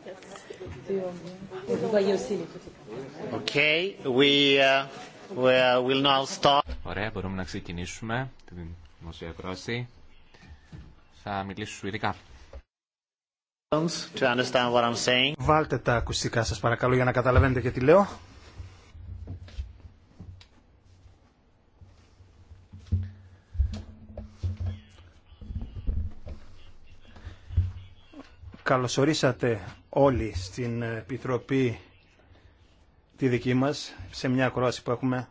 Uh, uh, Ωραία, μπορούμε να ξεκινήσουμε την δημοσία Θα μιλήσω σου ειδικά. Βάλτε τα ακουστικά σας παρακαλώ για να καταλαβαίνετε και τι λέω. Καλωσορίσατε όλοι στην Επιτροπή τη δική μας σε μια ακρόαση που έχουμε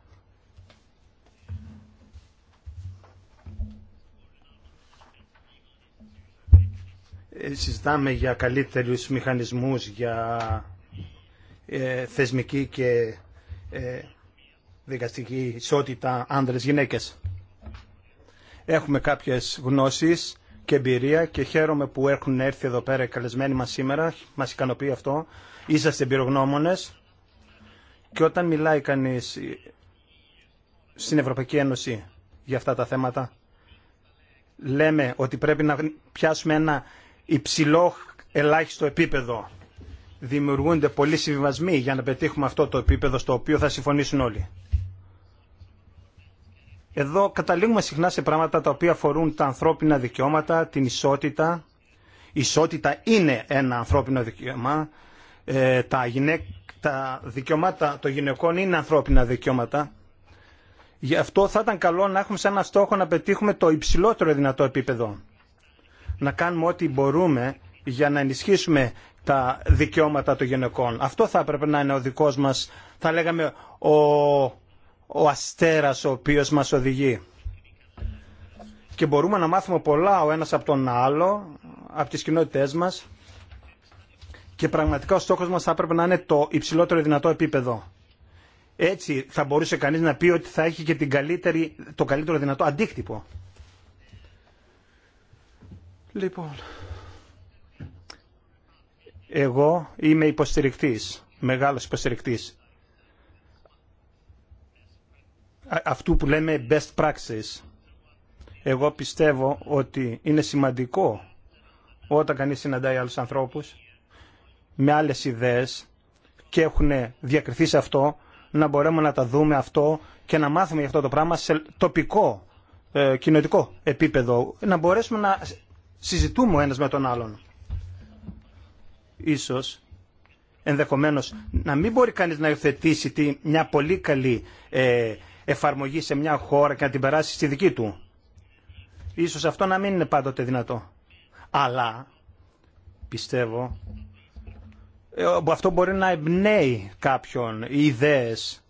ε, συζητάμε για καλύτερους μηχανισμούς για ε, θεσμική και ε, δικαστική ισότητα άνδρες-γυναίκες. Έχουμε κάποιες γνώσεις και εμπειρία και χαίρομαι που έχουν έρθει εδώ πέρα οι καλεσμένοι μας σήμερα. Μας ικανοποιεί αυτό. Είσαστε εμπειρογνώμονες και όταν μιλάει κανείς στην Ευρωπαϊκή Ένωση για αυτά τα θέματα λέμε ότι πρέπει να πιάσουμε ένα υψηλό ελάχιστο επίπεδο. Δημιουργούνται πολλοί συμβιβασμοί για να πετύχουμε αυτό το επίπεδο στο οποίο θα συμφωνήσουν όλοι. Εδώ καταλήγουμε συχνά σε πράγματα τα οποία αφορούν τα ανθρώπινα δικαιώματα, την ισότητα. Η ισότητα είναι ένα ανθρώπινο δικαίωμα. Ε, τα, τα δικαιώματα των γυναικών είναι ανθρώπινα δικαιώματα. Γι' αυτό θα ήταν καλό να έχουμε σαν ένα στόχο να πετύχουμε το υψηλότερο δυνατό επίπεδο. Να κάνουμε ό,τι μπορούμε για να ενισχύσουμε τα δικαιώματα των γυναικών. Αυτό θα έπρεπε να είναι ο δικός μας, θα λέγαμε, ο ο αστέρας ο οποίος μας οδηγεί. Και μπορούμε να μάθουμε πολλά ο ένας από τον άλλο, από τις κοινότητές μας και πραγματικά ο στόχος μας θα έπρεπε να είναι το υψηλότερο δυνατό επίπεδο. Έτσι θα μπορούσε κανείς να πει ότι θα έχει και καλύτερη, το καλύτερο δυνατό αντίκτυπο. Λοιπόν, εγώ είμαι υποστηρικτής, μεγάλος υποστηρικτής αυτού που λέμε best practices. Εγώ πιστεύω ότι είναι σημαντικό όταν κανείς συναντάει άλλους ανθρώπους με άλλες ιδέες και έχουν διακριθεί σε αυτό να μπορέμε να τα δούμε αυτό και να μάθουμε για αυτό το πράγμα σε τοπικό, ε, κοινωτικό επίπεδο. Να μπορέσουμε να συζητούμε ο ένας με τον άλλον. Ίσως, ενδεχομένως, να μην μπορεί κανείς να υιοθετήσει μια πολύ καλή ε, εφαρμογή σε μια χώρα και να την περάσει στη δική του. Ίσως αυτό να μην είναι πάντοτε δυνατό. Αλλά πιστεύω ε, αυτό μπορεί να εμπνέει κάποιον οι ιδέες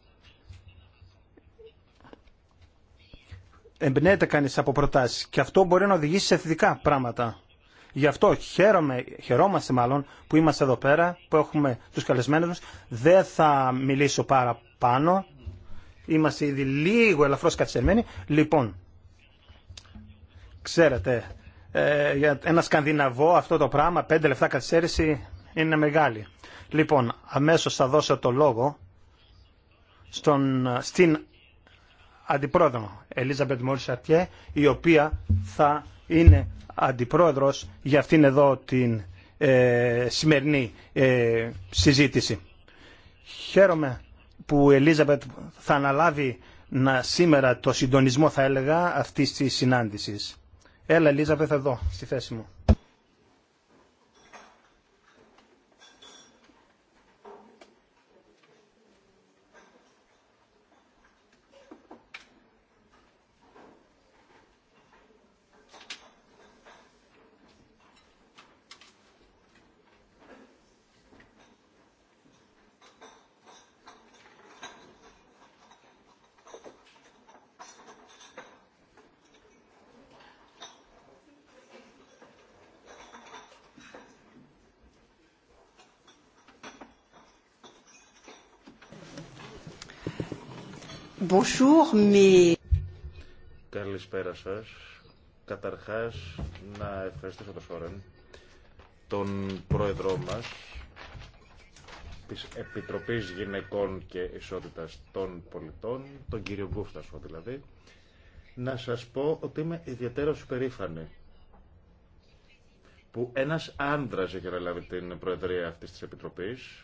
εμπνέεται κανείς από προτάσεις και αυτό μπορεί να οδηγήσει σε θετικά πράγματα. Γι' αυτό χαίρομαι, χαιρόμαστε μάλλον που είμαστε εδώ πέρα, που έχουμε τους καλεσμένους Δεν θα μιλήσω παραπάνω, Είμαστε ήδη λίγο ελαφρώς καθυστερημένοι. Λοιπόν, ξέρετε, ε, για ένα Σκανδιναβό αυτό το πράγμα, πέντε λεφτά καθυστέρηση είναι μεγάλη. Λοιπόν, αμέσως θα δώσω το λόγο στον, στην αντιπρόεδρο Ελίζα Μόρι Αρτιέ, η οποία θα είναι αντιπρόεδρος για αυτήν εδώ την ε, σημερινή ε, συζήτηση. Χαίρομαι που η Ελίζαμπετ θα αναλάβει να σήμερα το συντονισμό θα έλεγα αυτής της συνάντησης. Έλα θα εδώ στη θέση μου. Bonjour, mais... Καλησπέρα σας. Καταρχάς, να ευχαριστήσω τον Σόρεν, τον πρόεδρό μας, της Επιτροπής Γυναικών και Ισότητας των Πολιτών, τον κύριο Γκούφτασο δηλαδή, να σας πω ότι είμαι ιδιαίτερα περήφανη που ένας άντρας έχει αναλάβει την Προεδρία αυτής της Επιτροπής,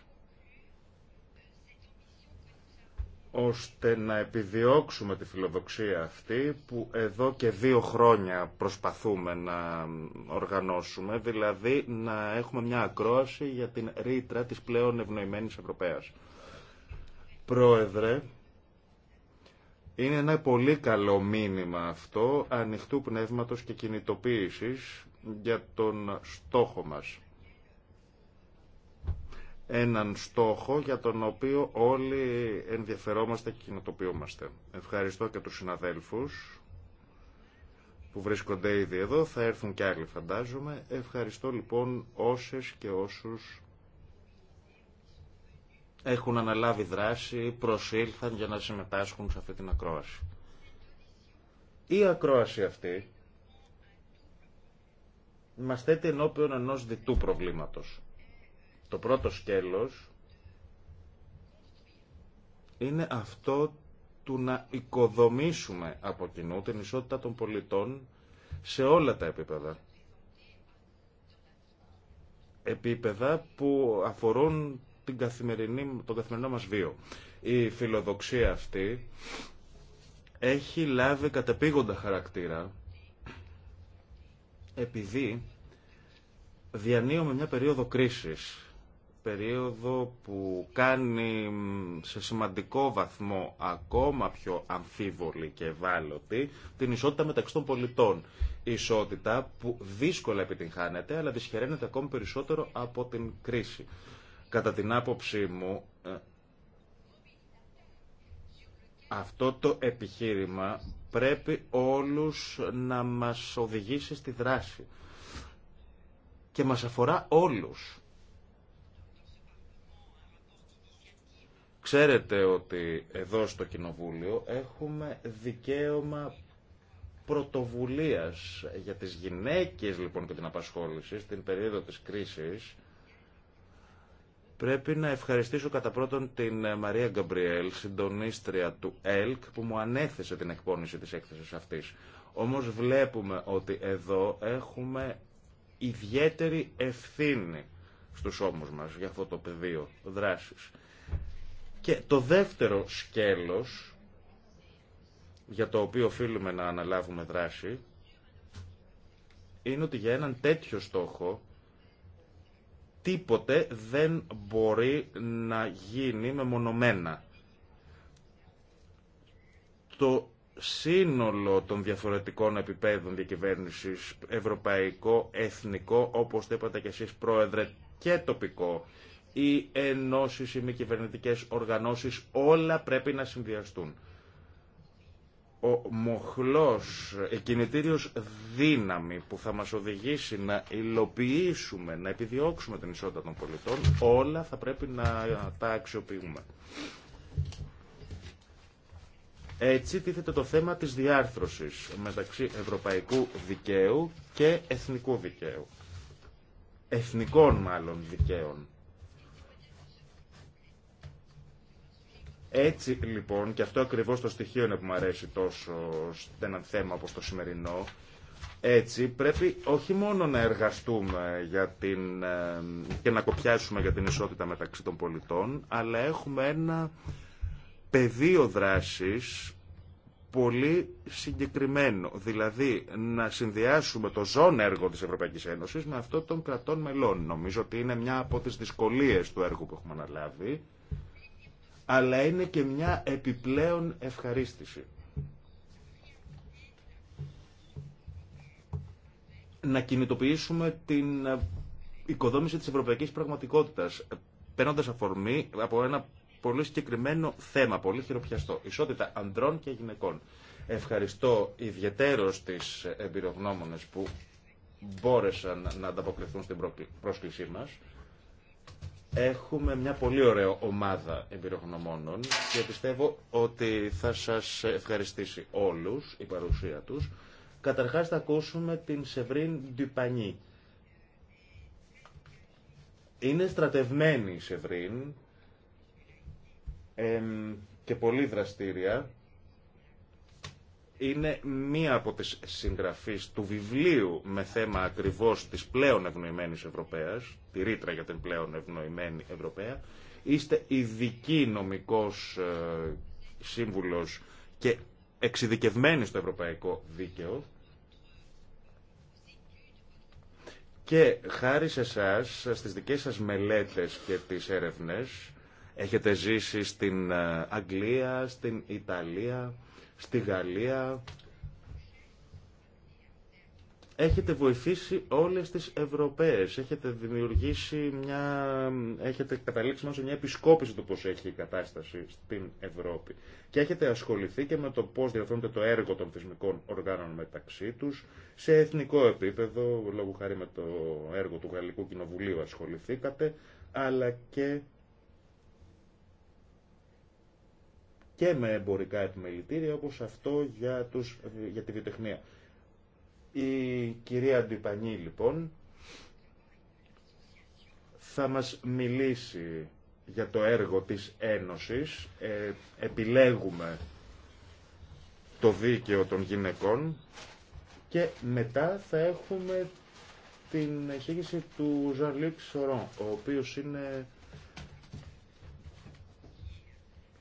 ώστε να επιδιώξουμε τη φιλοδοξία αυτή που εδώ και δύο χρόνια προσπαθούμε να οργανώσουμε, δηλαδή να έχουμε μια ακρόαση για την ρήτρα της πλέον ευνοημένης Ευρωπαίας. Πρόεδρε, είναι ένα πολύ καλό μήνυμα αυτό ανοιχτού πνεύματος και κινητοποίησης για τον στόχο μας έναν στόχο για τον οποίο όλοι ενδιαφερόμαστε και κοινοτοποιούμαστε. Ευχαριστώ και τους συναδέλφους που βρίσκονται ήδη εδώ. Θα έρθουν και άλλοι φαντάζομαι. Ευχαριστώ λοιπόν όσες και όσους έχουν αναλάβει δράση, προσήλθαν για να συμμετάσχουν σε αυτή την ακρόαση. Η ακρόαση αυτή μας θέτει ενώπιον ενός διτού προβλήματος. Το πρώτο σκέλος είναι αυτό του να οικοδομήσουμε από κοινού την ισότητα των πολιτών σε όλα τα επίπεδα. Επίπεδα που αφορούν την καθημερινή, τον καθημερινό μας βίο. Η φιλοδοξία αυτή έχει λάβει κατεπήγοντα χαρακτήρα επειδή διανύουμε μια περίοδο κρίσης περίοδο που κάνει σε σημαντικό βαθμό ακόμα πιο αμφίβολη και ευάλωτη την ισότητα μεταξύ των πολιτών. ισότητα που δύσκολα επιτυγχάνεται αλλά δυσχεραίνεται ακόμη περισσότερο από την κρίση. Κατά την άποψή μου ε, αυτό το επιχείρημα πρέπει όλους να μας οδηγήσει στη δράση και μας αφορά όλους. Ξέρετε ότι εδώ στο Κοινοβούλιο έχουμε δικαίωμα πρωτοβουλίας για τις γυναίκες λοιπόν και την απασχόληση στην περίοδο της κρίσης Πρέπει να ευχαριστήσω κατά πρώτον την ε, Μαρία Γκαμπριέλ, συντονίστρια του ΕΛΚ, που μου ανέθεσε την εκπόνηση της έκθεσης αυτής. Όμως βλέπουμε ότι εδώ έχουμε ιδιαίτερη ευθύνη στους ώμους μας για αυτό το πεδίο δράσης. Και το δεύτερο σκέλος για το οποίο οφείλουμε να αναλάβουμε δράση είναι ότι για έναν τέτοιο στόχο τίποτε δεν μπορεί να γίνει μεμονωμένα. Το σύνολο των διαφορετικών επιπέδων διακυβέρνησης, ευρωπαϊκό, εθνικό, όπως το είπατε και εσείς πρόεδρε, και τοπικό, οι ενώσεις, οι μη κυβερνητικέ οργανώσεις, όλα πρέπει να συνδυαστούν. Ο μοχλός, η κινητήριος δύναμη που θα μας οδηγήσει να υλοποιήσουμε, να επιδιώξουμε την ισότητα των πολιτών, όλα θα πρέπει να τα αξιοποιούμε. Έτσι τίθεται το θέμα της διάρθρωσης μεταξύ ευρωπαϊκού δικαίου και εθνικού δικαίου. Εθνικών μάλλον δικαίων. Έτσι λοιπόν, και αυτό ακριβώς το στοιχείο είναι που μου αρέσει τόσο σε ένα θέμα όπως το σημερινό, έτσι πρέπει όχι μόνο να εργαστούμε για την, και να κοπιάσουμε για την ισότητα μεταξύ των πολιτών, αλλά έχουμε ένα πεδίο δράσης πολύ συγκεκριμένο. Δηλαδή να συνδυάσουμε το ζών έργο της Ευρωπαϊκής Ένωσης με αυτό των κρατών μελών. Νομίζω ότι είναι μια από τις δυσκολίες του έργου που έχουμε αναλάβει αλλά είναι και μια επιπλέον ευχαρίστηση. Να κινητοποιήσουμε την οικοδόμηση της ευρωπαϊκής πραγματικότητας, παίρνοντας αφορμή από ένα πολύ συγκεκριμένο θέμα, πολύ χειροπιαστό. Ισότητα ανδρών και γυναικών. Ευχαριστώ ιδιαίτερο τις εμπειρογνώμονες που μπόρεσαν να ανταποκριθούν στην πρόσκλησή μας. Έχουμε μια πολύ ωραία ομάδα εμπειρογνωμόνων και πιστεύω ότι θα σας ευχαριστήσει όλους η παρουσία τους. Καταρχάς θα ακούσουμε την Σεβρίν Ντυπανή. Είναι στρατευμένη η Σεβρίν και πολύ δραστήρια είναι μία από τις συγγραφείς του βιβλίου με θέμα ακριβώς της πλέον ευνοημένης Ευρωπαίας, τη ρήτρα για την πλέον ευνοημένη Ευρωπαία. Είστε ειδική νομικός ε, σύμβουλος και εξειδικευμένη στο ευρωπαϊκό δίκαιο και χάρη σε εσά, στις δικές σας μελέτες και τις έρευνες έχετε ζήσει στην ε, Αγγλία, στην Ιταλία στη Γαλλία. Έχετε βοηθήσει όλες τις Ευρωπαίες, έχετε δημιουργήσει μια... έχετε καταλήξει σε μια επισκόπηση του πώς έχει η κατάσταση στην Ευρώπη και έχετε ασχοληθεί και με το πώς διορθώνεται το έργο των θεσμικών οργάνων μεταξύ τους σε εθνικό επίπεδο, λόγω χάρη με το έργο του Γαλλικού Κοινοβουλίου ασχοληθήκατε, αλλά και και με εμπορικά επιμελητήρια όπως αυτό για, τους, για τη βιοτεχνία. Η κυρία Ντυπανή λοιπόν θα μας μιλήσει για το έργο της Ένωσης. Ε, επιλέγουμε το δίκαιο των γυναικών και μετά θα έχουμε την εισήγηση του Ζαν ο οποίος είναι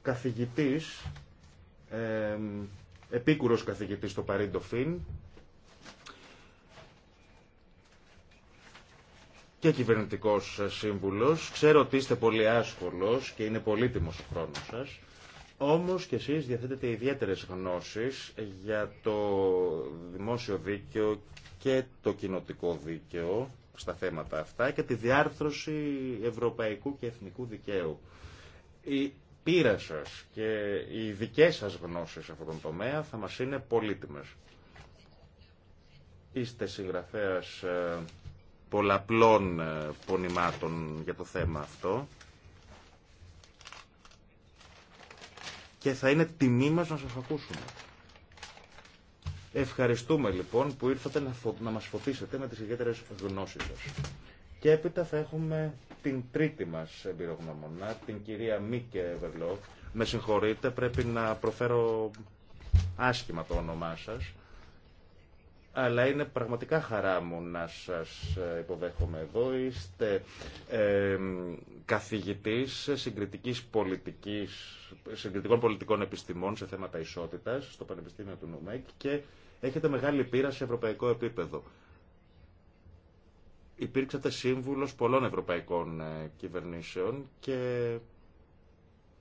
καθηγητής, ε, επίκουρος καθηγητής στο Παρίντο Φιν και κυβερνητικός ε, σύμβουλος. Ξέρω ότι είστε πολύ άσχολος και είναι πολύτιμος ο χρόνος σας. Όμως και εσείς διαθέτετε ιδιαίτερες γνώσεις για το δημόσιο δίκαιο και το κοινοτικό δίκαιο στα θέματα αυτά και τη διάρθρωση ευρωπαϊκού και εθνικού δικαίου πείρα και οι δικές σας γνώσεις σε αυτόν τον τομέα θα μας είναι πολύτιμες. Είστε συγγραφέας ε, πολλαπλών ε, πονημάτων για το θέμα αυτό και θα είναι τιμή μας να σας ακούσουμε. Ευχαριστούμε λοιπόν που ήρθατε να, φω... να μας φωτίσετε με τις ιδιαίτερες γνώσεις σας. Και έπειτα θα έχουμε την τρίτη μας εμπειρογνωμονά, την κυρία Μίκε Βερλό. Με συγχωρείτε, πρέπει να προφέρω άσχημα το όνομά σας. Αλλά είναι πραγματικά χαρά μου να σας ε, υποδέχομαι εδώ. Είστε ε, καθηγητής συγκριτικής πολιτικής, συγκριτικών πολιτικών επιστημών σε θέματα ισότητας στο Πανεπιστήμιο του Νουμέκ και έχετε μεγάλη πείρα σε ευρωπαϊκό επίπεδο υπήρξατε σύμβουλος πολλών ευρωπαϊκών ε, κυβερνήσεων και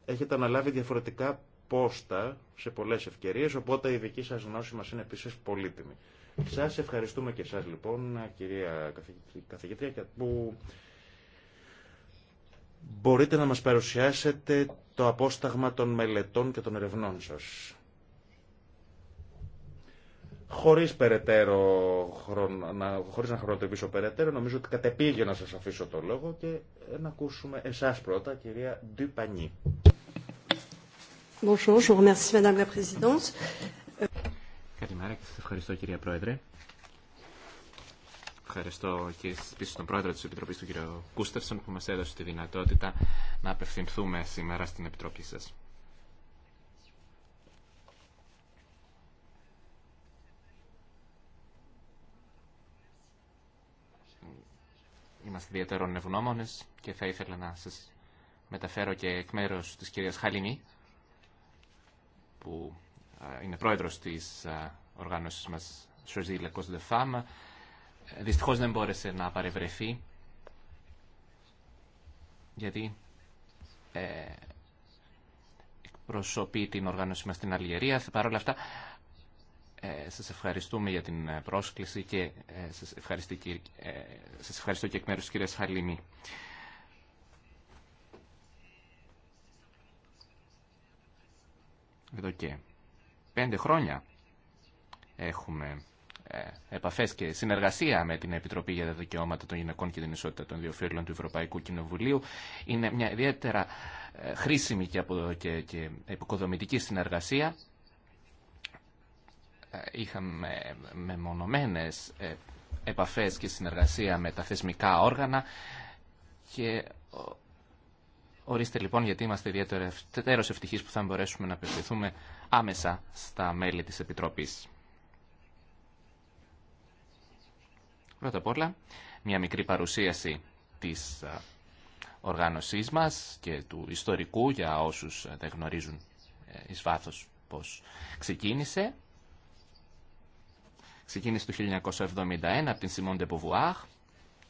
έχετε αναλάβει διαφορετικά πόστα σε πολλές ευκαιρίες, οπότε η δική σας γνώση μας είναι επίσης πολύτιμη. Σας ευχαριστούμε και εσάς λοιπόν, κυρία καθηγήτρια, που μπορείτε να μας παρουσιάσετε το απόσταγμα των μελετών και των ερευνών σας. Χωρίς, περαιτέρω, χωρίς να χρονοτεπίσω περαιτέρω, νομίζω ότι κατεπήγε να σας αφήσω το λόγο και ε, να ακούσουμε εσάς πρώτα, κυρία Ντυπανή. Καλημέρα και σας ευχαριστώ κυρία Πρόεδρε. Ευχαριστώ και επίση τον πρόεδρο τη Επιτροπή, τον κύριο Κουστέρσον που μα έδωσε τη δυνατότητα να απευθυνθούμε σήμερα στην Επιτροπή σα. είμαστε ιδιαίτερων ευγνώμονε και θα ήθελα να σα μεταφέρω και εκ μέρου τη κυρία Χαλινή, που είναι πρόεδρο τη οργάνωση μα Σοζή Λεκό Δεφάμ. Δυστυχώ δεν μπόρεσε να παρευρεθεί, γιατί ε, εκπροσωπεί την οργάνωση μα στην Αλγερία. Παρ' όλα αυτά, ε, σας ευχαριστούμε για την ε, πρόσκληση και ε, σας, ευχαριστώ και, σας ευχαριστώ και εκ μέρους της κυρίας Χαλίμη. Εδώ και πέντε χρόνια έχουμε επαφές και συνεργασία με την Επιτροπή για τα Δικαιώματα των Γυναικών και την Ισότητα των διοφύρλων του Ευρωπαϊκού Κοινοβουλίου. Είναι μια ιδιαίτερα χρήσιμη και, και, και επικοδομητική συνεργασία είχαμε μεμονωμένες ε, επαφές και συνεργασία με τα θεσμικά όργανα και ορίστε λοιπόν γιατί είμαστε ιδιαίτερος ευτυχείς που θα μπορέσουμε να απευθυνθούμε άμεσα στα μέλη της Επιτροπής. Πρώτα απ' όλα, μια μικρή παρουσίαση της ε, οργάνωσής μας και του ιστορικού για όσους ε, δεν γνωρίζουν εις βάθος πώς ξεκίνησε. Ξεκίνησε το 1971 από την Simone de Beauvoir,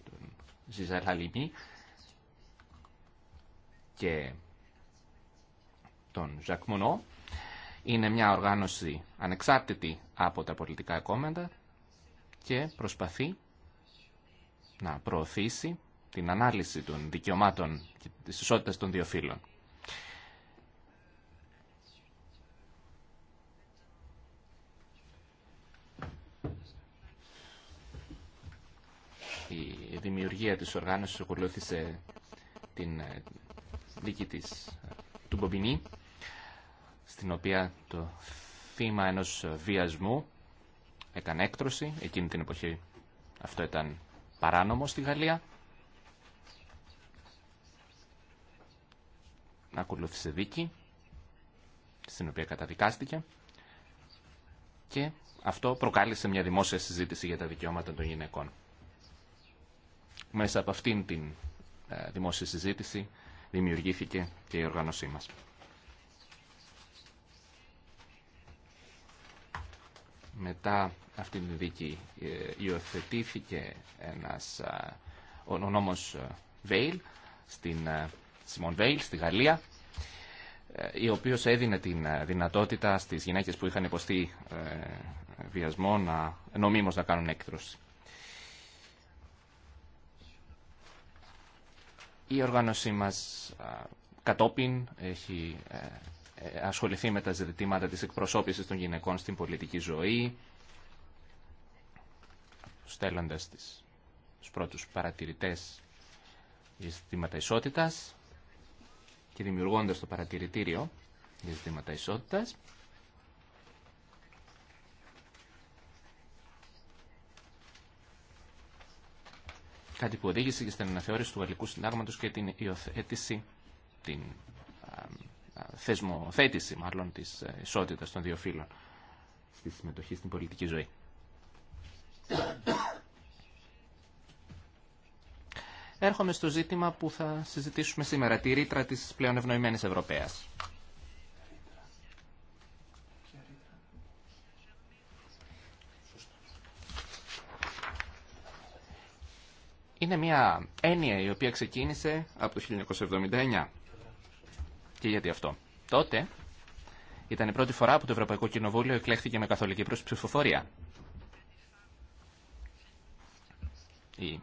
τον Ζιζέλ Χαλιμή και τον Ζακ Μονό. Είναι μια οργάνωση ανεξάρτητη από τα πολιτικά κόμματα και προσπαθεί να προωθήσει την ανάλυση των δικαιωμάτων και της ισότητας των δύο φύλων. δημιουργία της οργάνωσης ακολούθησε την ε, δίκη της, ε, του Μπομπινί, στην οποία το θύμα ενός βιασμού έκανε έκτρωση. Εκείνη την εποχή αυτό ήταν παράνομο στη Γαλλία. Ακολούθησε δίκη, στην οποία καταδικάστηκε και αυτό προκάλεσε μια δημόσια συζήτηση για τα δικαιώματα των γυναικών. Μέσα από αυτήν την ε, δημόσια συζήτηση δημιουργήθηκε και η οργάνωσή μας. Μετά αυτήν την δίκη ε, υιοθετήθηκε ένας, ε, ο νόμος Βέιλ, στην Σιμών Βέιλ, στη Γαλλία, η οποίο έδινε την δυνατότητα στις γυναίκες που είχαν υποστεί βιασμό να νομίμως να κάνουν έκτρωση. Η οργάνωσή μας κατόπιν έχει ε, ε, ασχοληθεί με τα ζητήματα της εκπροσώπησης των γυναικών στην πολιτική ζωή, στέλνοντας τις, τους πρώτους παρατηρητές για ζητήματα ισότητας και δημιουργώντας το παρατηρητήριο για ζητήματα ισότητας. κάτι που οδήγησε και στην αναθεώρηση του Γαλλικού Συντάγματο και την υιοθέτηση, την θεσμοθέτηση μάλλον τη ε, ισότητα των δύο φύλων στη συμμετοχή στην πολιτική ζωή. Έρχομαι στο ζήτημα που θα συζητήσουμε σήμερα, τη ρήτρα της πλέον ευνοημένης Ευρωπαίας. είναι μια έννοια η οποία ξεκίνησε από το 1979. Και γιατί αυτό. Τότε ήταν η πρώτη φορά που το Ευρωπαϊκό Κοινοβούλιο εκλέχθηκε με καθολική ψηφοφορία. Οι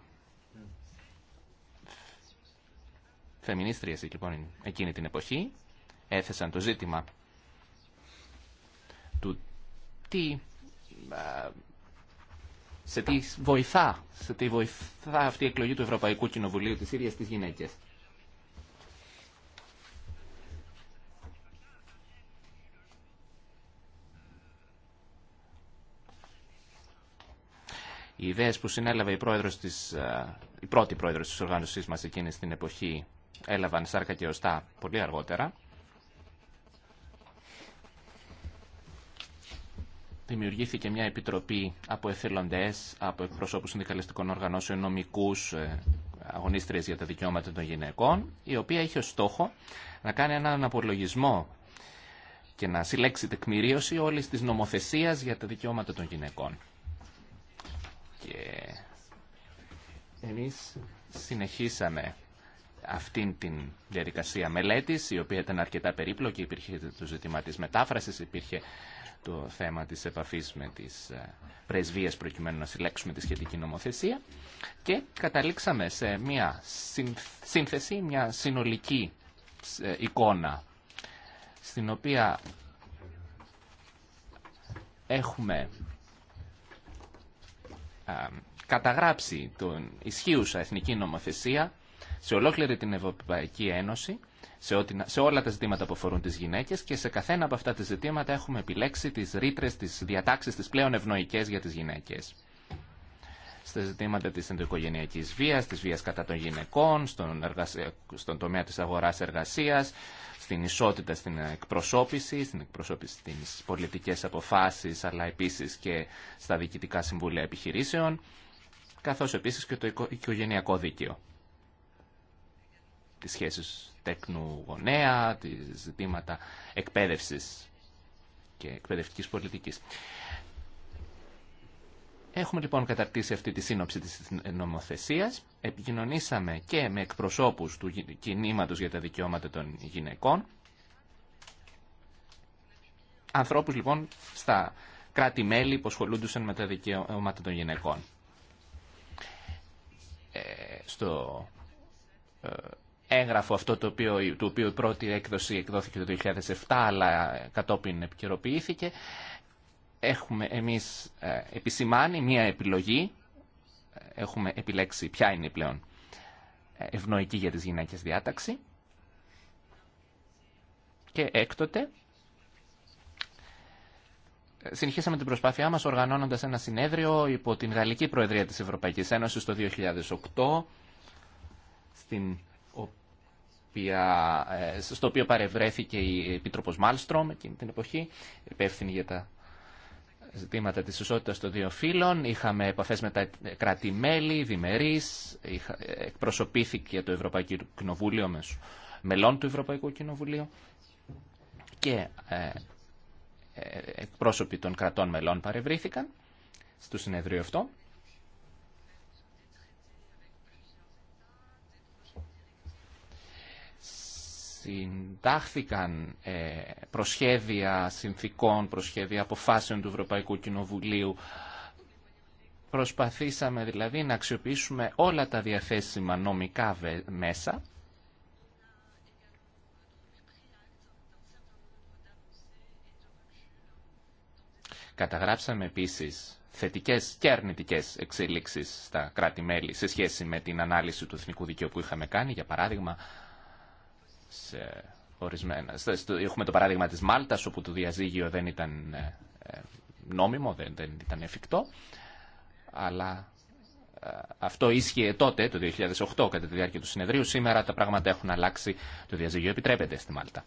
φεμινίστριες λοιπόν εκείνη την εποχή έθεσαν το ζήτημα του τι σε τι βοηθά, σε τι βοηθά αυτή η εκλογή του Ευρωπαϊκού Κοινοβουλίου της ίδιας τη γυναίκες. Οι ιδέες που συνέλαβε η, η πρώτη πρόεδρος της οργάνωσής μας εκείνη την εποχή έλαβαν σάρκα και οστά πολύ αργότερα. δημιουργήθηκε μια επιτροπή από εθελοντές, από εκπροσώπους συνδικαλιστικών οργανώσεων, νομικούς, ε, αγωνίστρες για τα δικαιώματα των γυναικών, η οποία είχε ως στόχο να κάνει έναν απολογισμό και να συλλέξει τεκμηρίωση όλης της νομοθεσίας για τα δικαιώματα των γυναικών. Και εμείς συνεχίσαμε αυτήν την διαδικασία μελέτης, η οποία ήταν αρκετά περίπλοκη, υπήρχε το ζήτημα της μετάφρασης, υπήρχε το θέμα της επαφής με τις ε, πρεσβείες προκειμένου να συλλέξουμε τη σχετική νομοθεσία και καταλήξαμε σε μια σύνθεση, μια συνολική ε, εικόνα στην οποία έχουμε ε, καταγράψει τον ισχύουσα εθνική νομοθεσία σε ολόκληρη την Ευρωπαϊκή Ένωση σε, ό,τι, σε όλα τα ζητήματα που αφορούν τι γυναίκε, και σε καθένα από αυτά τα ζητήματα έχουμε επιλέξει τι ρήτρε, τι διατάξει, τι πλέον ευνοϊκές για τι γυναίκε. Στα ζητήματα τη ενδοοικογενειακή βία, τη βία κατά των γυναικών, στον, στον τομέα τη αγορά εργασία, στην ισότητα στην εκπροσώπηση, στην εκπροσώπηση στις πολιτικές αποφάσεις, αλλά επίση και στα διοικητικά συμβούλια επιχειρήσεων, καθώ επίση και το οικογενειακό δίκαιο τις σχέσεις τέκνου γονέα, ζητήματα εκπαίδευση και εκπαιδευτικής πολιτικής. Έχουμε λοιπόν καταρτήσει αυτή τη σύνοψη της νομοθεσίας. Επικοινωνήσαμε και με εκπροσώπους του κινήματος για τα δικαιώματα των γυναικών. Ανθρώπους λοιπόν στα κράτη-μέλη που ασχολούντουσαν με τα δικαιώματα των γυναικών. Ε, στο ε, έγγραφο αυτό το οποίο, το οποίο η πρώτη έκδοση εκδόθηκε το 2007 αλλά κατόπιν επικαιροποιήθηκε έχουμε εμείς ε, επισημάνει μία επιλογή έχουμε επιλέξει ποια είναι πλέον ε, ευνοϊκή για τις γυναίκες διάταξη και έκτοτε ε, συνεχίσαμε την προσπάθειά μας οργανώνοντας ένα συνέδριο υπό την Γαλλική Προεδρία της Ευρωπαϊκής Ένωσης το 2008 στην ε, στο οποίο παρευρέθηκε η Επίτροπος Μάλστρομ εκείνη την εποχή, υπεύθυνη για τα ζητήματα της ισότητας των δύο φύλων. Είχαμε επαφές με τα κράτη-μέλη, διμερείς, εκπροσωπήθηκε το Ευρωπαϊκό Κοινοβούλιο μέσω μελών του Ευρωπαϊκού Κοινοβουλίου και ε, ε, εκπρόσωποι των κρατών μελών παρευρήθηκαν στο συνεδρίο αυτό. συντάχθηκαν ε, προσχέδια συνθήκων, προσχέδια αποφάσεων του Ευρωπαϊκού Κοινοβουλίου. Προσπαθήσαμε δηλαδή να αξιοποιήσουμε όλα τα διαθέσιμα νομικά μέσα Καταγράψαμε επίσης θετικές και αρνητικές εξέλιξεις στα κράτη-μέλη σε σχέση με την ανάλυση του εθνικού δικαίου που είχαμε κάνει. Για παράδειγμα, ορισμένα. Έχουμε το παράδειγμα της Μάλτας, όπου το διαζύγιο δεν ήταν ε, ε, νόμιμο, δεν, δεν ήταν εφικτό, αλλά ε, αυτό ίσχυε τότε, το 2008, κατά τη διάρκεια του συνεδρίου. Σήμερα τα πράγματα έχουν αλλάξει, το διαζύγιο επιτρέπεται στη Μάλτα.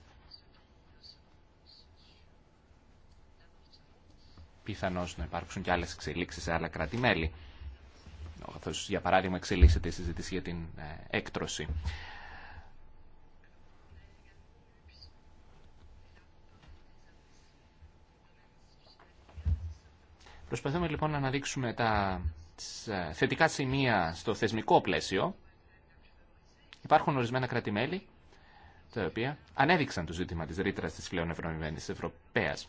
Πιθανώς να υπάρξουν και άλλες εξελίξεις σε άλλα κράτη-μέλη. Για παράδειγμα, εξελίσσεται η συζήτηση για την έκτρωση. Προσπαθούμε λοιπόν να αναδείξουμε τα ε, θετικά σημεία στο θεσμικό πλαίσιο. Υπάρχουν ορισμένα κράτη-μέλη τα οποία ανέδειξαν το ζήτημα της ρήτρα της πλέον ευρωμημένης Ευρωπαίας.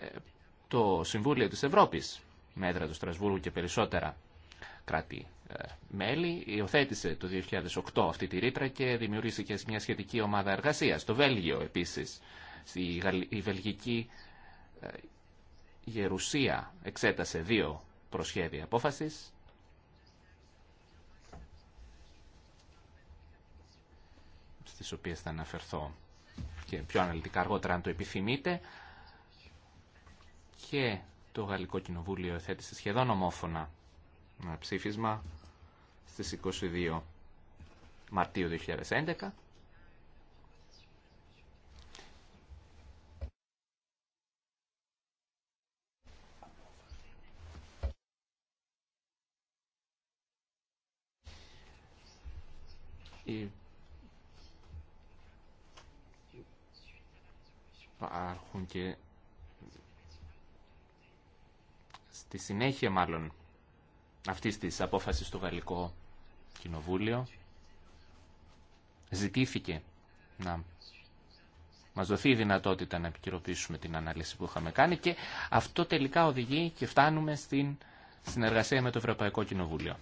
Ε, το Συμβούλιο της Ευρώπης, μέτρα του Στρασβούργου και περισσότερα κράτη-μέλη, υιοθέτησε το 2008 αυτή τη ρήτρα και δημιούργησε μια σχετική ομάδα εργασίας. Το Βέλγιο επίσης, η Βελγική ε, Γερουσία εξέτασε δύο προσχέδια απόφασης. στις οποίες θα αναφερθώ και πιο αναλυτικά αργότερα αν το επιθυμείτε και το Γαλλικό Κοινοβούλιο θέτησε σχεδόν ομόφωνα ένα ψήφισμα στις 22 Μαρτίου 2011 υπάρχουν και στη συνέχεια μάλλον αυτής της απόφασης στο Γαλλικό Κοινοβούλιο ζητήθηκε να μας δοθεί η δυνατότητα να επικαιροποιήσουμε την ανάλυση που είχαμε κάνει και αυτό τελικά οδηγεί και φτάνουμε στην συνεργασία με το Ευρωπαϊκό Κοινοβούλιο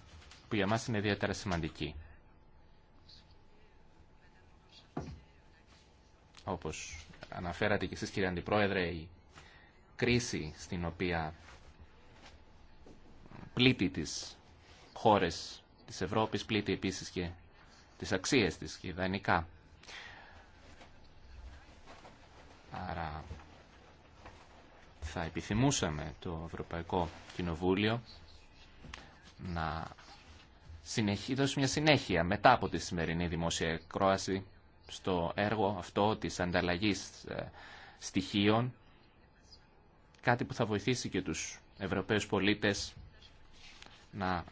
που για μας είναι ιδιαίτερα σημαντική. όπως αναφέρατε και εσείς κύριε Αντιπρόεδρε, η κρίση στην οποία πλήττει τις χώρες της Ευρώπης, πλήττει επίσης και τις αξίες της και ιδανικά. Άρα θα επιθυμούσαμε το Ευρωπαϊκό Κοινοβούλιο να δώσει μια συνέχεια μετά από τη σημερινή δημόσια εκρόαση στο έργο αυτό της ανταλλαγής ε, στοιχείων, κάτι που θα βοηθήσει και τους Ευρωπαίους πολίτες να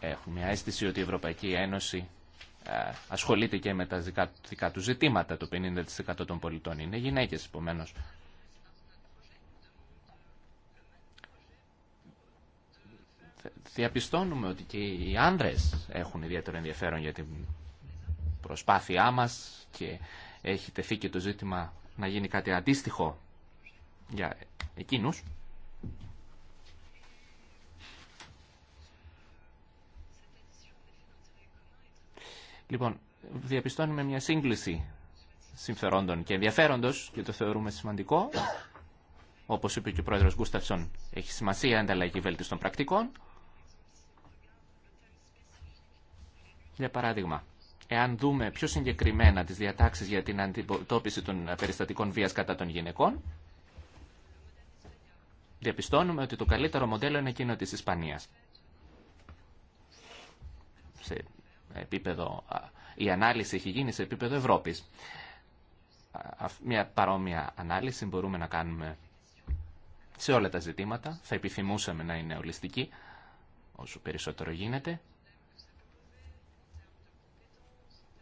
έχουν μια αίσθηση ότι η Ευρωπαϊκή Ένωση ε, ασχολείται και με τα δικά του ζητήματα. Το 50% των πολιτών είναι γυναίκες, επομένως. Διαπιστώνουμε ότι και οι άνδρες έχουν ιδιαίτερο ενδιαφέρον για την προσπάθειά μας και έχει τεθεί και το ζήτημα να γίνει κάτι αντίστοιχο για εκείνους. Λοιπόν, διαπιστώνουμε μια σύγκληση συμφερόντων και ενδιαφέροντος και το θεωρούμε σημαντικό. Όπως είπε και ο πρόεδρος Γκούσταυσον, έχει σημασία η ανταλλαγή των πρακτικών. Για παράδειγμα, Εάν δούμε πιο συγκεκριμένα τις διατάξεις για την αντιμετώπιση των περιστατικών βίας κατά των γυναικών, διαπιστώνουμε ότι το καλύτερο μοντέλο είναι εκείνο της Ισπανίας. Σε επίπεδο, η ανάλυση έχει γίνει σε επίπεδο Ευρώπης. Μια παρόμοια ανάλυση μπορούμε να κάνουμε σε όλα τα ζητήματα. Θα επιθυμούσαμε να είναι ολιστική, όσο περισσότερο γίνεται.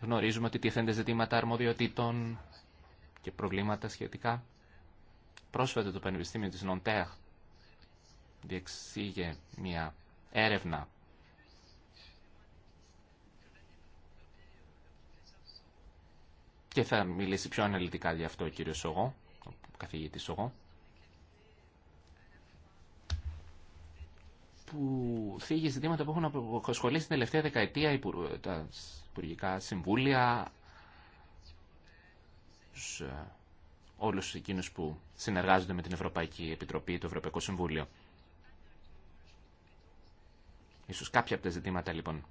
Γνωρίζουμε ότι τίθενται ζητήματα αρμοδιοτήτων και προβλήματα σχετικά. Πρόσφατα το Πανεπιστήμιο της Νοντέρ διεξήγε μια έρευνα και θα μιλήσει πιο αναλυτικά για αυτό ο κύριος Σογό, ο καθηγητής Σογό, που θίγει ζητήματα που έχουν ασχολήσει την τελευταία δεκαετία υπουργικά συμβούλια, τους, ε, όλους εκείνους που συνεργάζονται με την Ευρωπαϊκή Επιτροπή, το Ευρωπαϊκό Συμβούλιο. Ίσως κάποια από τα ζητήματα λοιπόν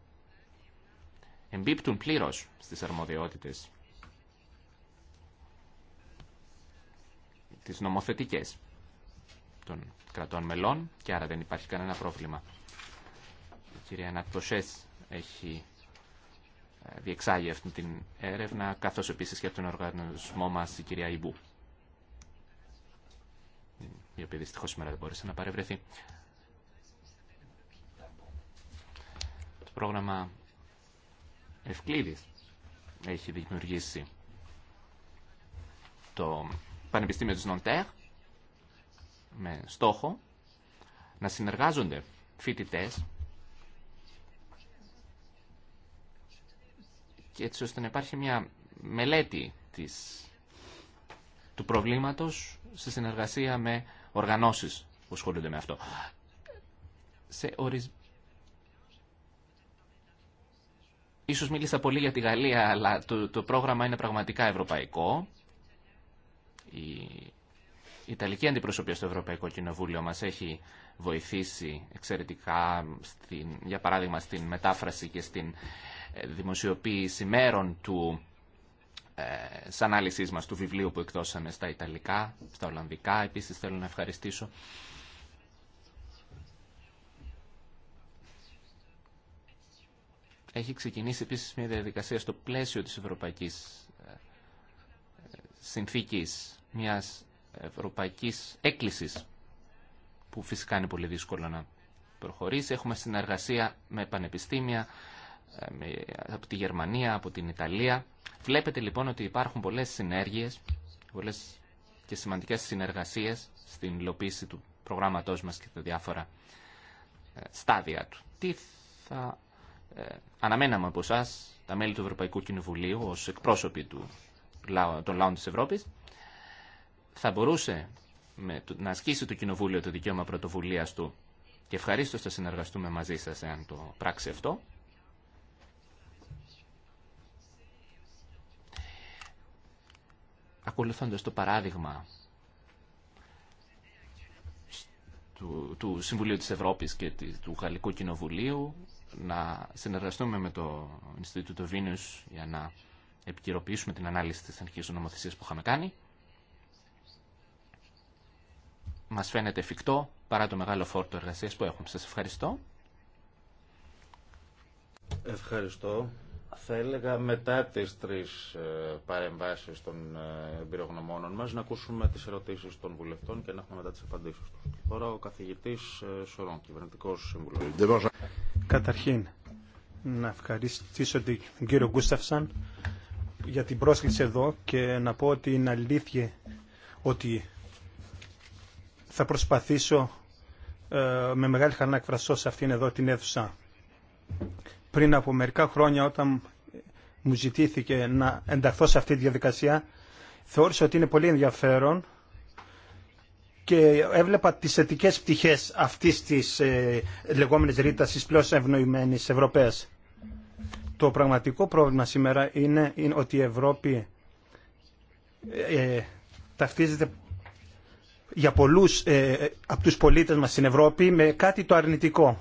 εμπίπτουν πλήρως στις αρμοδιότητες τις νομοθετικές των κρατών μελών και άρα δεν υπάρχει κανένα πρόβλημα. Η κυρία έχει διεξάγει αυτή την έρευνα, καθώς επίσης και από τον οργανισμό μας η κυρία Ιμπού, η οποία δυστυχώς σήμερα δεν μπόρεσε να παρευρεθεί. Το πρόγραμμα Ευκλήδης έχει δημιουργήσει το Πανεπιστήμιο της Νοντέρ με στόχο να συνεργάζονται φοιτητές και έτσι ώστε να υπάρχει μια μελέτη της, του προβλήματος σε συνεργασία με οργανώσεις που ασχολούνται με αυτό. Σε Ίσως μίλησα πολύ για τη Γαλλία, αλλά το, πρόγραμμα είναι πραγματικά ευρωπαϊκό. Η Ιταλική αντιπροσωπεία στο Ευρωπαϊκό Κοινοβούλιο μας έχει βοηθήσει εξαιρετικά, στην, για παράδειγμα, στην μετάφραση και στην δημοσιοποίηση μέρων του ε, ανάλυσης του βιβλίου που εκδώσαμε στα Ιταλικά, στα Ολλανδικά. Επίσης θέλω να ευχαριστήσω Έχει ξεκινήσει επίσης μια διαδικασία στο πλαίσιο της Ευρωπαϊκής ε, Συνθήκης, μιας Ευρωπαϊκής Έκκλησης, που φυσικά είναι πολύ δύσκολο να προχωρήσει. Έχουμε συνεργασία με πανεπιστήμια, από τη Γερμανία, από την Ιταλία. Βλέπετε λοιπόν ότι υπάρχουν πολλές συνέργειες, πολλές και σημαντικές συνεργασίες στην υλοποίηση του προγράμματός μας και τα διάφορα ε, στάδια του. Τι θα ε, αναμέναμε από εσά, τα μέλη του Ευρωπαϊκού Κοινοβουλίου, ως εκπρόσωποι του, των λαών της Ευρώπης, θα μπορούσε με, να ασκήσει το Κοινοβούλιο το δικαίωμα πρωτοβουλία του και ευχαρίστω θα συνεργαστούμε μαζί σα εάν το πράξει αυτό. ακολουθώντας το παράδειγμα του, Συμβουλίου της Ευρώπης και του Γαλλικού Κοινοβουλίου να συνεργαστούμε με το Ινστιτούτο Βίνιους για να επικυροποιήσουμε την ανάλυση της αρχής νομοθεσίας που είχαμε κάνει. Μας φαίνεται εφικτό παρά το μεγάλο φόρτο εργασίας που έχουμε. Σας ευχαριστώ. Ευχαριστώ. Θα έλεγα μετά τις τρεις ε, παρεμβάσεις των ε, εμπειρογνωμόνων μας να ακούσουμε τις ερωτήσεις των βουλευτών και να έχουμε μετά τις απαντήσεις τους. Τώρα ο καθηγητής ε, Σωρών, κυβερνητικός σύμβουλος. Καταρχήν, να ευχαριστήσω τον κύριο Γκούσταυσαν για την πρόσκληση εδώ και να πω ότι είναι αλήθεια ότι θα προσπαθήσω με μεγάλη χαρά να εκφραστώ σε αυτήν εδώ την αίθουσα πριν από μερικά χρόνια όταν μου ζητήθηκε να ενταχθώ σε αυτή τη διαδικασία, θεώρησα ότι είναι πολύ ενδιαφέρον και έβλεπα τις θετικέ πτυχές αυτής της ε, λεγόμενης ρήτας της πλέον ευνοημένης Ευρωπαίας. Το πραγματικό πρόβλημα σήμερα είναι, ότι η Ευρώπη ε, ε, ταυτίζεται για πολλούς ε, από τους πολίτες μας στην Ευρώπη με κάτι το αρνητικό.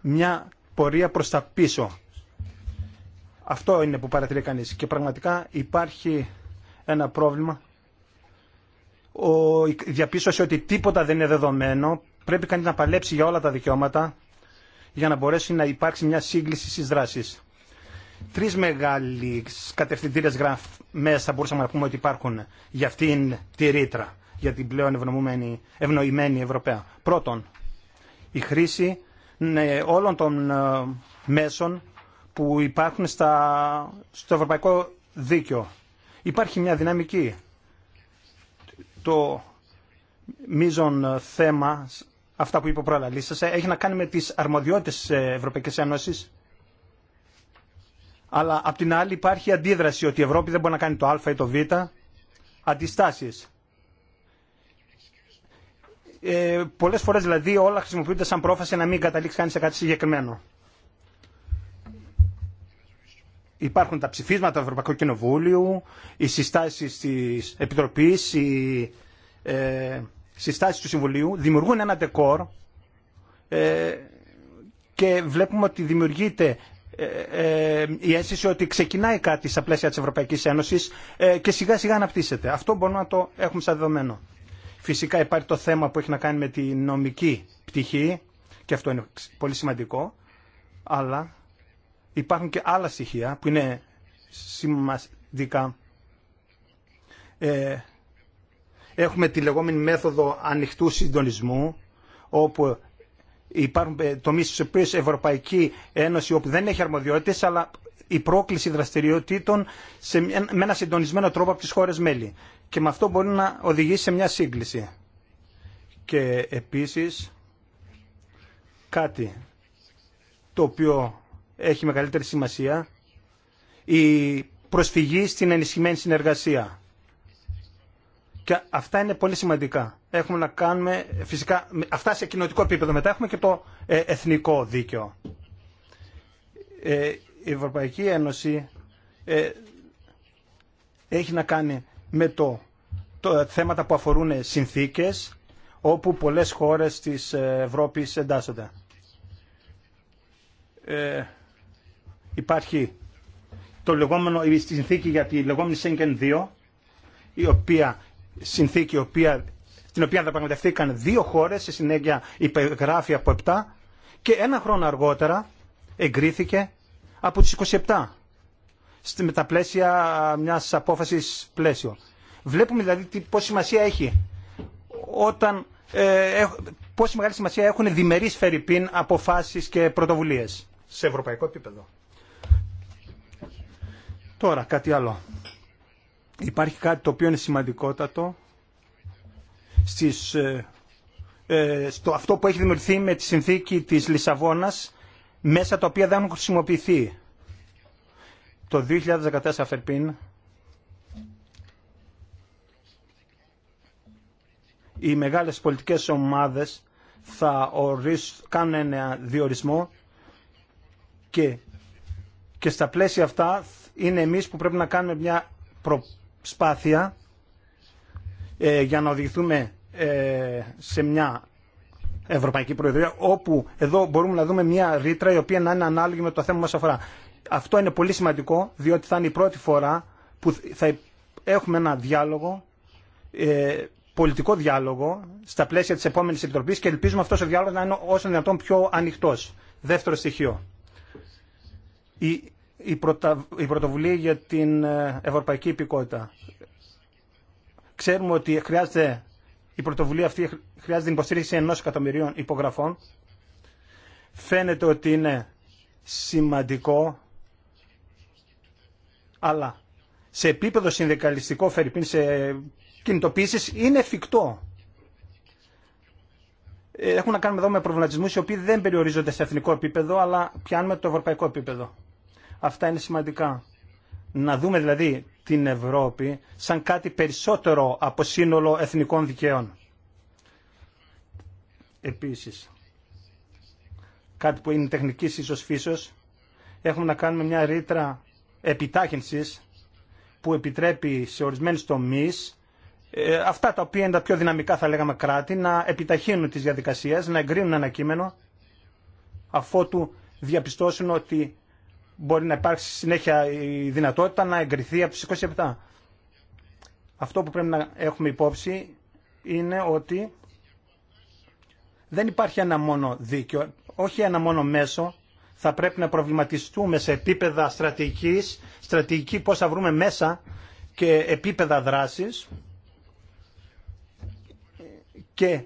Μια πορεία προς τα πίσω. Αυτό είναι που παρατηρεί κανείς. Και πραγματικά υπάρχει ένα πρόβλημα. Ο, η διαπίστωση ότι τίποτα δεν είναι δεδομένο. Πρέπει κανείς να παλέψει για όλα τα δικαιώματα για να μπορέσει να υπάρξει μια σύγκληση στις δράσεις. Τρεις μεγάλοι κατευθυντήρες γραμμές θα μπορούσαμε να πούμε ότι υπάρχουν για αυτήν τη ρήτρα, για την πλέον ευνοημένη Ευρωπαία. Πρώτον, η χρήση ναι, όλων των ε, μέσων που υπάρχουν στο ευρωπαϊκό δίκαιο. Υπάρχει μια δυναμική. Το μείζον ε, θέμα, αυτά που είπε ο έχει να κάνει με τις αρμοδιότητες της Ευρωπαϊκής Ένωσης. Αλλά απ' την άλλη υπάρχει αντίδραση ότι η Ευρώπη δεν μπορεί να κάνει το α ή το β. Αντιστάσεις. Ε, πολλές φορές δηλαδή όλα χρησιμοποιούνται σαν πρόφαση να μην καταλήξει κάνει σε κάτι συγκεκριμένο. Υπάρχουν τα ψηφίσματα του Ευρωπαϊκού Κοινοβούλου, οι συστάσεις τη επιτροπή, οι ε, συστάσεις του Συμβουλίου, δημιουργούν ένα τεκόρ ε, και βλέπουμε ότι δημιουργείται ε, ε, η αίσθηση ότι ξεκινάει κάτι στα πλαίσια της Ευρωπαϊκής Ένωσης ε, και σιγά σιγά αναπτύσσεται. Αυτό μπορούμε να το έχουμε σαν δεδομένο. Φυσικά υπάρχει το θέμα που έχει να κάνει με τη νομική πτυχή και αυτό είναι πολύ σημαντικό, αλλά υπάρχουν και άλλα στοιχεία που είναι σημαντικά. Ε, έχουμε τη λεγόμενη μέθοδο ανοιχτού συντονισμού, όπου υπάρχουν ε, τομείς στους οποίους η Ευρωπαϊκή Ένωση όπου δεν έχει αρμοδιότητες, αλλά η πρόκληση δραστηριοτήτων σε, με ένα συντονισμένο τρόπο από τις χώρες μέλη. Και με αυτό μπορεί να οδηγήσει σε μια σύγκληση. Και επίσης κάτι το οποίο έχει μεγαλύτερη σημασία, η προσφυγή στην ενισχυμένη συνεργασία. Και αυτά είναι πολύ σημαντικά. Έχουμε να κάνουμε φυσικά αυτά σε κοινωτικό επίπεδο. Μετά έχουμε και το ε, εθνικό δίκαιο. Ε, η Ευρωπαϊκή Ένωση ε, έχει να κάνει με το, το θέματα που αφορούν συνθήκες όπου πολλές χώρες της Ευρώπης εντάσσονται. Ε, υπάρχει το λεγόμενο, η συνθήκη για τη λεγόμενη Σέγγεν 2, η οποία, συνθήκη η οποία, την οποία διαπραγματευτήκαν δύο χώρες, σε συνέχεια υπεγράφει από επτά και ένα χρόνο αργότερα εγκρίθηκε από τις 27 με τα πλαίσια μιας απόφασης πλαίσιο. Βλέπουμε δηλαδή πόση σημασία έχει όταν, ε, πόση μεγάλη σημασία έχουν διμερείς φερρυπίν αποφάσεις και πρωτοβουλίες σε ευρωπαϊκό επίπεδο. Τώρα κάτι άλλο. Υπάρχει κάτι το οποίο είναι σημαντικότατο στις, ε, ε, στο αυτό που έχει δημιουργηθεί με τη συνθήκη της Λισαβόνας μέσα τα οποία δεν έχουν χρησιμοποιηθεί. Το 2014 αφερπίν. οι μεγάλες πολιτικές ομάδες θα ορίσουν, κάνουν ένα διορισμό και, και στα πλαίσια αυτά είναι εμείς που πρέπει να κάνουμε μια προσπάθεια ε, για να οδηγηθούμε ε, σε μια Ευρωπαϊκή Προεδρία, όπου εδώ μπορούμε να δούμε μια ρήτρα η οποία να είναι ανάλογη με το θέμα που μας αφορά. Αυτό είναι πολύ σημαντικό, διότι θα είναι η πρώτη φορά που θα έχουμε ένα διάλογο, ε, πολιτικό διάλογο, στα πλαίσια της επόμενης Επιτροπής και ελπίζουμε αυτός ο διάλογος να είναι όσο δυνατόν πιο ανοιχτός. Δεύτερο στοιχείο. Η, πρωτα, η πρωτοβουλία για την ε, ευρωπαϊκή υπηκότητα. Ξέρουμε ότι χρειάζεται η πρωτοβουλία αυτή χρειάζεται την υποστήριξη ενό εκατομμυρίων υπογραφών. Φαίνεται ότι είναι σημαντικό, αλλά σε επίπεδο συνδικαλιστικό, φερρυπίν σε κινητοποίησεις είναι εφικτό. Ε, Έχουν να κάνουμε εδώ με προβληματισμούς οι οποίοι δεν περιορίζονται σε εθνικό επίπεδο, αλλά πιάνουμε το ευρωπαϊκό επίπεδο. Αυτά είναι σημαντικά. Να δούμε δηλαδή την Ευρώπη σαν κάτι περισσότερο από σύνολο εθνικών δικαίων. Επίσης, κάτι που είναι τεχνικής ίσως φύσεως, έχουμε να κάνουμε μια ρήτρα επιτάχυνσης που επιτρέπει σε ορισμένους τομείς ε, αυτά τα οποία είναι τα πιο δυναμικά θα λέγαμε κράτη να επιταχύνουν τις διαδικασίες, να εγκρίνουν ένα κείμενο αφότου διαπιστώσουν ότι μπορεί να υπάρξει συνέχεια η δυνατότητα να εγκριθεί από τις 27. Αυτό που πρέπει να έχουμε υπόψη είναι ότι δεν υπάρχει ένα μόνο δίκαιο, όχι ένα μόνο μέσο. Θα πρέπει να προβληματιστούμε σε επίπεδα στρατηγικής, στρατηγική πώς θα βρούμε μέσα και επίπεδα δράσης και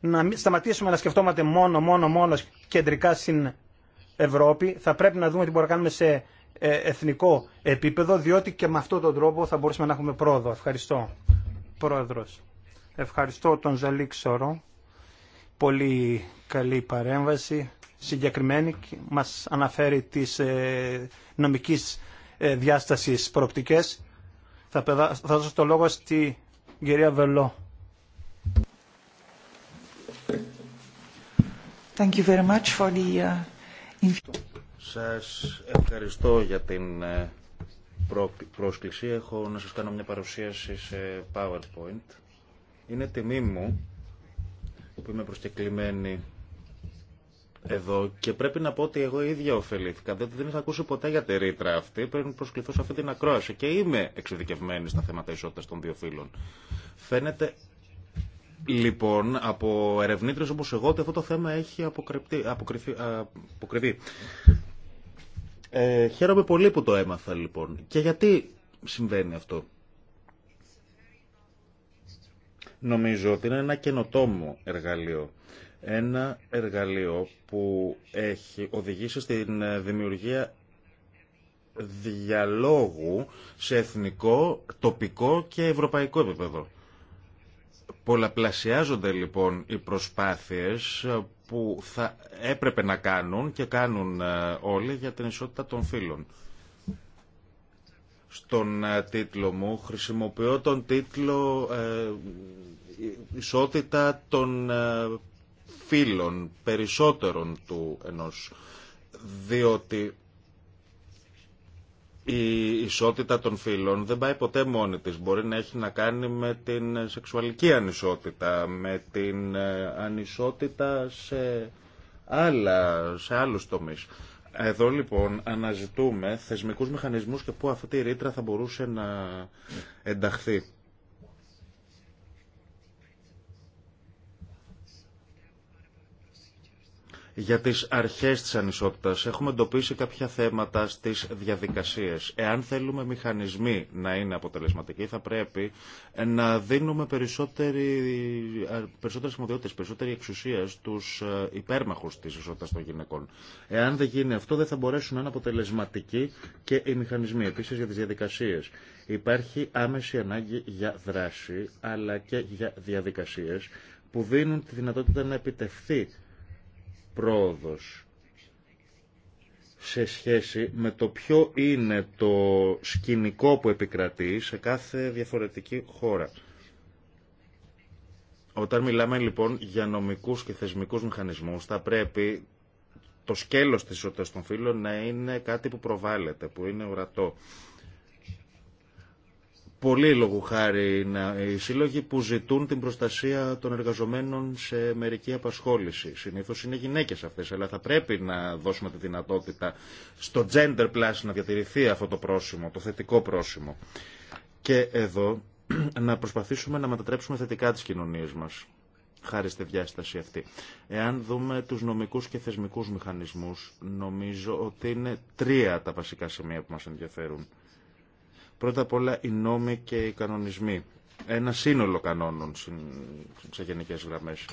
να σταματήσουμε να σκεφτόμαστε μόνο, μόνο, μόνο κεντρικά στην Ευρώπη θα πρέπει να δούμε τι μπορούμε να κάνουμε σε ε, εθνικό επίπεδο, διότι και με αυτόν τον τρόπο θα μπορούσαμε να έχουμε πρόοδο. Ευχαριστώ, Πρόεδρος. Ευχαριστώ τον Ζαλίξορο. Πολύ καλή παρέμβαση, συγκεκριμένη. Μας αναφέρει τις ε, νομική ε, διάστασης προοπτικές. Θα, δώσω το λόγο στη κυρία Βελό. Thank you very much for the uh, σας ευχαριστώ για την ε, πρόσκληση. Έχω να σας κάνω μια παρουσίαση σε PowerPoint. Είναι τιμή μου που είμαι προσκεκλημένη εδώ και πρέπει να πω ότι εγώ ίδια ωφελήθηκα, δεν είχα ακούσει ποτέ για τη ρήτρα αυτή να προσκληθώ σε αυτή την ακρόαση και είμαι εξειδικευμένη στα θέματα ισότητας των δύο φύλων. Φαίνεται Λοιπόν, από ερευνήτρες όπως εγώ, ότι αυτό το θέμα έχει αποκρυπτεί, ε, χαίρομαι πολύ που το έμαθα λοιπόν. Και γιατί συμβαίνει αυτό. Νομίζω ότι είναι ένα καινοτόμο εργαλείο. Ένα εργαλείο που έχει οδηγήσει στην ε, δημιουργία διαλόγου σε εθνικό, τοπικό και ευρωπαϊκό επίπεδο. Πολλαπλασιάζονται λοιπόν οι προσπάθειες που θα έπρεπε να κάνουν και κάνουν ε, όλοι για την ισότητα των φύλων. Στον ε, τίτλο μου χρησιμοποιώ τον τίτλο ε, «Ισότητα των φίλων περισσότερων του ενός» διότι η ισότητα των φύλων δεν πάει ποτέ μόνη της. Μπορεί να έχει να κάνει με την σεξουαλική ανισότητα, με την ε, ανισότητα σε, άλλα, σε άλλους τομείς. Εδώ λοιπόν αναζητούμε θεσμικούς μηχανισμούς και πού αυτή η ρήτρα θα μπορούσε να ενταχθεί. για τις αρχές της ανισότητας. Έχουμε εντοπίσει κάποια θέματα στις διαδικασίες. Εάν θέλουμε μηχανισμοί να είναι αποτελεσματικοί, θα πρέπει να δίνουμε περισσότερη, περισσότερες σημαντικότητες, περισσότερη εξουσία στους ε, υπέρμαχους της ισότητας των γυναικών. Εάν δεν γίνει αυτό, δεν θα μπορέσουν να είναι αποτελεσματικοί και οι μηχανισμοί. Επίσης για τις διαδικασίες. Υπάρχει άμεση ανάγκη για δράση, αλλά και για διαδικασίες που δίνουν τη δυνατότητα να επιτευχθεί πρόοδος σε σχέση με το ποιο είναι το σκηνικό που επικρατεί σε κάθε διαφορετική χώρα. Όταν μιλάμε λοιπόν για νομικούς και θεσμικούς μηχανισμούς θα πρέπει το σκέλος της ισότητας των φύλων να είναι κάτι που προβάλλεται, που είναι ορατό. Πολύ λόγου χάρη είναι οι σύλλογοι που ζητούν την προστασία των εργαζομένων σε μερική απασχόληση. Συνήθως είναι γυναίκες αυτές, αλλά θα πρέπει να δώσουμε τη δυνατότητα στο gender plus να διατηρηθεί αυτό το πρόσημο, το θετικό πρόσημο. Και εδώ να προσπαθήσουμε να μετατρέψουμε θετικά τις κοινωνίες μας, χάρη στη διάσταση αυτή. Εάν δούμε τους νομικούς και θεσμικούς μηχανισμούς, νομίζω ότι είναι τρία τα βασικά σημεία που μας ενδιαφέρουν. Πρώτα απ' όλα οι νόμοι και οι κανονισμοί. Ένα σύνολο κανόνων σε γενικές γραμμές.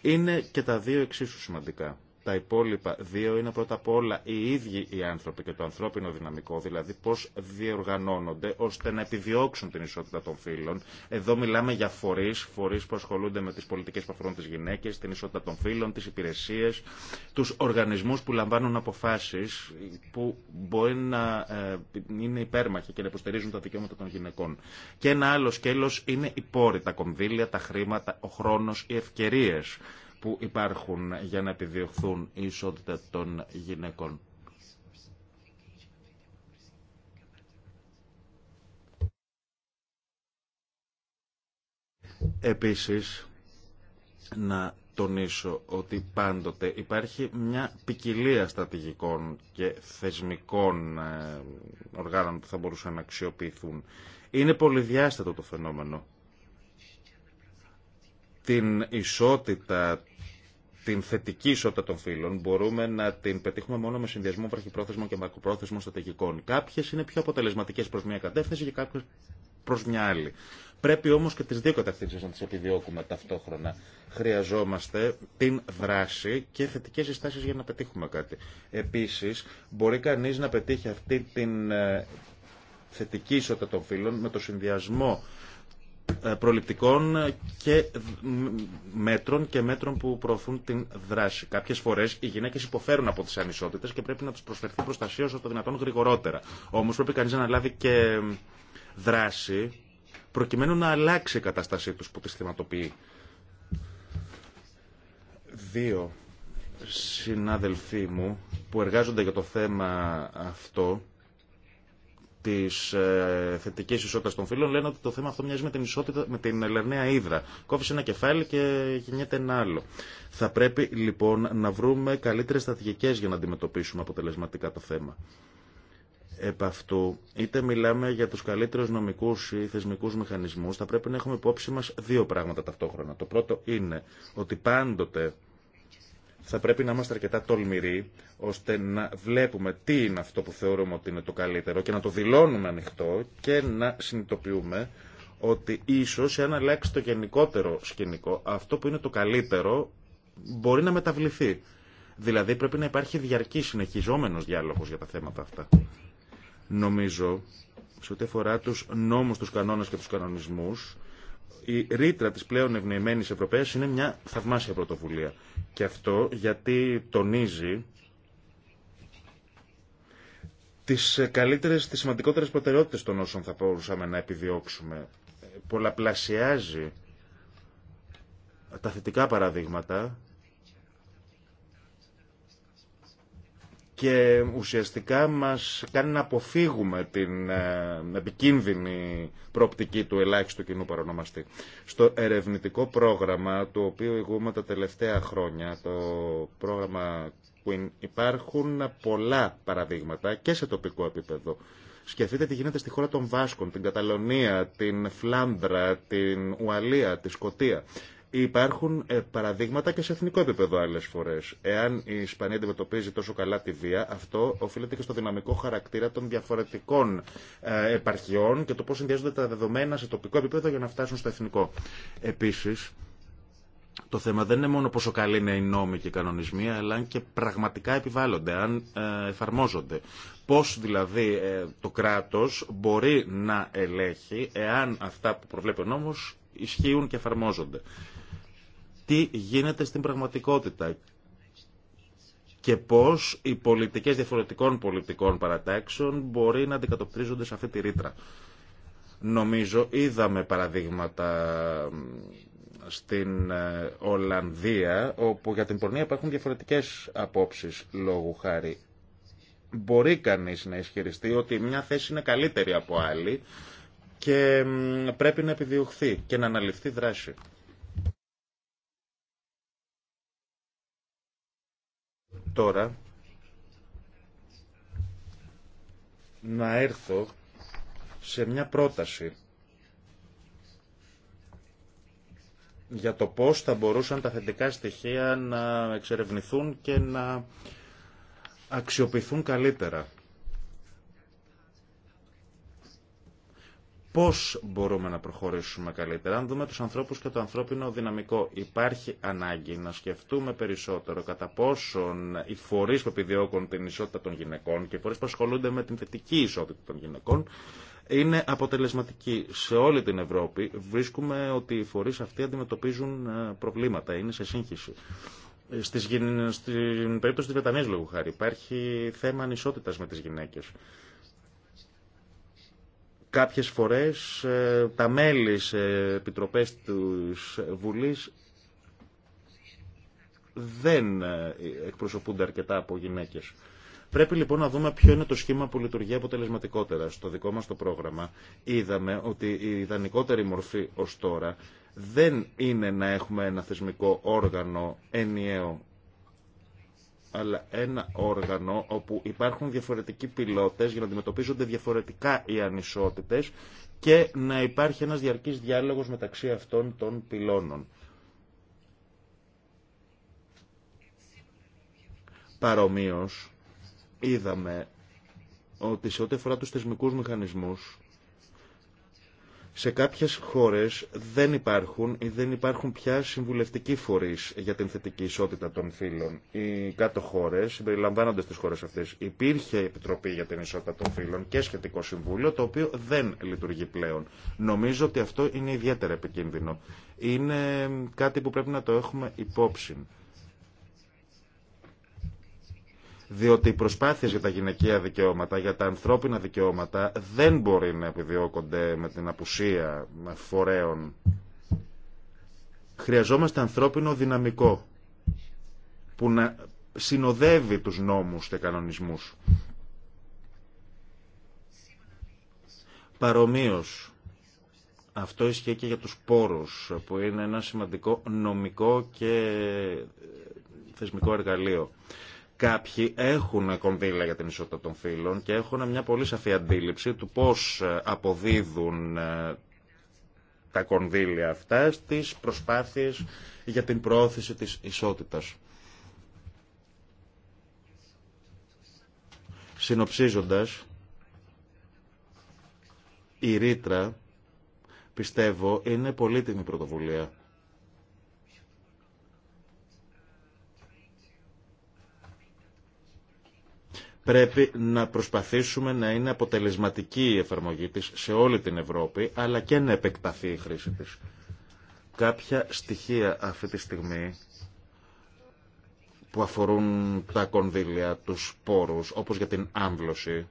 Είναι και τα δύο εξίσου σημαντικά. Τα υπόλοιπα δύο είναι πρώτα απ' όλα οι ίδιοι οι άνθρωποι και το ανθρώπινο δυναμικό, δηλαδή πώ διοργανώνονται ώστε να επιδιώξουν την ισότητα των φύλων. Εδώ μιλάμε για φορεί, φορεί που ασχολούνται με τι πολιτικέ που αφορούν τι γυναίκε, την ισότητα των φύλων, τι υπηρεσίε, του οργανισμού που λαμβάνουν αποφάσει που μπορεί να ε, είναι υπέρμαχοι και να υποστηρίζουν τα δικαιώματα των γυναικών. Και ένα άλλο σκέλο είναι οι πόροι, τα κονδύλια, τα χρήματα, ο χρόνο, οι ευκαιρίε που υπάρχουν για να επιδιωχθούν η ισότητα των γυναικών. Επίσης, να τονίσω ότι πάντοτε υπάρχει μια ποικιλία στρατηγικών και θεσμικών ε, οργάνων που θα μπορούσαν να αξιοποιηθούν. Είναι πολυδιάστατο το φαινόμενο. Την ισότητα την θετική ισότητα των φύλων μπορούμε να την πετύχουμε μόνο με συνδυασμό βραχυπρόθεσμων και μακροπρόθεσμων στρατηγικών. Κάποιε είναι πιο αποτελεσματικέ προ μια κατεύθυνση και κάποιε προ μια άλλη. Πρέπει όμω και τι δύο κατευθύνσει να τι επιδιώκουμε ταυτόχρονα. Χρειαζόμαστε την δράση και θετικέ συστάσει για να πετύχουμε κάτι. Επίση, μπορεί κανεί να πετύχει αυτή την ε, θετική ισότητα των φύλων με το συνδυασμό ε, προληπτικών και μέτρων και μέτρων που προωθούν την δράση. Κάποιε φορέ οι γυναίκε υποφέρουν από τι ανισότητε και πρέπει να του προσφερθεί προστασία όσο το δυνατόν γρηγορότερα. Όμω πρέπει κανεί να λάβει και δράση προκειμένου να αλλάξει η κατάστασή του που τη θυματοποιεί. Δύο συνάδελφοί μου που εργάζονται για το θέμα αυτό τη ε, θετική ισότητα των φίλων λένε ότι το θέμα αυτό μοιάζει με την, ισότητα, με την Λερναία Ήδρα. Κόβει ένα κεφάλι και γεννιέται ένα άλλο. Θα πρέπει λοιπόν να βρούμε καλύτερε στρατηγικέ για να αντιμετωπίσουμε αποτελεσματικά το θέμα. Επ' αυτού, είτε μιλάμε για του καλύτερου νομικού ή θεσμικού μηχανισμού, θα πρέπει να έχουμε υπόψη μα δύο πράγματα ταυτόχρονα. Το πρώτο είναι ότι πάντοτε θα πρέπει να είμαστε αρκετά τολμηροί ώστε να βλέπουμε τι είναι αυτό που θεωρούμε ότι είναι το καλύτερο και να το δηλώνουμε ανοιχτό και να συνειδητοποιούμε ότι ίσως εάν αλλάξει το γενικότερο σκηνικό αυτό που είναι το καλύτερο μπορεί να μεταβληθεί. Δηλαδή πρέπει να υπάρχει διαρκή συνεχιζόμενος διάλογος για τα θέματα αυτά. Νομίζω σε ό,τι αφορά τους νόμους, τους κανόνες και τους κανονισμούς η ρήτρα της πλέον ευνοημένης Ευρωπαίας είναι μια θαυμάσια πρωτοβουλία. Και αυτό γιατί τονίζει τις καλύτερες, τις σημαντικότερες προτεραιότητες των όσων θα μπορούσαμε να επιδιώξουμε. Πολλαπλασιάζει τα θετικά παραδείγματα και ουσιαστικά μας κάνει να αποφύγουμε την ε, επικίνδυνη προοπτική του ελάχιστου κοινού παρονομαστή. Στο ερευνητικό πρόγραμμα, το οποίο ηγούμε τα τελευταία χρόνια, το πρόγραμμα που υπάρχουν πολλά παραδείγματα και σε τοπικό επίπεδο. Σκεφτείτε τι γίνεται στη χώρα των Βάσκων, την Καταλωνία, την Φλάνδρα, την Ουαλία, τη Σκοτία. Υπάρχουν ε, παραδείγματα και σε εθνικό επίπεδο άλλε φορέ. Εάν η Ισπανία αντιμετωπίζει τόσο καλά τη βία, αυτό οφείλεται και στο δυναμικό χαρακτήρα των διαφορετικών ε, επαρχιών και το πώ συνδυάζονται τα δεδομένα σε τοπικό επίπεδο για να φτάσουν στο εθνικό. Επίση, το θέμα δεν είναι μόνο πόσο καλή είναι οι νόμοι και οι κανονισμοί, αλλά αν και πραγματικά επιβάλλονται, αν ε, εφαρμόζονται. Πώς δηλαδή το κράτος μπορεί να ελέγχει εάν αυτά που προβλέπει ο νόμος ισχύουν και εφαρμόζονται τι γίνεται στην πραγματικότητα και πώς οι πολιτικές διαφορετικών πολιτικών παρατάξεων μπορεί να αντικατοπτρίζονται σε αυτή τη ρήτρα. Νομίζω είδαμε παραδείγματα στην ε, Ολλανδία όπου για την πορνεία υπάρχουν διαφορετικές απόψεις λόγου χάρη. Μπορεί κανείς να ισχυριστεί ότι μια θέση είναι καλύτερη από άλλη και πρέπει να επιδιωχθεί και να αναλυφθεί δράση. τώρα να έρθω σε μια πρόταση για το πώς θα μπορούσαν τα θετικά στοιχεία να εξερευνηθούν και να αξιοποιηθούν καλύτερα. Πώ μπορούμε να προχωρήσουμε καλύτερα. Αν δούμε του ανθρώπου και το ανθρώπινο δυναμικό, υπάρχει ανάγκη να σκεφτούμε περισσότερο κατά πόσον οι φορεί που επιδιώκουν την ισότητα των γυναικών και οι φορείς που ασχολούνται με την θετική ισότητα των γυναικών είναι αποτελεσματικοί. Σε όλη την Ευρώπη βρίσκουμε ότι οι φορεί αυτοί αντιμετωπίζουν ε, προβλήματα, είναι σε σύγχυση. Ε, στις, στην περίπτωση της Βρετανίας, λόγω χάρη, υπάρχει θέμα ανισότητας με τι γυναίκες. Κάποιες φορές ε, τα μέλη σε επιτροπές της Βουλής δεν ε, εκπροσωπούνται αρκετά από γυναίκες. Πρέπει λοιπόν να δούμε ποιο είναι το σχήμα που λειτουργεί αποτελεσματικότερα. Στο δικό μας το πρόγραμμα είδαμε ότι η ιδανικότερη μορφή ως τώρα δεν είναι να έχουμε ένα θεσμικό όργανο ενιαίο αλλά ένα όργανο όπου υπάρχουν διαφορετικοί πιλότες για να αντιμετωπίζονται διαφορετικά οι ανισότητες και να υπάρχει ένας διαρκής διάλογος μεταξύ αυτών των πυλώνων. Παρομοίως, είδαμε ότι σε ό,τι αφορά τους θεσμικούς μηχανισμούς σε κάποιες χώρες δεν υπάρχουν ή δεν υπάρχουν πια συμβουλευτικοί φορείς για την θετική ισότητα των φύλων. Οι κάτω χώρες, συμπεριλαμβάνονται τις χώρες αυτές, υπήρχε Επιτροπή για την Ισότητα των Φύλων και σχετικό συμβούλιο, το οποίο δεν λειτουργεί πλέον. Νομίζω ότι αυτό είναι ιδιαίτερα επικίνδυνο. Είναι κάτι που πρέπει να το έχουμε υπόψη. Διότι οι προσπάθειες για τα γυναικεία δικαιώματα, για τα ανθρώπινα δικαιώματα δεν μπορεί να επιδιώκονται με την απουσία φορέων. Χρειαζόμαστε ανθρώπινο δυναμικό που να συνοδεύει τους νόμους και κανονισμούς. Παρομοίως, αυτό ισχύει και για τους πόρους, που είναι ένα σημαντικό νομικό και θεσμικό εργαλείο. Κάποιοι έχουν κονδύλια για την ισότητα των φύλων και έχουν μια πολύ σαφή αντίληψη του πώς ε, αποδίδουν ε, τα κονδύλια αυτά στις προσπάθειες για την προώθηση της ισότητας. Συνοψίζοντας, η ρήτρα, πιστεύω, είναι πολύτιμη πρωτοβουλία Πρέπει να προσπαθήσουμε να είναι αποτελεσματική η εφαρμογή της σε όλη την Ευρώπη, αλλά και να επεκταθεί η χρήση της. Κάποια στοιχεία αυτή τη στιγμή που αφορούν τα κονδύλια, τους πόρους, όπως για την άμβλωση,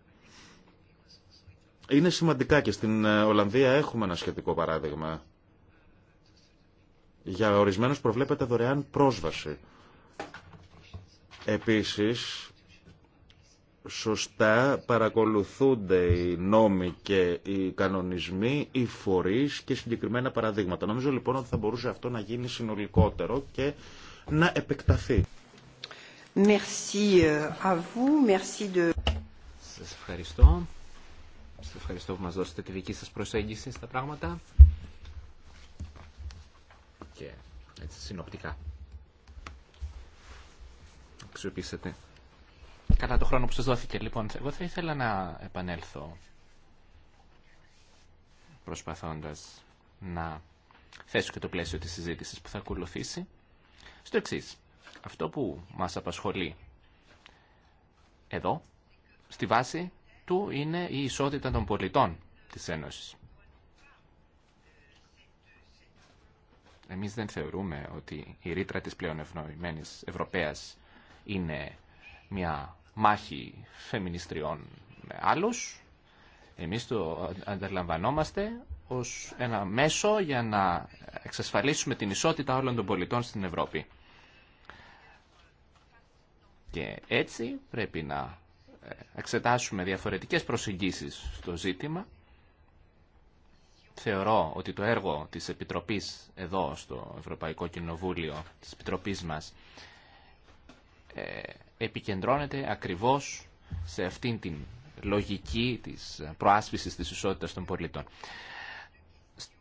είναι σημαντικά και στην Ολλανδία έχουμε ένα σχετικό παράδειγμα. Για ορισμένους προβλέπεται δωρεάν πρόσβαση. Επίσης, σωστά παρακολουθούνται οι νόμοι και οι κανονισμοί, οι φορείς και συγκεκριμένα παραδείγματα. Νομίζω λοιπόν ότι θα μπορούσε αυτό να γίνει συνολικότερο και να επεκταθεί. Merci euh, à vous. Merci de... Σας ευχαριστώ. Σας ευχαριστώ που μας δώσετε τη δική σας προσέγγιση στα πράγματα. Και έτσι συνοπτικά. Αξιοποιήσατε κατά το χρόνο που σας δόθηκε. Λοιπόν, εγώ θα ήθελα να επανέλθω προσπαθώντας να θέσω και το πλαίσιο της συζήτησης που θα ακολουθήσει. Στο εξή, αυτό που μας απασχολεί εδώ, στη βάση του, είναι η ισότητα των πολιτών της Ένωσης. Εμείς δεν θεωρούμε ότι η ρήτρα της πλέον ευνοημένης Ευρωπαίας είναι μια μάχη φεμινιστριών με άλλους. Εμείς το ανταλαμβανόμαστε ως ένα μέσο για να εξασφαλίσουμε την ισότητα όλων των πολιτών στην Ευρώπη. Και έτσι πρέπει να ε, εξετάσουμε διαφορετικές προσεγγίσεις στο ζήτημα. Θεωρώ ότι το έργο της Επιτροπής εδώ στο Ευρωπαϊκό Κοινοβούλιο, της Επιτροπής μας, ε, επικεντρώνεται ακριβώς σε αυτήν την λογική της προάσπισης της ισότητας των πολιτών.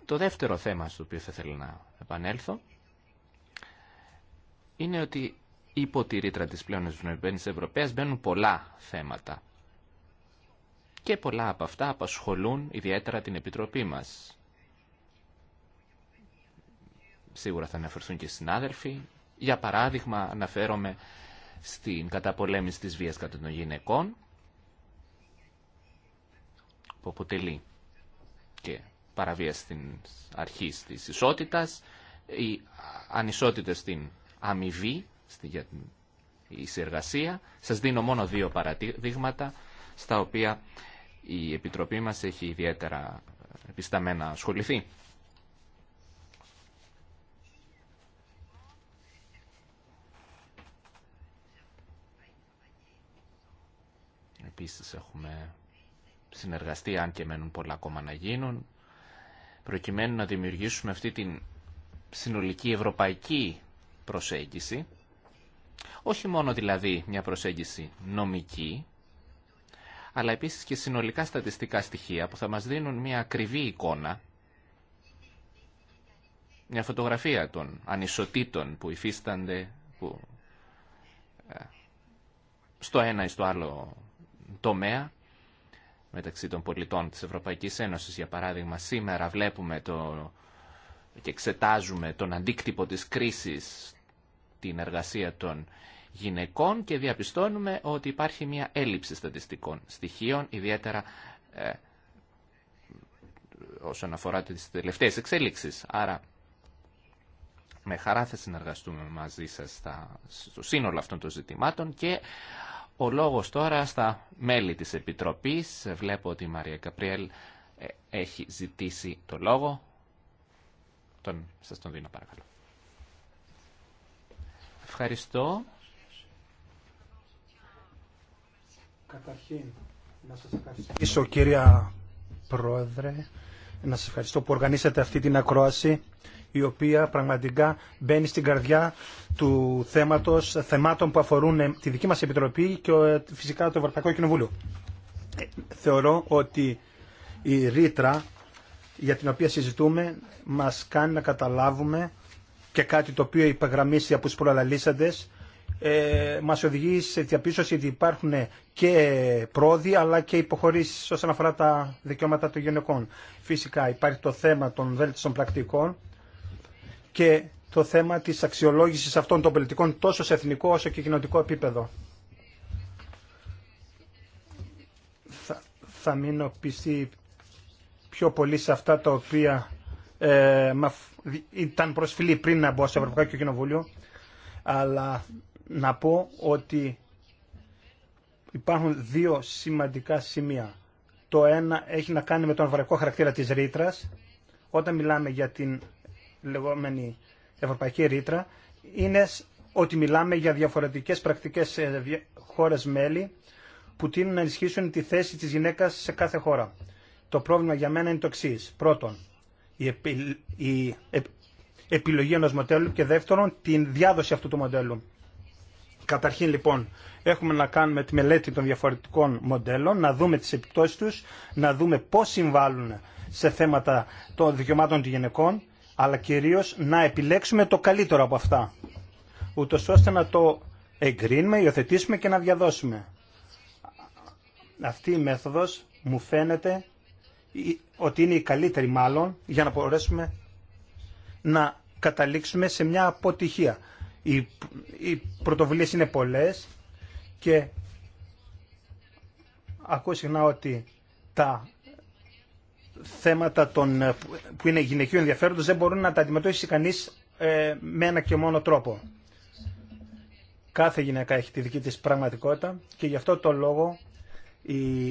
Το δεύτερο θέμα στο οποίο θα ήθελα να επανέλθω είναι ότι υπό τη ρήτρα της πλέον ευνοημένης Ευρωπαίας μπαίνουν πολλά θέματα και πολλά από αυτά απασχολούν ιδιαίτερα την Επιτροπή μας. Σίγουρα θα αναφερθούν και συνάδελφοι. Για παράδειγμα αναφέρομαι στην καταπολέμηση της βίας κατά των γυναικών που αποτελεί και παραβίαση στην αρχή της ισότητας, οι ανισότητες στην αμοιβή, στη, για την εισεργασία. Σας δίνω μόνο δύο παραδείγματα στα οποία η Επιτροπή μας έχει ιδιαίτερα επισταμένα ασχοληθεί. Επίσης έχουμε συνεργαστεί, αν και μένουν πολλά ακόμα να γίνουν, προκειμένου να δημιουργήσουμε αυτή την συνολική ευρωπαϊκή προσέγγιση, όχι μόνο δηλαδή μια προσέγγιση νομική, αλλά επίσης και συνολικά στατιστικά στοιχεία που θα μας δίνουν μια ακριβή εικόνα, μια φωτογραφία των ανισοτήτων που υφίστανται που ε, στο ένα ή στο άλλο τομέα μεταξύ των πολιτών της Ευρωπαϊκής Ένωσης. Για παράδειγμα, σήμερα βλέπουμε το... και εξετάζουμε τον αντίκτυπο της κρίσης την εργασία των γυναικών και διαπιστώνουμε ότι υπάρχει μια έλλειψη στατιστικών στοιχείων, ιδιαίτερα ε, όσον αφορά τις τελευταίες εξέλιξεις. Άρα, με χαρά θα συνεργαστούμε μαζί σας στο σύνολο αυτών των ζητημάτων ο λόγος τώρα στα μέλη της Επιτροπής. Βλέπω ότι η Μαρία Καπριέλ ε, έχει ζητήσει το λόγο. Τον, σας τον δίνω παρακαλώ. Ευχαριστώ. Καταρχήν, να σας ευχαριστήσω κυρία Πρόεδρε, να σας ευχαριστώ που οργανίσατε αυτή την ακρόαση η οποία πραγματικά μπαίνει στην καρδιά του θέματος, θεμάτων που αφορούν ε, τη δική μας Επιτροπή και ε, φυσικά το Ευρωπαϊκό Κοινοβούλιο. Ε, θεωρώ ότι η ρήτρα για την οποία συζητούμε μας κάνει να καταλάβουμε και κάτι το οποίο υπεγραμμίσει από τους προλαλήσαντες ε, μας οδηγεί σε διαπίστωση ότι υπάρχουν και πρόοδοι αλλά και υποχωρήσεις όσον αφορά τα δικαιώματα των γυναικών. Φυσικά υπάρχει το θέμα των βέλτιστων πρακτικών και το θέμα της αξιολόγησης αυτών των πολιτικών τόσο σε εθνικό όσο και κοινωτικό επίπεδο. Θα, μείνω πιστή πιο πολύ σε αυτά τα οποία ε, ήταν προσφυλή πριν να μπω στο Ευρωπαϊκό Κοινοβούλιο, αλλά να πω ότι υπάρχουν δύο σημαντικά σημεία. Το ένα έχει να κάνει με τον βαρικό χαρακτήρα της ρήτρα. Όταν μιλάμε για την λεγόμενη Ευρωπαϊκή Ρήτρα είναι ότι μιλάμε για διαφορετικές πρακτικές σε χώρες μέλη που τείνουν να ενισχύσουν τη θέση της γυναίκας σε κάθε χώρα. Το πρόβλημα για μένα είναι το εξή. Πρώτον, η, επι... η επιλογή ενός μοντέλου και δεύτερον, την διάδοση αυτού του μοντέλου. Καταρχήν λοιπόν έχουμε να κάνουμε τη μελέτη των διαφορετικών μοντέλων, να δούμε τις επιπτώσεις τους, να δούμε πώς συμβάλλουν σε θέματα των δικαιωμάτων των γυναικών αλλά κυρίως να επιλέξουμε το καλύτερο από αυτά, ούτως ώστε να το εγκρίνουμε, υιοθετήσουμε και να διαδώσουμε. Αυτή η μέθοδος μου φαίνεται ότι είναι η καλύτερη μάλλον για να μπορέσουμε να καταλήξουμε σε μια αποτυχία. Οι, οι πρωτοβουλίες είναι πολλές και ακούω συχνά ότι τα θέματα των, ε, που είναι γυναικείου ενδιαφέροντος δεν μπορούν να τα αντιμετωπίσει κανείς ε, με ένα και μόνο τρόπο. Κάθε γυναίκα έχει τη δική της πραγματικότητα και γι' αυτό το λόγο η,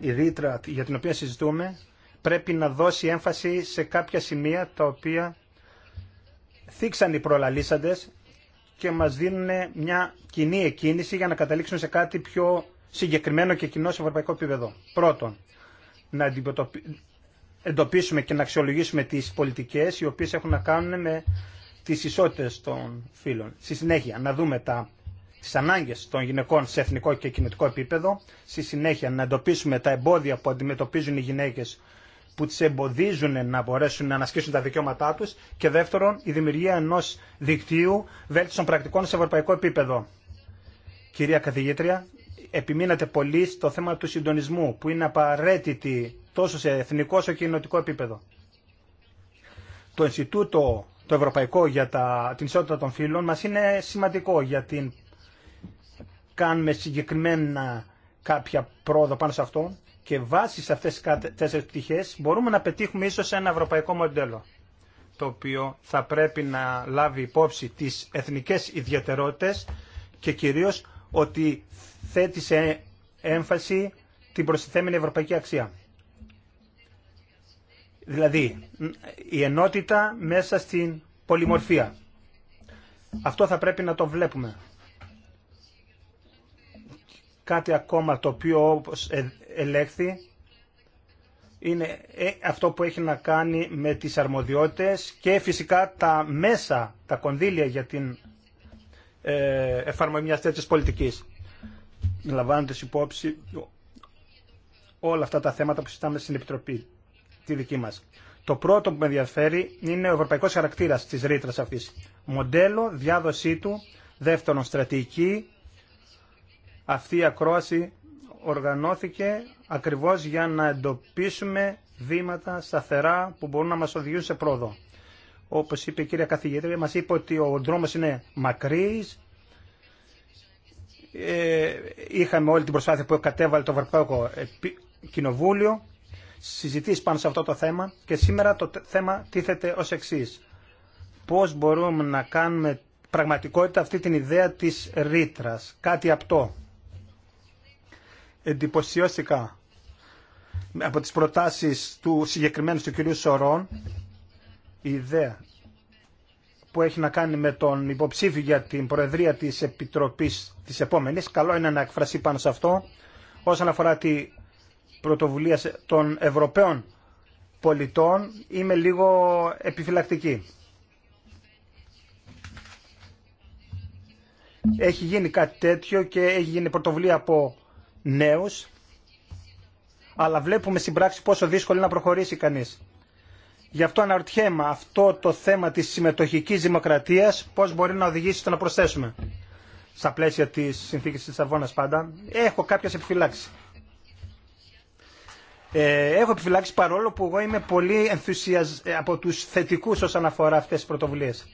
η ρήτρα για την οποία συζητούμε πρέπει να δώσει έμφαση σε κάποια σημεία τα οποία θίξαν οι προλαλήσαντες και μας δίνουν μια κοινή εκκίνηση για να καταλήξουν σε κάτι πιο συγκεκριμένο και κοινό σε ευρωπαϊκό επίπεδο. Πρώτον, να εντοπίσουμε και να αξιολογήσουμε τις πολιτικές οι οποίες έχουν να κάνουν με τις ισότητες των φύλων. Στη συνέχεια να δούμε τα, τις ανάγκες των γυναικών σε εθνικό και κοινωνικό επίπεδο. Στη συνέχεια να εντοπίσουμε τα εμπόδια που αντιμετωπίζουν οι γυναίκες που τις εμποδίζουν να μπορέσουν να ανασκήσουν τα δικαιώματά τους και δεύτερον η δημιουργία ενός δικτύου βέλτιστων πρακτικών σε ευρωπαϊκό επίπεδο. Κυρία Καθηγήτρια, επιμείνατε πολύ στο θέμα του συντονισμού που είναι απαραίτητη τόσο σε εθνικό όσο και κοινωτικό επίπεδο. Το Ινστιτούτο το Ευρωπαϊκό για τα, την ισότητα των φύλων μας είναι σημαντικό γιατί κάνουμε συγκεκριμένα κάποια πρόοδο πάνω σε αυτό και βάσει σε αυτές τις τέσσερις πτυχές μπορούμε να πετύχουμε ίσως ένα ευρωπαϊκό μοντέλο το οποίο θα πρέπει να λάβει υπόψη τις εθνικές ιδιαιτερότητες και κυρίως ότι θέτει σε έμφαση την προστιθέμενη ευρωπαϊκή αξία. Δηλαδή, η ενότητα μέσα στην πολυμορφία. Αυτό θα πρέπει να το βλέπουμε. Κάτι ακόμα το οποίο όπως ε, ελέγχθη είναι ε, αυτό που έχει να κάνει με τις αρμοδιότητες και φυσικά τα μέσα, τα κονδύλια για την ε, εφαρμογή μιας τέτοιας πολιτικής. Λαμβάνοντας υπόψη όλα αυτά τα θέματα που συζητάμε στην Επιτροπή τη δική Το πρώτο που με ενδιαφέρει είναι ο ευρωπαϊκός χαρακτήρας της ρήτρα αυτή Μοντέλο, διάδοσή του, δεύτερον στρατηγική. Αυτή η ακρόαση οργανώθηκε ακριβώς για να εντοπίσουμε βήματα σταθερά που μπορούν να μα οδηγούν σε πρόοδο. Όπως είπε η κυρία καθηγήτρια, μα είπε ότι ο δρόμος είναι μακρύς, ε, είχαμε όλη την προσπάθεια που κατέβαλε το Ευρωπαϊκό Κοινοβούλιο συζητήσει πάνω σε αυτό το θέμα και σήμερα το θέμα τίθεται ως εξής. Πώς μπορούμε να κάνουμε πραγματικότητα αυτή την ιδέα της ρήτρα, κάτι απτό. Εντυπωσιώστηκα από τις προτάσεις του συγκεκριμένου του κυρίου Σωρών η ιδέα που έχει να κάνει με τον υποψήφιο για την Προεδρία της Επιτροπής της επόμενης. Καλό είναι να εκφραστεί πάνω σε αυτό. Όσον αφορά τη πρωτοβουλίας των Ευρωπαίων πολιτών είμαι λίγο επιφυλακτική. Έχει γίνει κάτι τέτοιο και έχει γίνει πρωτοβουλία από νέους, αλλά βλέπουμε στην πράξη πόσο δύσκολο είναι να προχωρήσει κανείς. Γι' αυτό αναρωτιέμαι αυτό το θέμα της συμμετοχικής δημοκρατίας πώς μπορεί να οδηγήσει στο να προσθέσουμε. Στα πλαίσια της συνθήκης της Αβώνας πάντα, έχω κάποιες επιφυλάξεις. Ε, έχω επιφυλάξει παρόλο που εγώ είμαι πολύ ενθουσιασ... Ε, από τους θετικούς όσον αφορά αυτές τις πρωτοβουλίες.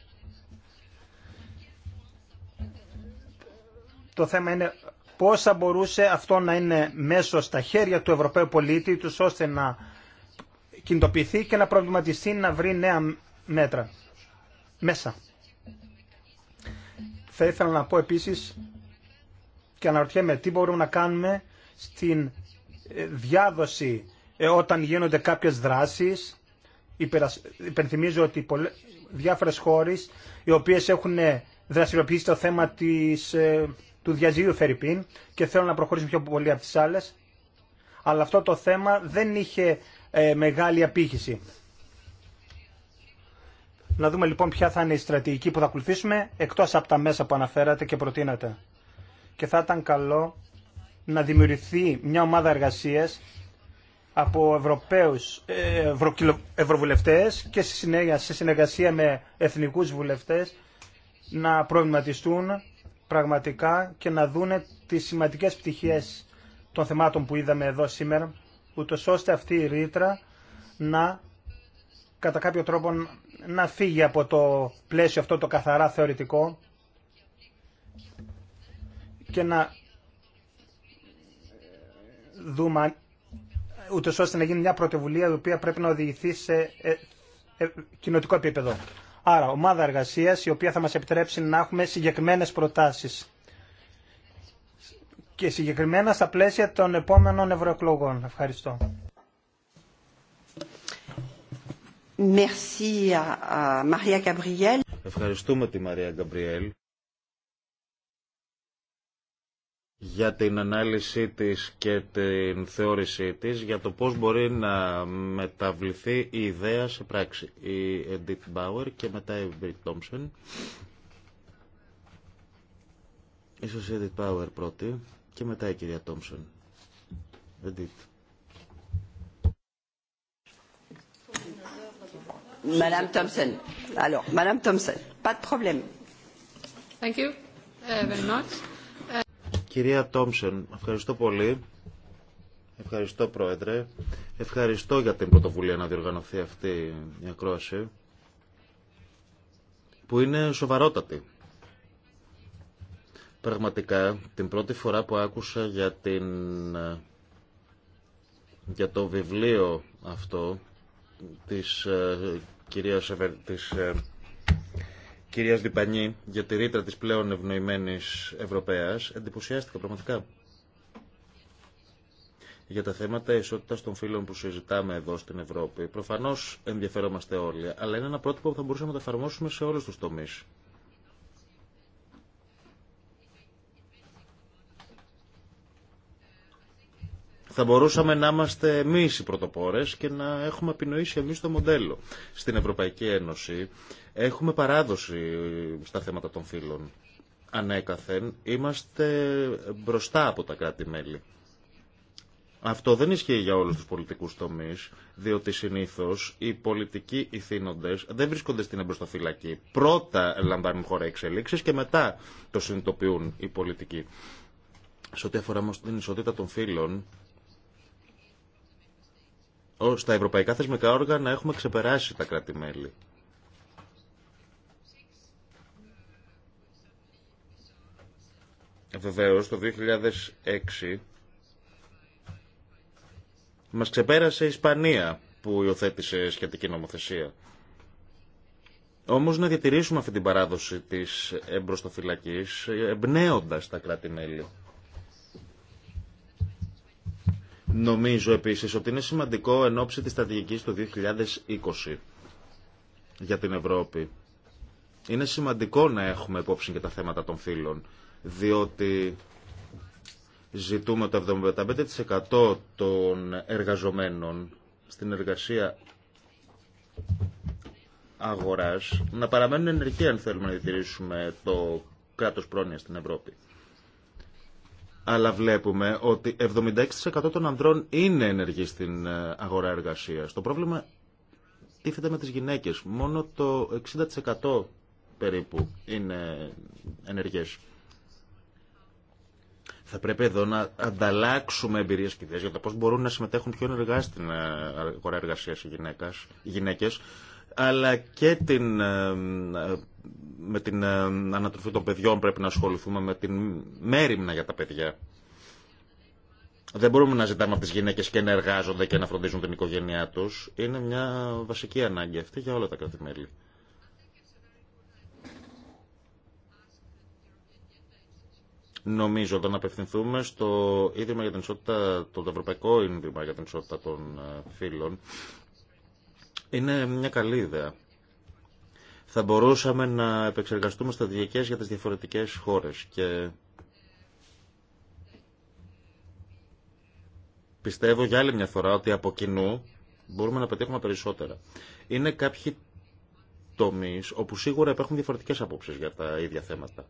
Το θέμα είναι πώς θα μπορούσε αυτό να είναι μέσω στα χέρια του Ευρωπαίου πολίτη τους ώστε να κινητοποιηθεί και να προβληματιστεί να βρει νέα μέτρα μέσα. Θα ήθελα να πω επίσης και αναρωτιέμαι τι μπορούμε να κάνουμε στην διάδοση ε, όταν γίνονται κάποιες δράσεις. Υπενθυμίζω ότι διάφορες χώρες οι οποίες έχουν ε, δραστηριοποιήσει το θέμα της, ε, του διαζύγιου Φερρυπίν και θέλουν να προχωρήσουν πιο πολύ από τις άλλες. Αλλά αυτό το θέμα δεν είχε μεγάλη απήχηση. Να δούμε λοιπόν ποια θα είναι η στρατηγική που θα ακολουθήσουμε εκτός από τα μέσα που αναφέρατε και προτείνατε. Και θα ήταν καλό να δημιουργηθεί μια ομάδα εργασίας από Ευρωπαίους ε, Ευρωβουλευτές και σε συνεργασία με εθνικούς βουλευτές να προβληματιστούν πραγματικά και να δούνε τις σημαντικές πτυχές των θεμάτων που είδαμε εδώ σήμερα, ούτω ώστε αυτή η ρήτρα να κατά κάποιο τρόπο να φύγει από το πλαίσιο αυτό το καθαρά θεωρητικό και να δούμε ούτως ώστε να γίνει μια πρωτοβουλία η οποία πρέπει να οδηγηθεί σε ε, ε, κοινοτικό επίπεδο. Άρα, ομάδα εργασίας η οποία θα μας επιτρέψει να έχουμε συγκεκριμένες προτάσεις και συγκεκριμένα στα πλαίσια των επόμενων ευρωεκλογών. Ευχαριστώ. Merci à Maria Gabriel. Ευχαριστούμε τη Μαρία Γκαμπριέλ για την ανάλυση της και την θεώρησή της για το πώς μπορεί να μεταβληθεί η ιδέα σε πράξη. Η Edith Bauer και μετά η Bill Thompson. Ίσως η Edith Bauer πρώτη και μετά η κυρία Thompson. Edith. Madame Thompson. Alors, Madame Thompson, pas de problème. Thank you very much. Κυρία Τόμσεν, ευχαριστώ πολύ. Ευχαριστώ Πρόεδρε. Ευχαριστώ για την πρωτοβουλία να διοργανωθεί αυτή η ακρόαση που είναι σοβαρότατη. Πραγματικά την πρώτη φορά που άκουσα για, την, για το βιβλίο αυτό της ε, κυρίας της ε, Κυρία Διπανή για τη ρήτρα τη πλέον ευνοημένη Ευρωπαία, εντυπωσιάστηκα πραγματικά για τα θέματα ισότητα των φίλων που συζητάμε εδώ στην Ευρώπη. Προφανώ ενδιαφερόμαστε όλοι, αλλά είναι ένα πρότυπο που θα μπορούσαμε να το εφαρμόσουμε σε όλου του τομεί. Θα μπορούσαμε να είμαστε εμεί οι πρωτοπόρε και να έχουμε επινοήσει εμεί το μοντέλο. Στην Ευρωπαϊκή Ένωση Έχουμε παράδοση στα θέματα των φύλων. Ανέκαθεν είμαστε μπροστά από τα κράτη-μέλη. Αυτό δεν ισχύει για όλους τους πολιτικούς τομείς, διότι συνήθως οι πολιτικοί ηθήνοντες δεν βρίσκονται στην εμπροστοφυλακή. Πρώτα λαμβάνουν χώρα εξελίξεις και μετά το συνειδητοποιούν οι πολιτικοί. Σε ό,τι αφορά όμως την ισότητα των φύλων, στα ευρωπαϊκά θεσμικά όργανα έχουμε ξεπεράσει τα κράτη-μέλη. Βεβαίως, το 2006 μας ξεπέρασε η Ισπανία που υιοθέτησε σχετική νομοθεσία. Όμως να διατηρήσουμε αυτή την παράδοση της εμπροστοφυλακής, εμπνέοντας τα κράτη-μέλη. Νομίζω επίσης ότι είναι σημαντικό εν ώψη της στρατηγικής του 2020 για την Ευρώπη. Είναι σημαντικό να έχουμε υπόψη και τα θέματα των φύλων διότι ζητούμε το 75% των εργαζομένων στην εργασία αγοράς να παραμένουν ενεργοί αν θέλουμε να διατηρήσουμε το κράτος πρόνοια στην Ευρώπη. Αλλά βλέπουμε ότι 76% των ανδρών είναι ενεργοί στην ε, αγορά εργασίας. Το πρόβλημα τίθεται με τις γυναίκες. Μόνο το 60% περίπου είναι ενεργές. Θα πρέπει εδώ να ανταλλάξουμε εμπειρίε και ιδέε για το πώ μπορούν να συμμετέχουν πιο ενεργά στην ε, αγορά εργασία οι γυναίκε, αλλά και την, ε, ε, με την ανατροφή των παιδιών πρέπει να ασχοληθούμε, με την μέρημνα για τα παιδιά. Δεν μπορούμε να ζητάμε από τι γυναίκε και να εργάζονται και να φροντίζουν την οικογένειά του. Είναι μια βασική ανάγκη αυτή για όλα τα κράτη-μέλη. Νομίζω ότι να απευθυνθούμε στο Ίδρυμα για την Ισότητα, το Ευρωπαϊκό Ίδρυμα για την Ισότητα των ε, φίλων είναι μια καλή ιδέα. Θα μπορούσαμε να επεξεργαστούμε σταδιακές για τις διαφορετικές χώρες και πιστεύω για άλλη μια φορά ότι από κοινού μπορούμε να πετύχουμε περισσότερα. Είναι κάποιοι τομείς όπου σίγουρα υπάρχουν διαφορετικές απόψεις για τα ίδια θέματα.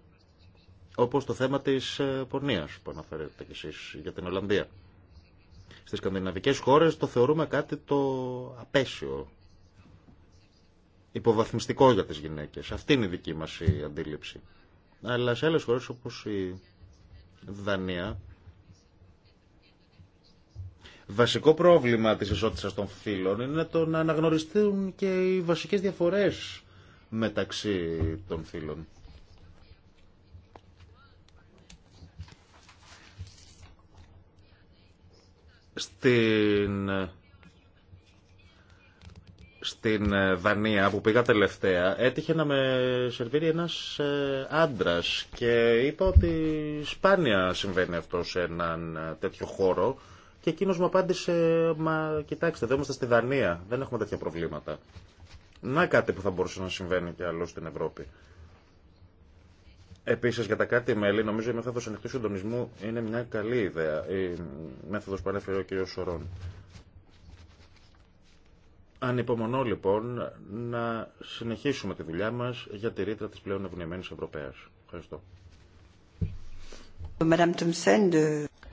Όπως το θέμα της ε, πορνείας που αναφέρετε κι εσείς για την Ολλανδία. Στις σκανδιναβικές χώρες το θεωρούμε κάτι το απέσιο, υποβαθμιστικό για τις γυναίκες. Αυτή είναι η δική μας η αντίληψη. Αλλά σε άλλες χώρες όπως η Δανία, βασικό πρόβλημα της ισότητας των φύλων είναι το να αναγνωριστούν και οι βασικές διαφορές μεταξύ των φύλων. Στην στην ε, Δανία που πήγα τελευταία έτυχε να με σερβίρει ένας ε, άντρας και είπα ότι σπάνια συμβαίνει αυτό σε έναν ε, τέτοιο χώρο και εκείνος μου απάντησε «Μα κοιτάξτε, δεν είμαστε στη Δανία, δεν έχουμε τέτοια προβλήματα». Να κάτι που θα μπορούσε να συμβαίνει και άλλο στην Ευρώπη. Επίση, για τα κράτη-μέλη, νομίζω η μέθοδο ανοιχτού συντονισμού είναι μια καλή ιδέα. Η μέθοδο που ανέφερε ο κ. Σωρών. Ανυπομονώ λοιπόν να συνεχίσουμε τη δουλειά μα για τη ρήτρα τη πλέον ευνοημένη Ευρωπαία. Ευχαριστώ.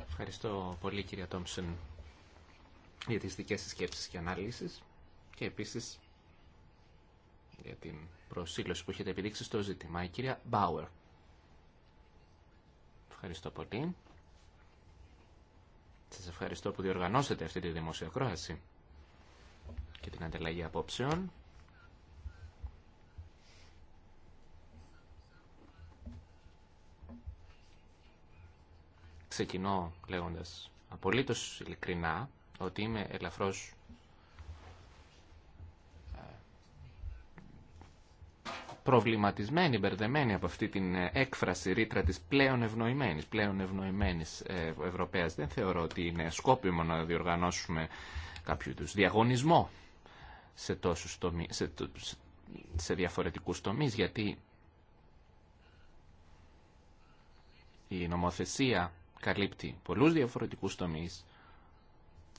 Ευχαριστώ πολύ κυρία Τόμψεν για τις δικές σας σκέψεις και ανάλυσεις και επίσης για την προσήλωση που έχετε επιδείξει στο ζήτημα. Η κυρία Μπάουερ. Ευχαριστώ πολύ. Σας ευχαριστώ που διοργανώσετε αυτή τη δημοσιοκρόαση και την ανταλλαγή απόψεων. Ξεκινώ λέγοντας απολύτως ειλικρινά ότι είμαι ελαφρώς προβληματισμένη, μπερδεμένη από αυτή την ε, έκφραση ρήτρα της πλέον ευνοημένης, πλέον ευνοημένης ε, Ευρωπαίας. Δεν θεωρώ ότι είναι σκόπιμο να διοργανώσουμε κάποιου τους διαγωνισμό σε, τόσους τομεί, σε, σε διαφορετικούς τομείς, γιατί η νομοθεσία καλύπτει πολλούς διαφορετικούς τομείς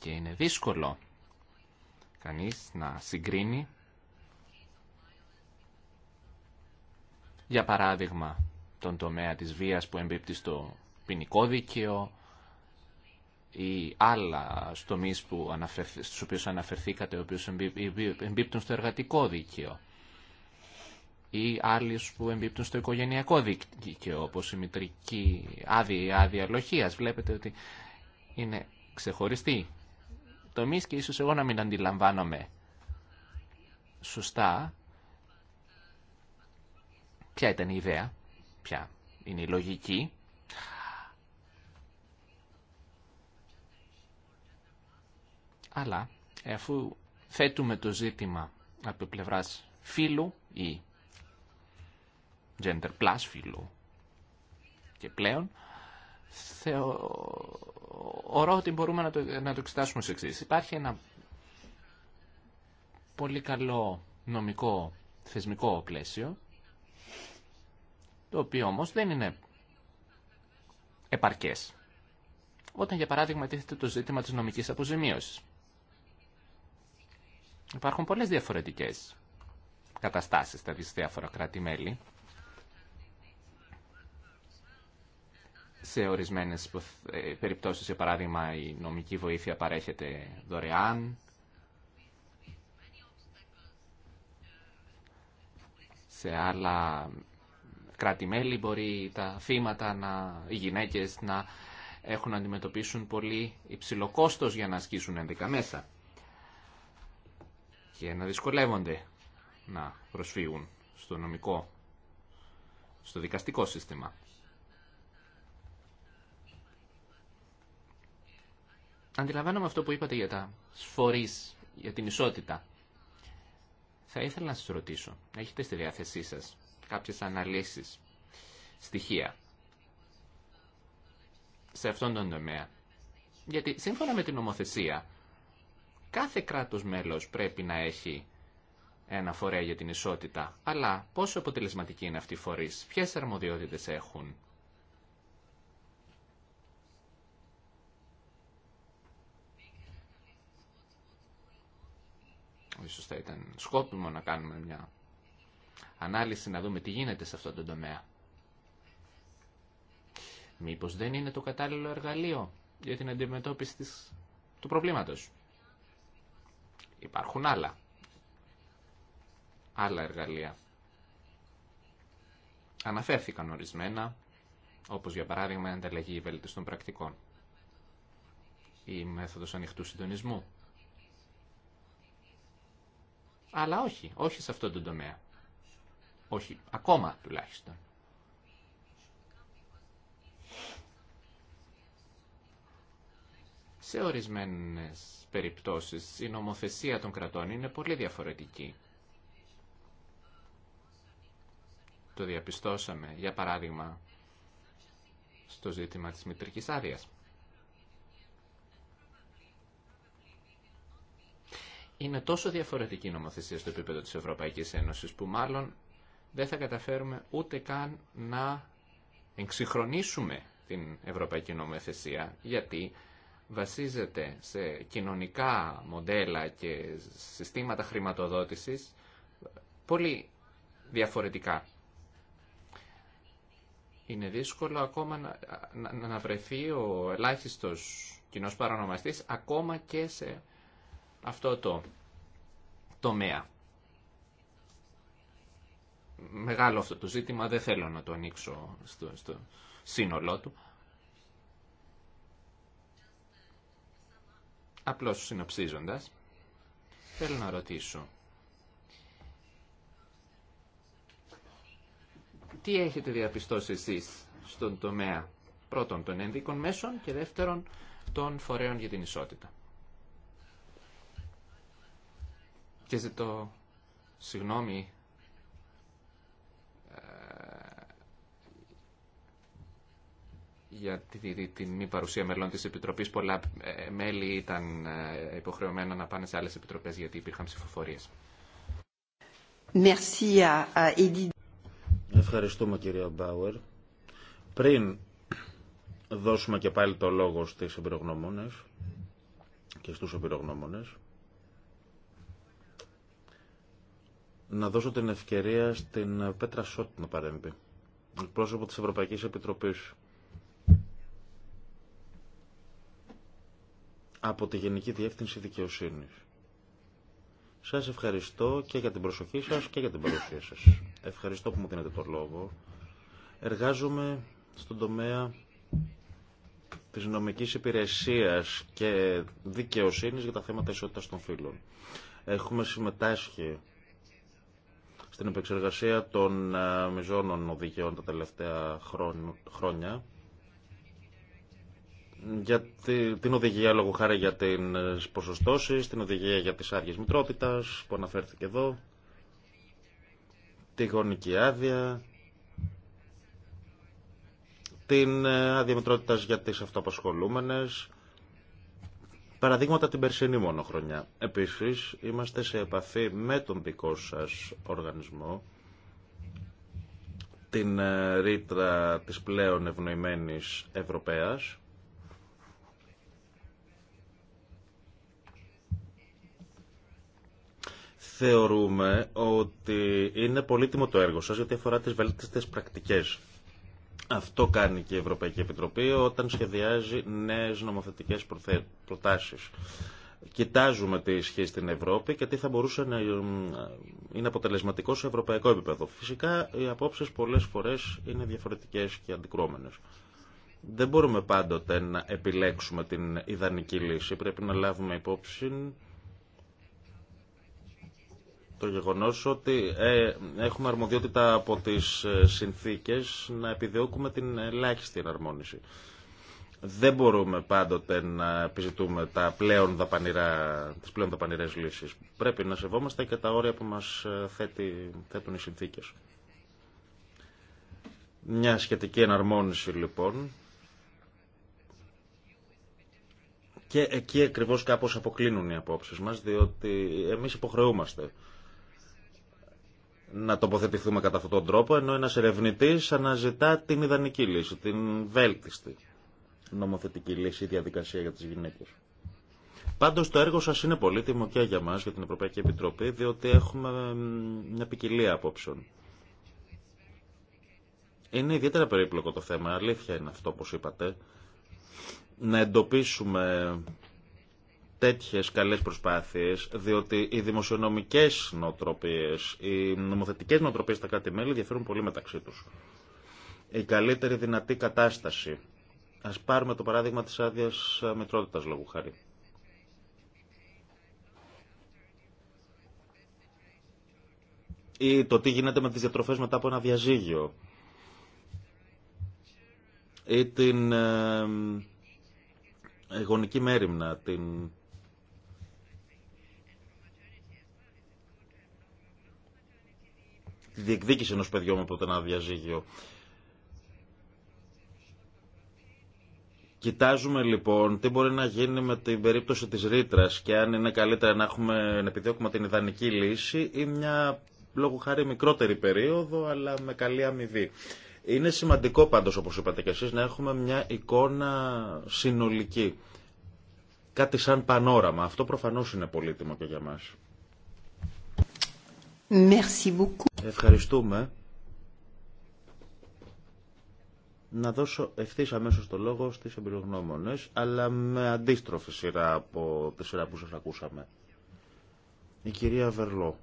και είναι δύσκολο κανείς να συγκρίνει για παράδειγμα τον τομέα της βίας που εμπίπτει στο ποινικό δίκαιο ή άλλα τομείς που οποιου στους οποίους αναφερθήκατε, οι οποίους εμπίπτουν στο εργατικό δίκαιο ή άλλοι που εμπίπτουν στο οικογενειακό δίκαιο, όπως η μητρική άδεια ή άδεια λοχίας. Βλέπετε αδεια είναι ξεχωριστή τομείς και ίσως εγώ να μην αντιλαμβάνομαι σωστά Ποια ήταν η ιδέα, ποια είναι η λογική. Αλλά αφού θέτουμε το ζήτημα από πλευράς φίλου ή gender plus φίλου και πλέον, θεωρώ ότι μπορούμε να το, να το εξετάσουμε σε εξής. Υπάρχει ένα πολύ καλό νομικό θεσμικό πλαίσιο το οποίο όμως δεν είναι επαρκές. Όταν για παράδειγμα τίθεται το ζήτημα της νομικής αποζημίωσης. Υπάρχουν πολλές διαφορετικές καταστάσεις στα διάφορα κράτη-μέλη. Σε ορισμένες ε, περιπτώσεις, για παράδειγμα, η νομική βοήθεια παρέχεται δωρεάν. Σε άλλα κράτη-μέλη, μπορεί τα θύματα, να, οι γυναίκες να έχουν να αντιμετωπίσουν πολύ υψηλό κόστος για να ασκήσουν ένδικα μέσα και να δυσκολεύονται να προσφύγουν στο νομικό, στο δικαστικό σύστημα. Αντιλαμβάνομαι αυτό που είπατε για τα σφορείς, για την ισότητα. Θα ήθελα να σας ρωτήσω, έχετε στη διάθεσή σας κάποιες αναλύσεις, στοιχεία σε αυτόν τον τομέα. Γιατί σύμφωνα με την νομοθεσία, κάθε κράτος μέλος πρέπει να έχει ένα φορέα για την ισότητα. Αλλά πόσο αποτελεσματική είναι αυτή η φορείς, ποιες αρμοδιότητες έχουν. Ίσως θα ήταν σκόπιμο να κάνουμε μια ανάλυση να δούμε τι γίνεται σε αυτό το τομέα. Μήπως δεν είναι το κατάλληλο εργαλείο για την αντιμετώπιση της, του προβλήματος. Υπάρχουν άλλα. Άλλα εργαλεία. Αναφέρθηκαν ορισμένα, όπως για παράδειγμα η ανταλλαγή βελτιστών πρακτικών η μέθοδος ανοιχτού συντονισμού. Αλλά όχι, όχι σε αυτό τον τομέα. Όχι, ακόμα τουλάχιστον. Σε ορισμένες περιπτώσεις η νομοθεσία των κρατών είναι πολύ διαφορετική. Το διαπιστώσαμε, για παράδειγμα, στο ζήτημα της μητρικής άδειας. Είναι τόσο διαφορετική η νομοθεσία στο επίπεδο της Ευρωπαϊκής Ένωσης που μάλλον δεν θα καταφέρουμε ούτε καν να εξυγχρονίσουμε την ευρωπαϊκή νομοθεσία γιατί βασίζεται σε κοινωνικά μοντέλα και συστήματα χρηματοδότησης πολύ διαφορετικά. Είναι δύσκολο ακόμα να, να, να βρεθεί ο ελάχιστος κοινός παρανομαστής ακόμα και σε αυτό το τομέα μεγάλο αυτό το ζήτημα, δεν θέλω να το ανοίξω στο, σύνολό του. Απλώς συνοψίζοντας, θέλω να ρωτήσω τι έχετε διαπιστώσει εσείς στον τομέα πρώτον των ενδίκων μέσων και δεύτερον των φορέων για την ισότητα. Και ζητώ συγγνώμη για τη, μη παρουσία μελών της Επιτροπής. Πολλά ε, μέλη ήταν ε, υποχρεωμένα να πάνε σε άλλες επιτροπές γιατί υπήρχαν ψηφοφορίες. Ευχαριστούμε κυρία Μπάουερ. Πριν δώσουμε και πάλι το λόγο στις εμπειρογνωμόνες και στους εμπειρογνωμόνες, να δώσω την ευκαιρία στην Πέτρα Σότ να παρέμβει, πρόσωπο της Ευρωπαϊκής Επιτροπής από τη Γενική Διεύθυνση Δικαιοσύνης. Σας ευχαριστώ και για την προσοχή σας και για την παρουσία σας. Ευχαριστώ που μου δίνετε τον λόγο. Εργάζομαι στον τομέα της νομικής υπηρεσίας και δικαιοσύνης για τα θέματα ισότητας των φύλων. Έχουμε συμμετάσχει στην επεξεργασία των ε, μεζώνων οδηγιών τα τελευταία χρόνια για την οδηγία λόγω χάρη για την ε, ποσοστώσει, την οδηγία για τις άδειες μητρότητας που αναφέρθηκε εδώ, τη γονική άδεια, την ε, άδεια μητρότητας για τις αυτοαπασχολούμενες, παραδείγματα την περσινή μόνο χρονιά. Επίσης, είμαστε σε επαφή με τον δικό σας οργανισμό, την ε, ρήτρα της πλέον ευνοημένης Ευρωπαίας, θεωρούμε ότι είναι πολύτιμο το έργο σας γιατί αφορά τις βελτιστές πρακτικές. Αυτό κάνει και η Ευρωπαϊκή Επιτροπή όταν σχεδιάζει νέες νομοθετικές προτάσεις. Κοιτάζουμε τι ισχύει στην Ευρώπη και τι θα μπορούσε να είναι αποτελεσματικό σε ευρωπαϊκό επίπεδο. Φυσικά οι απόψεις πολλές φορές είναι διαφορετικέ και αντικρώμενε. Δεν μπορούμε πάντοτε να επιλέξουμε την ιδανική λύση. Πρέπει να λάβουμε υπόψη το γεγονός ότι ε, έχουμε αρμοδιότητα από τις ε, συνθήκες να επιδιώκουμε την ελάχιστη εναρμόνιση. Δεν μπορούμε πάντοτε να επιζητούμε τα πλέον δαπανηρά, τις πλέον δαπανηρές λύσεις. Πρέπει να σεβόμαστε και τα όρια που μας ε, θέτουν οι συνθήκες. Μια σχετική εναρμόνιση λοιπόν Και εκεί ακριβώ κάπω αποκλίνουν οι απόψεις μας, διότι εμείς υποχρεούμαστε να τοποθετηθούμε κατά αυτόν τον τρόπο, ενώ ένας ερευνητής αναζητά την ιδανική λύση, την βέλτιστη νομοθετική λύση ή διαδικασία για τις γυναίκες. Πάντως το έργο σας είναι πολύτιμο και για μας, για την Ευρωπαϊκή Επιτροπή, διότι έχουμε μια ποικιλία απόψεων. Είναι ιδιαίτερα περίπλοκο το θέμα, αλήθεια είναι αυτό όπως είπατε. Να εντοπίσουμε τέτοιες καλές προσπάθειες, διότι οι δημοσιονομικές νοοτροπίες, οι νομοθετικές νοοτροπίες στα κάτι μελη διαφέρουν πολύ μεταξύ τους. Η καλύτερη δυνατή κατάσταση. Ας πάρουμε το παράδειγμα της άδεια μητρότητας λόγου χάρη. Ή το τι γίνεται με τις διατροφές μετά από ένα διαζύγιο. Ή την ε, ε, γονική μέρημνα, την τη διεκδίκηση ενός παιδιού μου από το ένα διαζύγιο. Κοιτάζουμε λοιπόν τι μπορεί να γίνει με την περίπτωση της ρήτρα και αν είναι καλύτερα να, έχουμε, να επιδιώκουμε την ιδανική λύση ή μια λόγω χάρη μικρότερη περίοδο αλλά με καλή αμοιβή. Είναι σημαντικό πάντως όπως είπατε και εσείς να έχουμε μια εικόνα συνολική. Κάτι σαν πανόραμα. Αυτό προφανώς είναι πολύτιμο και για μας. Merci beaucoup. Ευχαριστούμε. Να δώσω ευθύ αμέσω το λόγο στι εμπειρογνώμονε, αλλά με αντίστροφη σειρά από τη σειρά που σα ακούσαμε. Η κυρία Βερλό.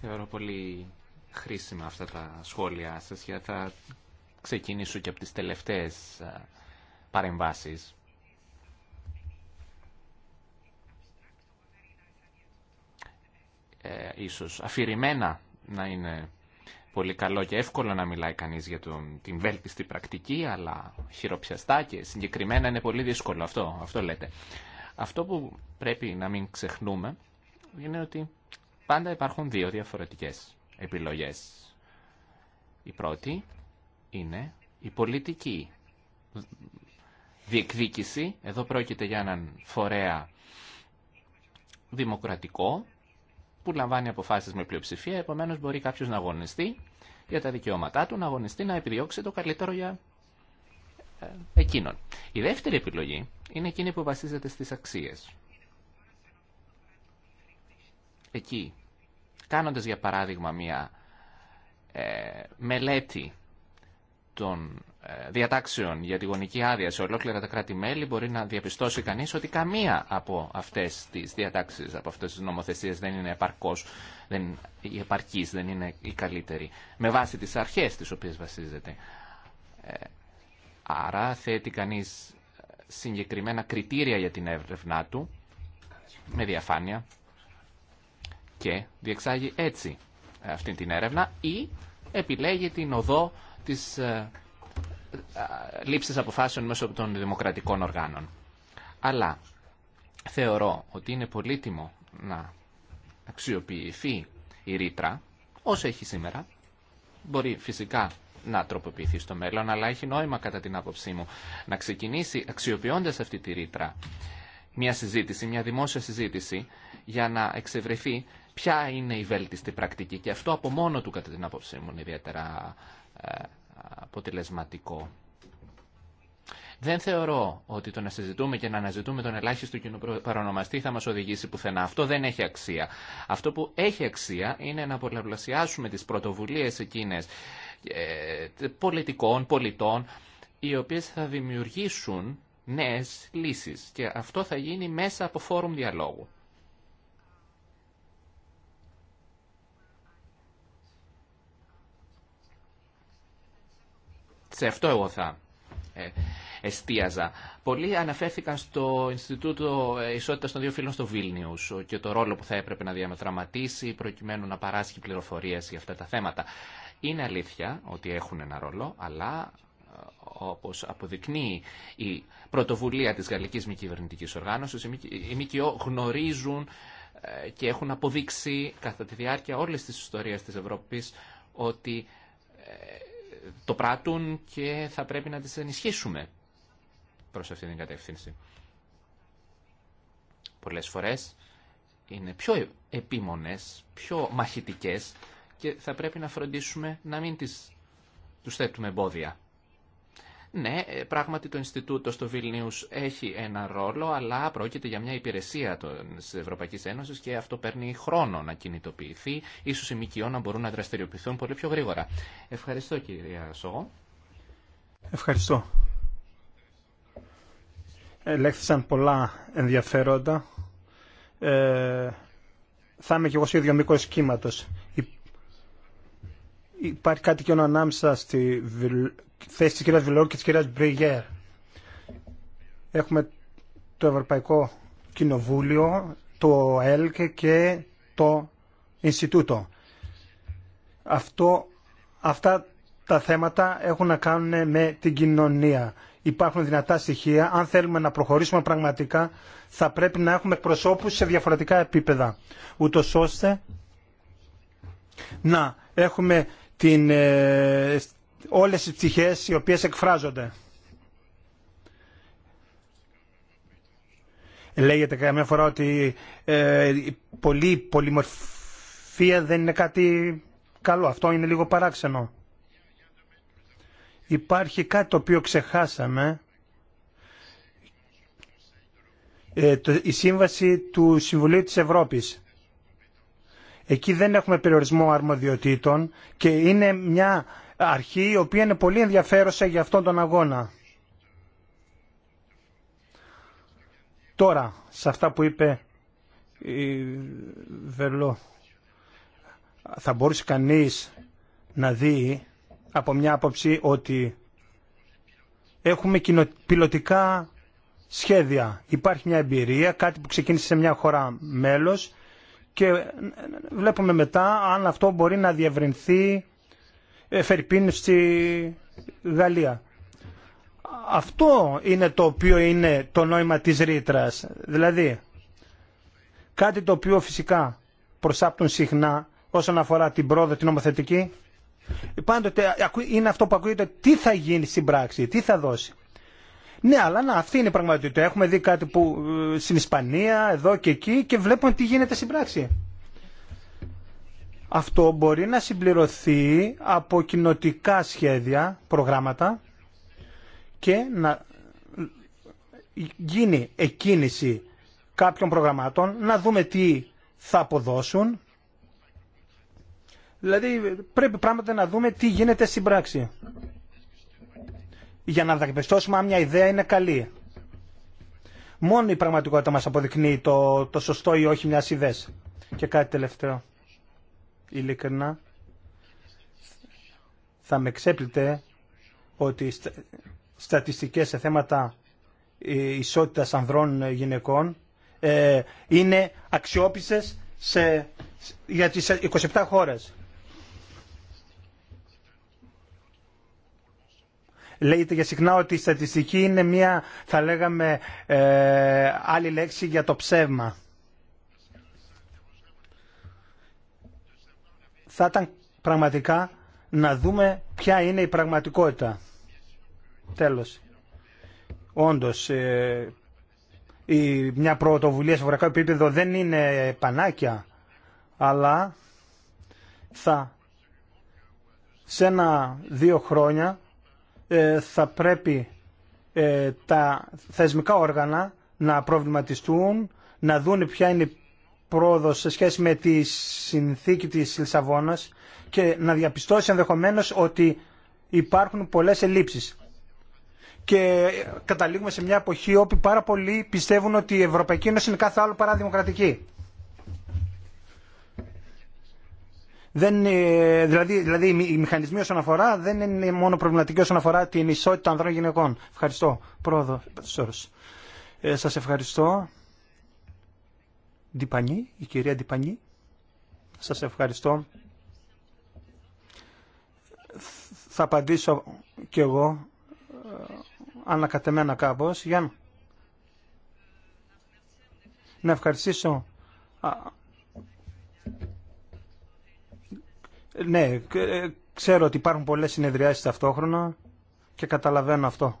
Θεωρώ πολύ χρήσιμα αυτά τα σχόλιά σας γιατί θα ξεκινήσω και από τις τελευταίες ε, παρεμβάσεις ε, ίσως αφηρημένα να είναι πολύ καλό και εύκολο να μιλάει κανείς για τον, την βέλτιστη πρακτική, αλλά χειροπιαστά και συγκεκριμένα είναι πολύ δύσκολο. Αυτό, αυτό λέτε. Αυτό που πρέπει να μην ξεχνούμε είναι ότι πάντα υπάρχουν δύο διαφορετικές επιλογές. Η πρώτη είναι η πολιτική διεκδίκηση. Εδώ πρόκειται για έναν φορέα δημοκρατικό που λαμβάνει αποφάσεις με πλειοψηφία, επομένως μπορεί κάποιο να αγωνιστεί για τα δικαιώματά του, να αγωνιστεί να επιδιώξει το καλύτερο για ε, εκείνον. Η δεύτερη επιλογή είναι εκείνη που βασίζεται στις αξίες. Εκεί, κάνοντα για παράδειγμα μία ε, μελέτη των ε, διατάξεων για τη γονική άδεια σε ολόκληρα τα κράτη-μέλη μπορεί να διαπιστώσει κανείς ότι καμία από αυτές τις διατάξεις, από αυτές τις νομοθεσίες δεν είναι επαρκώς, δεν, η επαρκής, δεν είναι η καλύτερη, με βάση τις αρχές τις οποίες βασίζεται. Ε, άρα θέτει κανείς συγκεκριμένα κριτήρια για την έρευνά του, με διαφάνεια, και διεξάγει έτσι αυτή την έρευνα ή επιλέγει την οδό της ε, λήψεις αποφάσεων μέσω των δημοκρατικών οργάνων. Αλλά θεωρώ ότι είναι πολύτιμο να αξιοποιηθεί η ρήτρα όσο έχει σήμερα. Μπορεί φυσικά να τροποποιηθεί στο μέλλον, αλλά έχει νόημα κατά την άποψή μου να ξεκινήσει αξιοποιώντας αυτή τη ρήτρα μια συζήτηση, μια δημόσια συζήτηση για να εξευρεθεί ποια είναι η βέλτιστη πρακτική. Και αυτό από μόνο του κατά την άποψή μου είναι ιδιαίτερα ε, αποτελεσματικό. Δεν θεωρώ ότι το να συζητούμε και να αναζητούμε τον ελάχιστο κοινό παρονομαστή θα μας οδηγήσει πουθενά. Αυτό δεν έχει αξία. Αυτό που έχει αξία είναι να πολλαπλασιάσουμε τις πρωτοβουλίες εκείνες ε, πολιτικών, πολιτών, οι οποίες θα δημιουργήσουν νέες λύσεις. Και αυτό θα γίνει μέσα από φόρουμ διαλόγου. Σε αυτό εγώ θα ε, εστίαζα. Πολλοί αναφέρθηκαν στο Ινστιτούτο ε, Ισότητας των Δύο Φίλων στο Βίλνιου και το ρόλο που θα έπρεπε να διαμετραματίσει προκειμένου να παράσχει πληροφορίες για αυτά τα θέματα. Είναι αλήθεια ότι έχουν ένα ρόλο, αλλά ε, όπως αποδεικνύει η πρωτοβουλία της Γαλλικής Μη Κυβερνητική Οργάνωσης, οι ΜΚΟ γνωρίζουν και έχουν αποδείξει κατά τη διάρκεια όλη τη ιστορία τη Ευρώπη ότι το πράττουν και θα πρέπει να τις ενισχύσουμε προς αυτήν την κατεύθυνση. Πολλές φορές είναι πιο επίμονες, πιο μαχητικές και θα πρέπει να φροντίσουμε να μην τις, τους θέτουμε εμπόδια. Ναι, ε, πράγματι το Ινστιτούτο στο Βιλνίους έχει ένα ρόλο, αλλά πρόκειται για μια υπηρεσία της Ευρωπαϊκής Ένωσης και αυτό παίρνει χρόνο να κινητοποιηθεί. Ίσως οι ΜΚΟ να μπορούν να δραστηριοποιηθούν πολύ πιο γρήγορα. Ευχαριστώ κυρία Σόγο. Ευχαριστώ. Ελέγχθησαν πολλά ενδιαφέροντα. Ε, θα είμαι και εγώ σε ίδιο μήκο Υπάρχει κάτι και ανάμεσα στη θέση της κυρίας Βιλόρ και της κυρίας Μπριγέρ. Έχουμε το Ευρωπαϊκό Κοινοβούλιο, το ΕΛΚ και το Ινστιτούτο. Αυτό, αυτά τα θέματα έχουν να κάνουν με την κοινωνία. Υπάρχουν δυνατά στοιχεία. Αν θέλουμε να προχωρήσουμε πραγματικά, θα πρέπει να έχουμε προσώπους σε διαφορετικά επίπεδα. Ούτως ώστε να έχουμε την, ε, όλες τις ψυχές οι οποίες εκφράζονται. Λέγεται καμιά φορά ότι ε, η πολλή πολυμορφία δεν είναι κάτι καλό. Αυτό είναι λίγο παράξενο. Υπάρχει κάτι το οποίο ξεχάσαμε. Ε, η σύμβαση του Συμβουλίου της Ευρώπης Εκεί δεν έχουμε περιορισμό αρμοδιοτήτων και είναι μια αρχή η οποία είναι πολύ ενδιαφέρουσα για αυτόν τον αγώνα. Τώρα, σε αυτά που είπε η Βελό, θα μπορούσε κανείς να δει από μια άποψη ότι έχουμε πιλωτικά σχέδια. Υπάρχει μια εμπειρία, κάτι που ξεκίνησε σε μια χώρα μέλος και βλέπουμε μετά αν αυτό μπορεί να διευρυνθεί ε, φερπίν στη Γαλλία. Αυτό είναι το οποίο είναι το νόημα της ρήτρα. Δηλαδή, κάτι το οποίο φυσικά προσάπτουν συχνά όσον αφορά την πρόοδο την νομοθετική, πάντοτε είναι αυτό που ακούγεται τι θα γίνει στην πράξη, τι θα δώσει. Ναι, αλλά να, αυτή είναι η πραγματικότητα. Έχουμε δει κάτι που ε, στην Ισπανία, εδώ και εκεί και βλέπουμε τι γίνεται στην πράξη. Αυτό μπορεί να συμπληρωθεί από κοινοτικά σχέδια, προγράμματα και να γίνει εκκίνηση κάποιων προγραμμάτων, να δούμε τι θα αποδώσουν. Δηλαδή πρέπει πράγματα να δούμε τι γίνεται στην πράξη για να διαπιστώσουμε αν μια ιδέα είναι καλή. Μόνο η πραγματικότητα μας αποδεικνύει το, το σωστό ή όχι μια ιδέα. Και κάτι τελευταίο. Ειλικρινά. Θα με ξέπλητε ότι στα, στατιστικές σε θέματα ε, ισότητας ανδρών ε, γυναικών ε, είναι αξιόπιστες σε, για τις 27 ε, χώρες. Λέγεται για συχνά ότι η στατιστική είναι μια, θα λέγαμε, ε, άλλη λέξη για το ψεύμα. Θα ήταν πραγματικά να δούμε ποια είναι η πραγματικότητα. Τέλος. Όντως, ε, η, μια πρωτοβουλία σε ευρωπαϊκό επίπεδο δεν είναι πανάκια, αλλά θα σε ένα-δύο χρόνια ε, θα πρέπει ε, τα θεσμικά όργανα να προβληματιστούν, να δουν ποια είναι η πρόοδος σε σχέση με τη συνθήκη της Λισαβόνας και να διαπιστώσει ενδεχομένως ότι υπάρχουν πολλές ελλείψεις. Και καταλήγουμε σε μια εποχή όπου πάρα πολλοί πιστεύουν ότι η Ευρωπαϊκή Ένωση είναι κάθε άλλο παρά δημοκρατική. δεν, ε, δηλαδή, δηλαδή οι μηχανισμοί όσον αφορά δεν είναι μόνο προβληματικοί όσον αφορά την ισότητα ανδρών γυναικών. Ευχαριστώ, πρόεδρο. Ε, σας ευχαριστώ. Διπανή, η κυρία Διπανή. Σας ευχαριστώ. Θα απαντήσω κι εγώ ε, ανακατεμένα κάπως για να ευχαριστήσω Ναι, ε, ξέρω ότι υπάρχουν πολλές συνεδριάσεις ταυτόχρονα και καταλαβαίνω αυτό.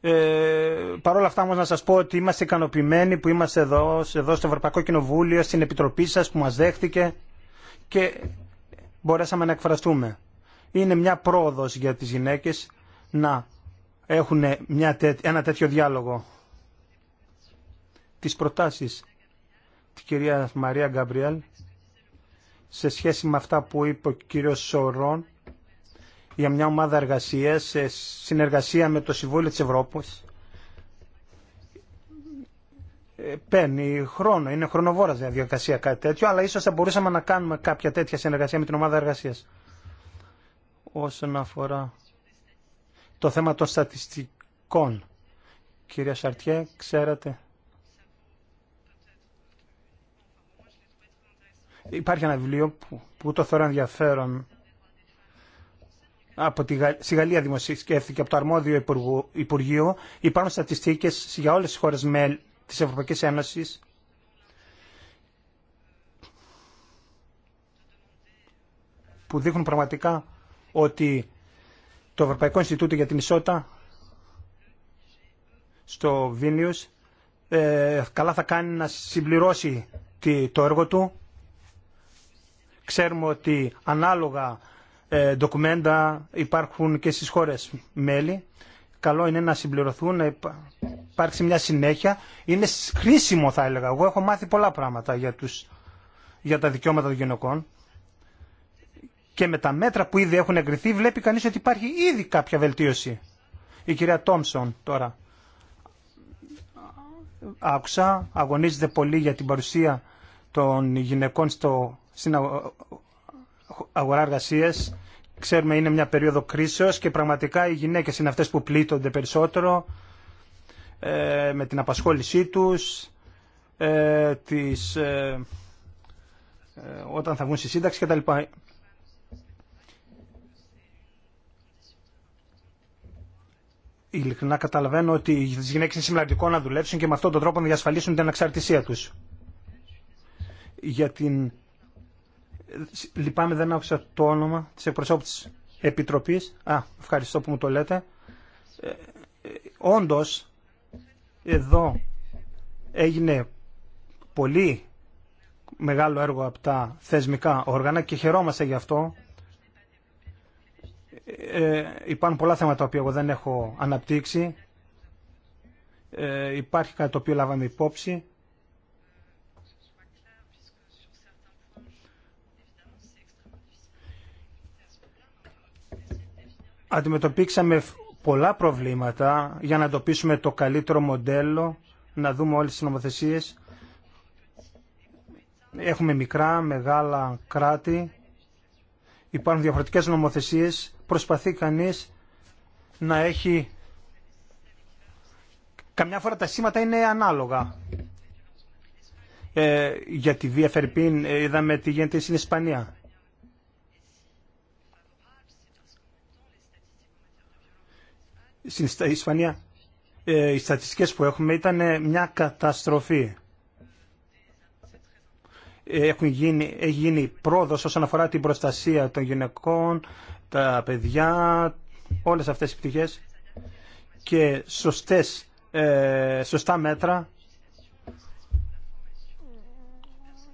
Ε, Παρ' όλα αυτά όμως να σας πω ότι είμαστε ικανοποιημένοι που είμαστε εδώ, εδώ στο Ευρωπαϊκό Κοινοβούλιο, στην Επιτροπή σας που μας δέχτηκε και μπορέσαμε να εκφραστούμε. Είναι μια πρόοδος για τις γυναίκες να έχουν μια, ένα τέτοιο διάλογο. Τις προτάσεις της κυρία Μαρία Γκαμπριέλ σε σχέση με αυτά που είπε ο κύριος Σορών για μια ομάδα εργασίας σε συνεργασία με το Συμβούλιο της Ευρώπης ε, παίρνει χρόνο, είναι χρονοβόρα διαδικασία κάτι τέτοιο, αλλά ίσως θα μπορούσαμε να κάνουμε κάποια τέτοια συνεργασία με την ομάδα εργασίας. Όσον αφορά το θέμα των στατιστικών, κυρία Σαρτιέ, ξέρατε Υπάρχει ένα βιβλίο που, που το θεωρώ ενδιαφέρον από τη στη Γαλλία δημοσιεύθηκε από το αρμόδιο Υπουργείο. Υπάρχουν στατιστικές για όλες τις χώρες μέλη της Ευρωπαϊκής Ένωσης. που δείχνουν πραγματικά ότι το Ευρωπαϊκό Ινστιτούτο για την Ισότητα στο Βίνιους ε, καλά θα κάνει να συμπληρώσει το έργο του Ξέρουμε ότι ανάλογα ε, ντοκουμέντα υπάρχουν και στις χώρες μέλη. Καλό είναι να συμπληρωθούν, να υπάρξει μια συνέχεια. Είναι χρήσιμο θα έλεγα. Εγώ έχω μάθει πολλά πράγματα για, τους, για τα δικαιώματα των γυναικών. Και με τα μέτρα που ήδη έχουν εγκριθεί βλέπει κανείς ότι υπάρχει ήδη κάποια βελτίωση. Η κυρία Τόμσον τώρα. Άκουσα, αγωνίζεται πολύ για την παρουσία των γυναικών στο στην αγορά εργασία. Ξέρουμε είναι μια περίοδο κρίσεως και πραγματικά οι γυναίκες είναι αυτές που πλήττονται περισσότερο ε, με την απασχόλησή τους, ε, τις, ε, όταν θα βγουν στη σύνταξη κτλ. ειλικρινά καταλαβαίνω ότι οι γυναίκες είναι σημαντικό να δουλέψουν και με αυτόν τον τρόπο να διασφαλίσουν την αναξαρτησία τους. Για την Λυπάμαι, δεν άκουσα το όνομα της εκπροσώπου της Επιτροπής. Α, ευχαριστώ που μου το λέτε. Ε, ε, όντως, εδώ έγινε πολύ μεγάλο έργο από τα θεσμικά όργανα και χαιρόμαστε γι' αυτό. Ε, υπάρχουν πολλά θέματα που εγώ δεν έχω αναπτύξει. Ε, υπάρχει κάτι το οποίο λάβαμε υπόψη. αντιμετωπίξαμε πολλά προβλήματα για να εντοπίσουμε το καλύτερο μοντέλο, να δούμε όλες τις νομοθεσίες. Έχουμε μικρά, μεγάλα κράτη, υπάρχουν διαφορετικές νομοθεσίες. Προσπαθεί κανείς να έχει... Καμιά φορά τα σήματα είναι ανάλογα. Ε, για τη βία Φερπίν ε, είδαμε τι γίνεται στην Ισπανία. στην Ισπανία ε, οι στατιστικές που έχουμε ήταν ε, μια καταστροφή. Ε, έχουν γίνει, έχει γίνει πρόοδος όσον αφορά την προστασία των γυναικών, τα παιδιά, όλες αυτές οι πτυχές και σωστές, ε, σωστά μέτρα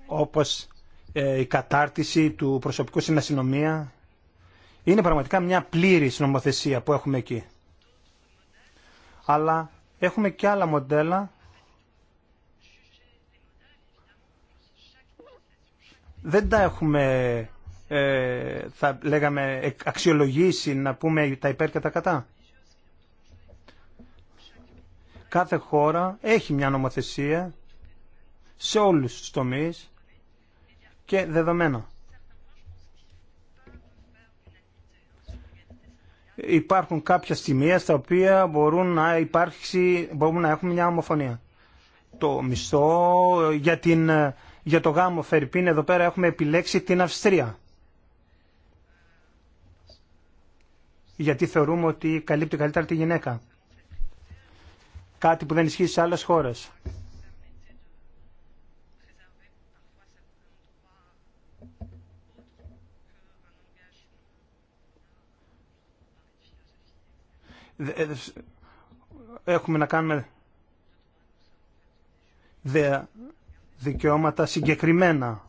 όπως η κατάρτιση του προσωπικού στην αστυνομία. Είναι πραγματικά μια πλήρη νομοθεσία που έχουμε εκεί αλλά έχουμε και άλλα μοντέλα δεν τα έχουμε ε, θα λέγαμε αξιολογήσει να πούμε τα υπέρ και τα κατά. Κάθε χώρα έχει μια νομοθεσία σε όλους τους τομείς και δεδομένα. υπάρχουν κάποια σημεία στα οποία μπορούν να υπάρξει, μπορούμε να έχουμε μια ομοφωνία. Το μισθό για, την, για το γάμο Φερρυπίν εδώ πέρα έχουμε επιλέξει την Αυστρία. Γιατί θεωρούμε ότι καλύπτει καλύτερα τη γυναίκα. Κάτι που δεν ισχύει σε άλλες χώρες. Ε, έχουμε να κάνουμε δικαιώματα συγκεκριμένα.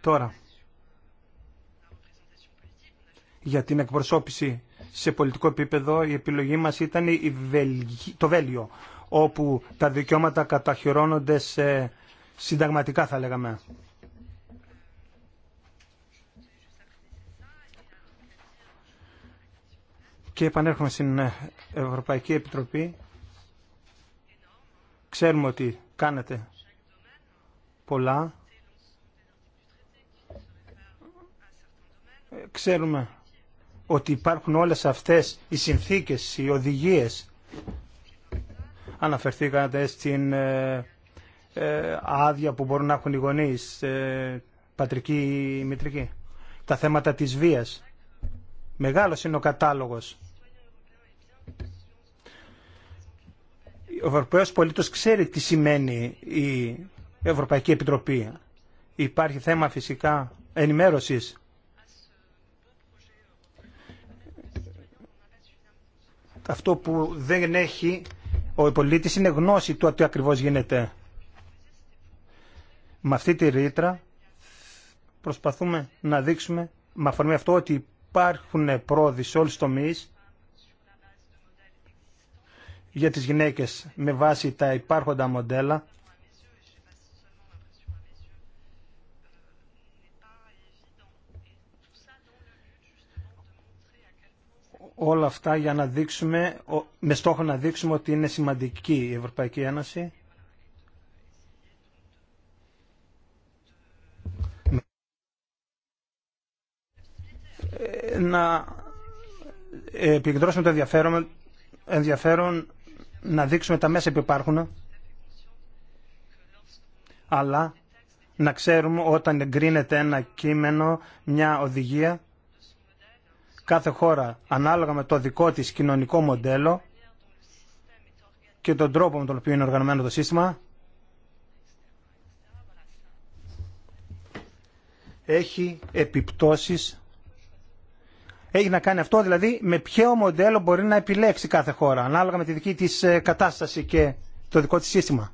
Τώρα, για την εκπροσώπηση σε πολιτικό επίπεδο η επιλογή μας ήταν η το Βέλιο, όπου τα δικαιώματα καταχειρώνονται σε συνταγματικά θα λέγαμε. Και επανέρχομαι στην Ευρωπαϊκή Επιτροπή. Ξέρουμε ότι κάνετε πολλά. Ξέρουμε ότι υπάρχουν όλες αυτές οι συνθήκες, οι οδηγίες. Αναφερθήκατε στην ε, ε, άδεια που μπορούν να έχουν οι γονείς, ε, πατρική ή μητρική. Τα θέματα της βίας. Μεγάλος είναι ο κατάλογος ο Ευρωπαίος πολίτης ξέρει τι σημαίνει η Ευρωπαϊκή Επιτροπή. Υπάρχει θέμα φυσικά ενημέρωσης. Αυτό που δεν έχει ο πολίτης είναι γνώση του τι ακριβώς γίνεται. Με αυτή τη ρήτρα προσπαθούμε να δείξουμε με αφορμή αυτό ότι υπάρχουν πρόοδοι σε όλους τομείς για τις γυναίκες με βάση τα υπάρχοντα μοντέλα όλα αυτά για να δείξουμε, με στόχο να δείξουμε ότι είναι σημαντική η Ευρωπαϊκή Ένωση. Ε, να ε, επικεντρώσουμε το ενδιαφέρον, ενδιαφέρον να δείξουμε τα μέσα που υπάρχουν, αλλά να ξέρουμε όταν εγκρίνεται ένα κείμενο, μια οδηγία, κάθε χώρα ανάλογα με το δικό της κοινωνικό μοντέλο και τον τρόπο με τον οποίο είναι οργανωμένο το σύστημα, έχει επιπτώσεις έχει να κάνει αυτό, δηλαδή με ποιο μοντέλο μπορεί να επιλέξει κάθε χώρα, ανάλογα με τη δική της ε, κατάσταση και το δικό της σύστημα.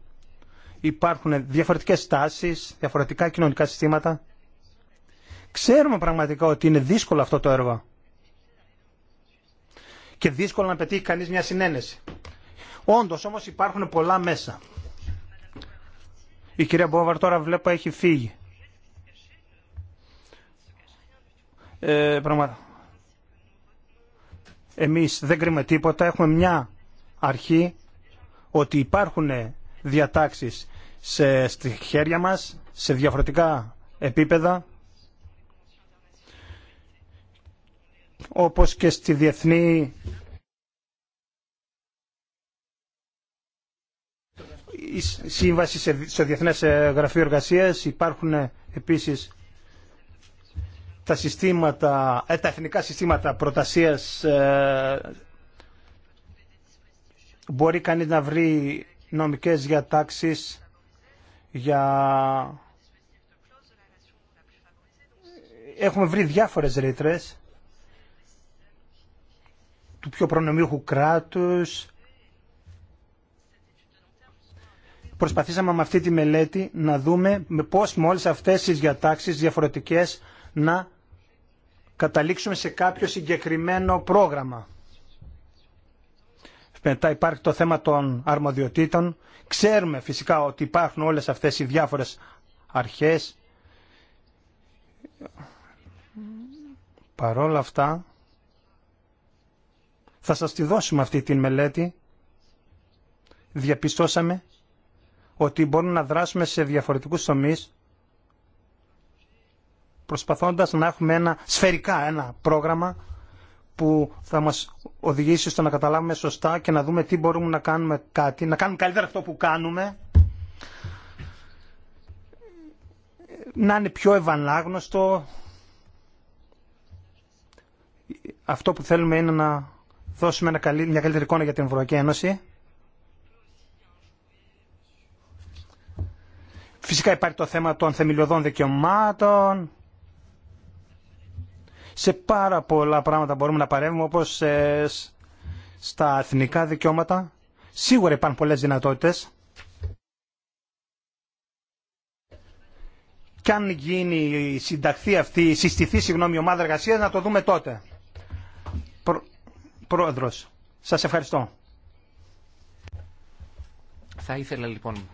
Υπάρχουν διαφορετικές στάσεις, διαφορετικά κοινωνικά συστήματα. Ξέρουμε πραγματικά ότι είναι δύσκολο αυτό το έργο. Και δύσκολο να πετύχει κανείς μια συνένεση. Όντως όμως υπάρχουν πολλά μέσα. Η κυρία Μπόβαρ τώρα βλέπω έχει φύγει. Ε, πραγματικά εμείς δεν κρίνουμε τίποτα. Έχουμε μια αρχή ότι υπάρχουν διατάξεις σε, στη χέρια μας, σε διαφορετικά επίπεδα, όπως και στη διεθνή σύμβαση σε, σε διεθνές γραφείο εργασίας. Υπάρχουν επίσης τα, συστήματα, ε, τα εθνικά συστήματα προτασίας ε, μπορεί κανείς να βρει νομικές διατάξεις για... Έχουμε βρει διάφορες ρήτρε του πιο προνομίου κράτους. Προσπαθήσαμε με αυτή τη μελέτη να δούμε πώς με όλες αυτές τις διατάξεις διαφορετικές να καταλήξουμε σε κάποιο συγκεκριμένο πρόγραμμα. Μετά υπάρχει το θέμα των αρμοδιοτήτων. Ξέρουμε φυσικά ότι υπάρχουν όλες αυτές οι διάφορες αρχές. Παρόλα αυτά, θα σας τη δώσουμε αυτή τη μελέτη. Διαπιστώσαμε ότι μπορούμε να δράσουμε σε διαφορετικούς τομείς προσπαθώντας να έχουμε ένα σφαιρικά ένα πρόγραμμα που θα μας οδηγήσει στο να καταλάβουμε σωστά και να δούμε τι μπορούμε να κάνουμε κάτι, να κάνουμε καλύτερα αυτό που κάνουμε, να είναι πιο ευανάγνωστο. Αυτό που θέλουμε είναι να δώσουμε μια καλύτερη εικόνα για την Ευρωπαϊκή Ένωση. Φυσικά υπάρχει το θέμα των θεμελιωδών δικαιωμάτων, σε πάρα πολλά πράγματα μπορούμε να παρέμβουμε όπως ε, στα εθνικά δικαιώματα. Σίγουρα υπάρχουν πολλές δυνατότητες. Κι αν γίνει συνταχθεί αυτή, συστηθεί συγγνώμη ομάδα εργασίας να το δούμε τότε. Προ... Πρόεδρος, σας ευχαριστώ. Θα ήθελα λοιπόν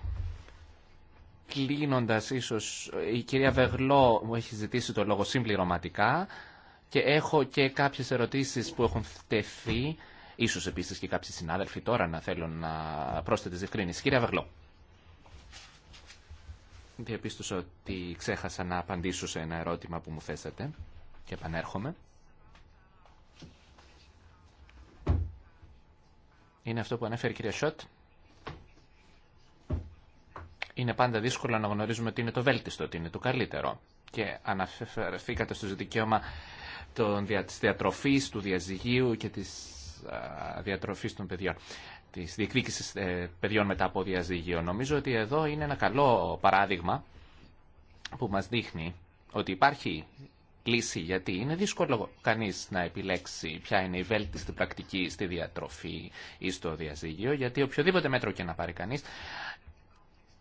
κλείνοντας ίσως η κυρία Βεγλό μου έχει ζητήσει το λόγο συμπληρωματικά και έχω και κάποιε ερωτήσει που έχουν τεθεί, ίσως επίση και κάποιοι συνάδελφοι τώρα να θέλουν να πρόσθετε διευκρίνηση. Κύριε Αβεγλό, Διαπίστωσα ότι ξέχασα να απαντήσω σε ένα ερώτημα που μου θέσατε και επανέρχομαι. Είναι αυτό που ανέφερε η κυρία Σότ. Είναι πάντα δύσκολο να γνωρίζουμε τι είναι το βέλτιστο, τι είναι το καλύτερο. Και αναφερθήκατε στο δικαίωμα των, της διατροφής, του διαζυγίου και της διατροφής των παιδιών της διεκδίκησης ε, παιδιών μετά από διαζύγιο. Νομίζω ότι εδώ είναι ένα καλό παράδειγμα που μας δείχνει ότι υπάρχει λύση γιατί είναι δύσκολο κανείς να επιλέξει ποια είναι η βέλτιστη πρακτική στη διατροφή ή στο διαζύγιο γιατί οποιοδήποτε μέτρο και να πάρει κανείς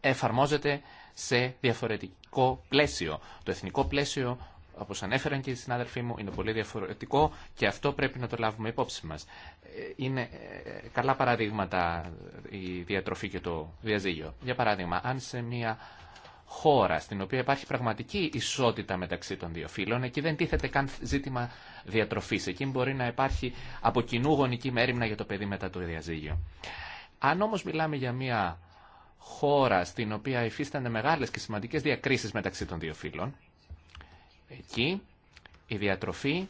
εφαρμόζεται σε διαφορετικό πλαίσιο. Το εθνικό πλαίσιο Όπω ανέφεραν και οι συνάδελφοί μου, είναι πολύ διαφορετικό και αυτό πρέπει να το λάβουμε υπόψη μα. Ε, είναι ε, καλά παραδείγματα η διατροφή και το διαζύγιο. Για παράδειγμα, αν σε μια χώρα στην οποία υπάρχει πραγματική ισότητα μεταξύ των δύο φύλων, εκεί δεν τίθεται καν ζήτημα διατροφή, Εκεί μπορεί να υπάρχει από κοινού γονική μέρημνα για το παιδί μετά το διαζύγιο. Αν όμω μιλάμε για μια χώρα στην οποία υφίστανται μεγάλες και σημαντικές διακρίσεις μεταξύ των δύο φύλων, Εκεί η διατροφή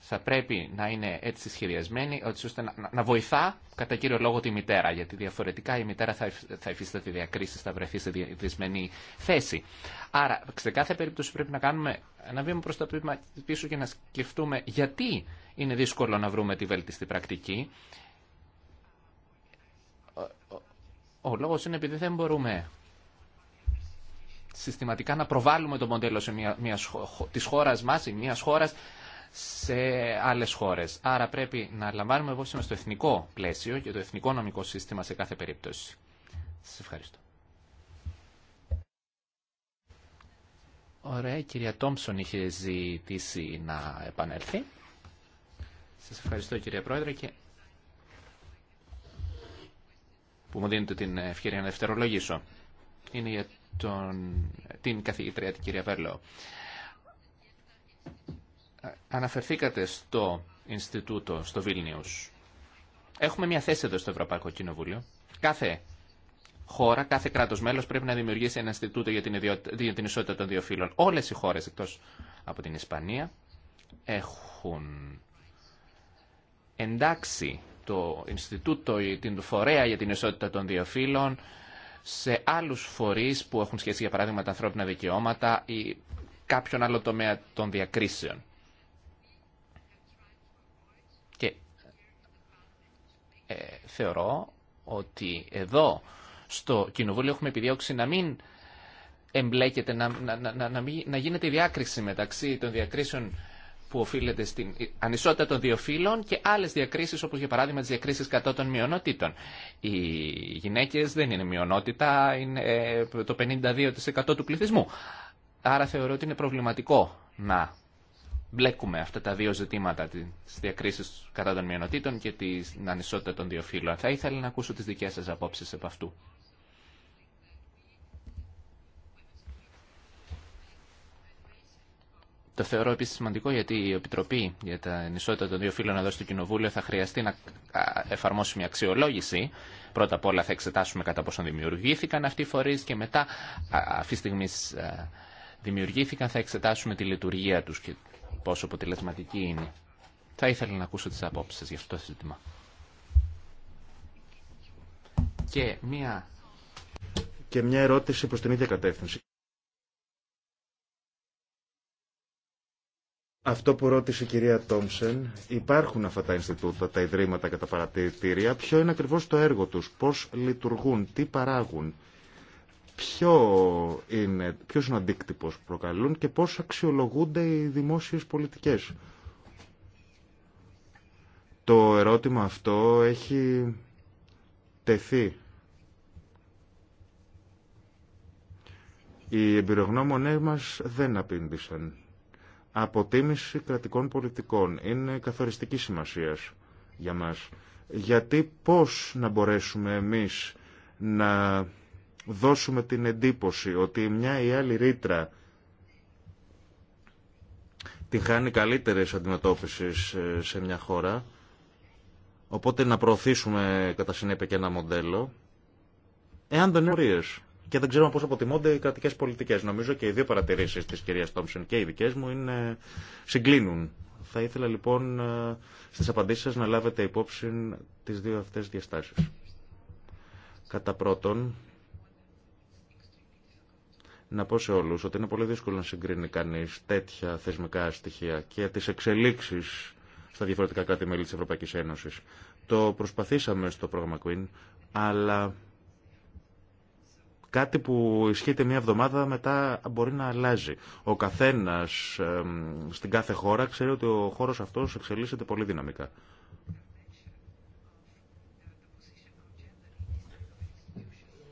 θα πρέπει να είναι έτσι σχεδιασμένη ώστε να βοηθά κατά κύριο λόγο τη μητέρα, γιατί διαφορετικά η μητέρα θα υφίσταται διακρίσεις, θα βρεθεί σε δυσμενή θέση. Άρα, σε κάθε περίπτωση πρέπει να κάνουμε ένα βήμα προς τα πίσω και να σκεφτούμε γιατί είναι δύσκολο να βρούμε τη βέλτιστη πρακτική. Ο λόγος είναι επειδή δεν μπορούμε συστηματικά να προβάλλουμε το μοντέλο σε μια, μια, της χώρας μας ή μιας χώρας σε άλλες χώρες. Άρα πρέπει να λαμβάνουμε υπόψη μας το εθνικό πλαίσιο και το εθνικό νομικό σύστημα σε κάθε περίπτωση. Σας ευχαριστώ. Ωραία, η κυρία Τόμψον είχε ζητήσει να επανέλθει. Σας ευχαριστώ κυρία Πρόεδρε και που μου δίνετε την ευκαιρία να δευτερολογήσω. Είναι για τον, την καθηγήτρια την κυρία Βέρλο. Αναφερθήκατε στο Ινστιτούτο, στο Βίλνιους. Έχουμε μια θέση εδώ στο Ευρωπαϊκό Κοινοβούλιο. Κάθε χώρα, κάθε κράτος μέλος πρέπει να δημιουργήσει ένα Ινστιτούτο για την, για την ισότητα των δύο φύλων. Όλες οι χώρες, εκτός από την Ισπανία έχουν εντάξει το Ινστιτούτο ή την Φορέα για την Ισότητα των Δύο Φύλων σε άλλους φορείς που έχουν σχέση για παράδειγμα τα ανθρώπινα δικαιώματα ή κάποιον άλλο τομέα των διακρίσεων. Και ε, θεωρώ ότι εδώ στο Κοινοβούλιο έχουμε επιδιώξει να μην εμπλέκεται, να, να, να, να, να γίνεται η διάκριση μεταξύ των διακρίσεων που οφείλεται στην ανισότητα των δύο φύλων και άλλες διακρίσεις όπως για παράδειγμα τις διακρίσεις κατά των μειονότητων. Οι γυναίκες δεν είναι μειονότητα, είναι ε, το 52% του πληθυσμού. Άρα θεωρώ ότι είναι προβληματικό να μπλέκουμε αυτά τα δύο ζητήματα, τι διακρίσεις κατά των μειονοτήτων και την ανισότητα των δύο φύλων. Θα ήθελα να ακούσω τις δικέ σα απόψει από αυτού. Το θεωρώ επίση σημαντικό γιατί η Επιτροπή για τα ενισότητα των δύο φύλων εδώ στο Κοινοβούλιο θα χρειαστεί να εφαρμόσει μια αξιολόγηση. Πρώτα απ' όλα θα εξετάσουμε κατά πόσο δημιουργήθηκαν αυτοί οι φορεί και μετά, αυτή στιγμή δημιουργήθηκαν, θα εξετάσουμε τη λειτουργία του και πόσο αποτελεσματική είναι. Θα ήθελα να ακούσω τι απόψει για αυτό το ζήτημα. Και μια... και μια ερώτηση προς την ίδια κατεύθυνση. Αυτό που ρώτησε η κυρία Τόμσεν, υπάρχουν αυτά τα Ινστιτούτα, τα Ιδρύματα και τα Παρατηρητήρια. Ποιο είναι ακριβώς το έργο τους, πώς λειτουργούν, τι παράγουν, ποιο είναι, ποιος είναι ο αντίκτυπος που προκαλούν και πώς αξιολογούνται οι δημόσιες πολιτικές. Το ερώτημα αυτό έχει τεθεί. Οι εμπειρογνώμονές μας δεν απήντησαν αποτίμηση κρατικών πολιτικών είναι καθοριστική σημασίας για μας. Γιατί πώς να μπορέσουμε εμείς να δώσουμε την εντύπωση ότι μια ή άλλη ρήτρα την χάνει καλύτερης αντιμετώπισης ε, σε μια χώρα, οπότε να προωθήσουμε κατά συνέπεια και ένα μοντέλο, εάν δεν είναι ε, και δεν ξέρουμε πώ αποτιμώνται οι κρατικέ πολιτικέ. Νομίζω και οι δύο παρατηρήσει τη κυρία Τόμψον και οι δικέ μου είναι... συγκλίνουν. Θα ήθελα λοιπόν ε, στι απαντήσει σα να λάβετε υπόψη τι δύο αυτέ διαστάσει. Κατά πρώτον, να πω σε όλους ότι είναι πολύ δύσκολο να συγκρίνει κανείς τέτοια θεσμικά στοιχεία και τις εξελίξεις στα διαφορετικά κράτη-μέλη της Ευρωπαϊκής Ένωσης. Το προσπαθήσαμε στο πρόγραμμα Queen, αλλά Κάτι που ισχύεται μία εβδομάδα μετά μπορεί να αλλάζει. Ο καθένας στην κάθε χώρα ξέρει ότι ο χώρος αυτός εξελίσσεται πολύ δυναμικά.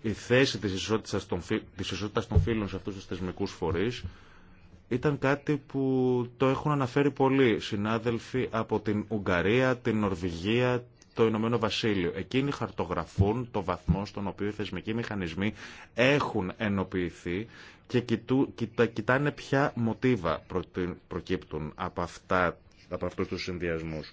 η θέση της ισότητας των, της φίλων σε αυτούς τους θεσμικούς φορείς ήταν κάτι που το έχουν αναφέρει πολλοί συνάδελφοι από την Ουγγαρία, την Νορβηγία, το Ηνωμένο Βασίλειο. Εκείνοι χαρτογραφούν το βαθμό στον οποίο οι θεσμικοί μηχανισμοί έχουν ενοποιηθεί και κοιτάνε ποια μοτίβα προκύπτουν από, αυτά, από αυτούς τους συνδυασμούς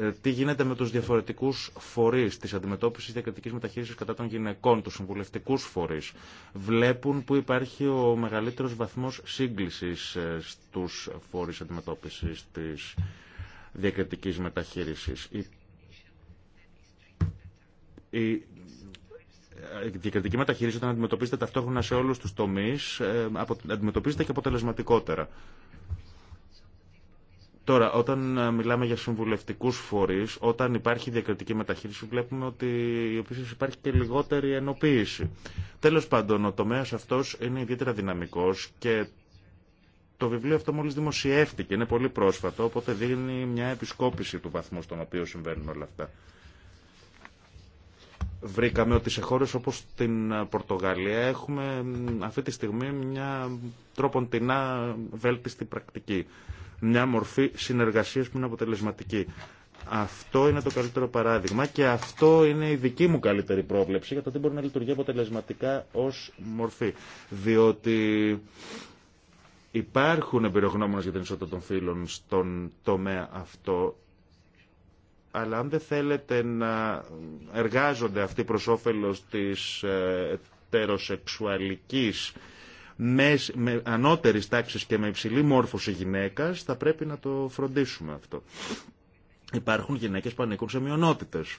ε, τι γίνεται με τους διαφορετικούς φορείς της αντιμετώπισης διακριτικής μεταχείρισης κατά των γυναικών, τους συμβουλευτικούς φορείς. Βλέπουν που υπάρχει ο μεγαλύτερος βαθμός σύγκλησης ε, στους φορείς αντιμετώπισης της διακριτικής μεταχείρισης η διακριτική μεταχείριση όταν αντιμετωπίζεται ταυτόχρονα σε όλους τους τομείς ε, αντιμετωπίζεται και αποτελεσματικότερα. Τώρα, όταν ε, μιλάμε για συμβουλευτικούς φορείς, όταν υπάρχει διακριτική μεταχείριση, βλέπουμε ότι επίσης υπάρχει και λιγότερη ενοποίηση. Τέλος πάντων, ο τομέας αυτός είναι ιδιαίτερα δυναμικός και το βιβλίο αυτό μόλις δημοσιεύτηκε, είναι πολύ πρόσφατο, οπότε δίνει μια επισκόπηση του βαθμού στον οποίο συμβαίνουν όλα αυτά βρήκαμε ότι σε χώρες όπως την Πορτογαλία έχουμε αυτή τη στιγμή μια τρόποντινά βέλτιστη πρακτική. Μια μορφή συνεργασίας που είναι αποτελεσματική. Αυτό είναι το καλύτερο παράδειγμα και αυτό είναι η δική μου καλύτερη πρόβλεψη για το τι μπορεί να λειτουργεί αποτελεσματικά ως μορφή. Διότι υπάρχουν εμπειρογνώμονες για την ισότητα των φύλων στον τομέα αυτό αλλά αν δεν θέλετε να εργάζονται αυτοί προς όφελος της ε, ετεροσεξουαλικής με, με ανώτερης τάξης και με υψηλή μόρφωση γυναίκας, θα πρέπει να το φροντίσουμε αυτό. Υπάρχουν γυναίκες που ανήκουν σε μειονότητες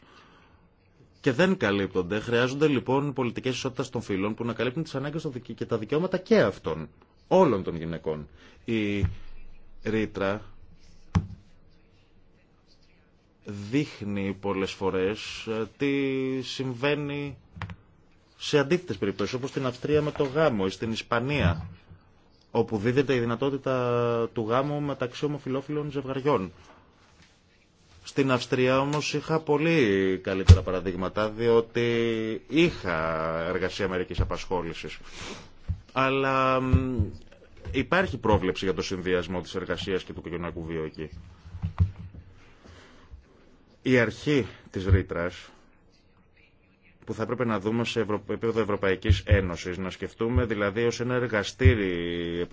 και δεν καλύπτονται. Χρειάζονται λοιπόν πολιτικέ ισότητα των φύλων που να καλύπτουν τι ανάγκε και τα δικαιώματα και αυτών, όλων των γυναικών. Η ρήτρα δείχνει πολλές φορές ε, τι συμβαίνει σε αντίθετες περιπτώσεις, όπως στην Αυστρία με το γάμο ή στην Ισπανία, όπου δίδεται η δυνατότητα του γάμου μεταξύ ομοφιλόφιλων ζευγαριών. Στην Αυστρία όμως είχα πολύ καλύτερα παραδείγματα, διότι είχα εργασία μερικής απασχόλησης. Αλλά υπάρχει πρόβλεψη για το συνδυασμό της εργασίας και του κοινωνικού βίου εκεί. Η αρχή της ρήτρα που θα έπρεπε να δούμε σε επίπεδο Ευρωπαϊκή Ένωση, να σκεφτούμε δηλαδή ως ένα εργαστήρι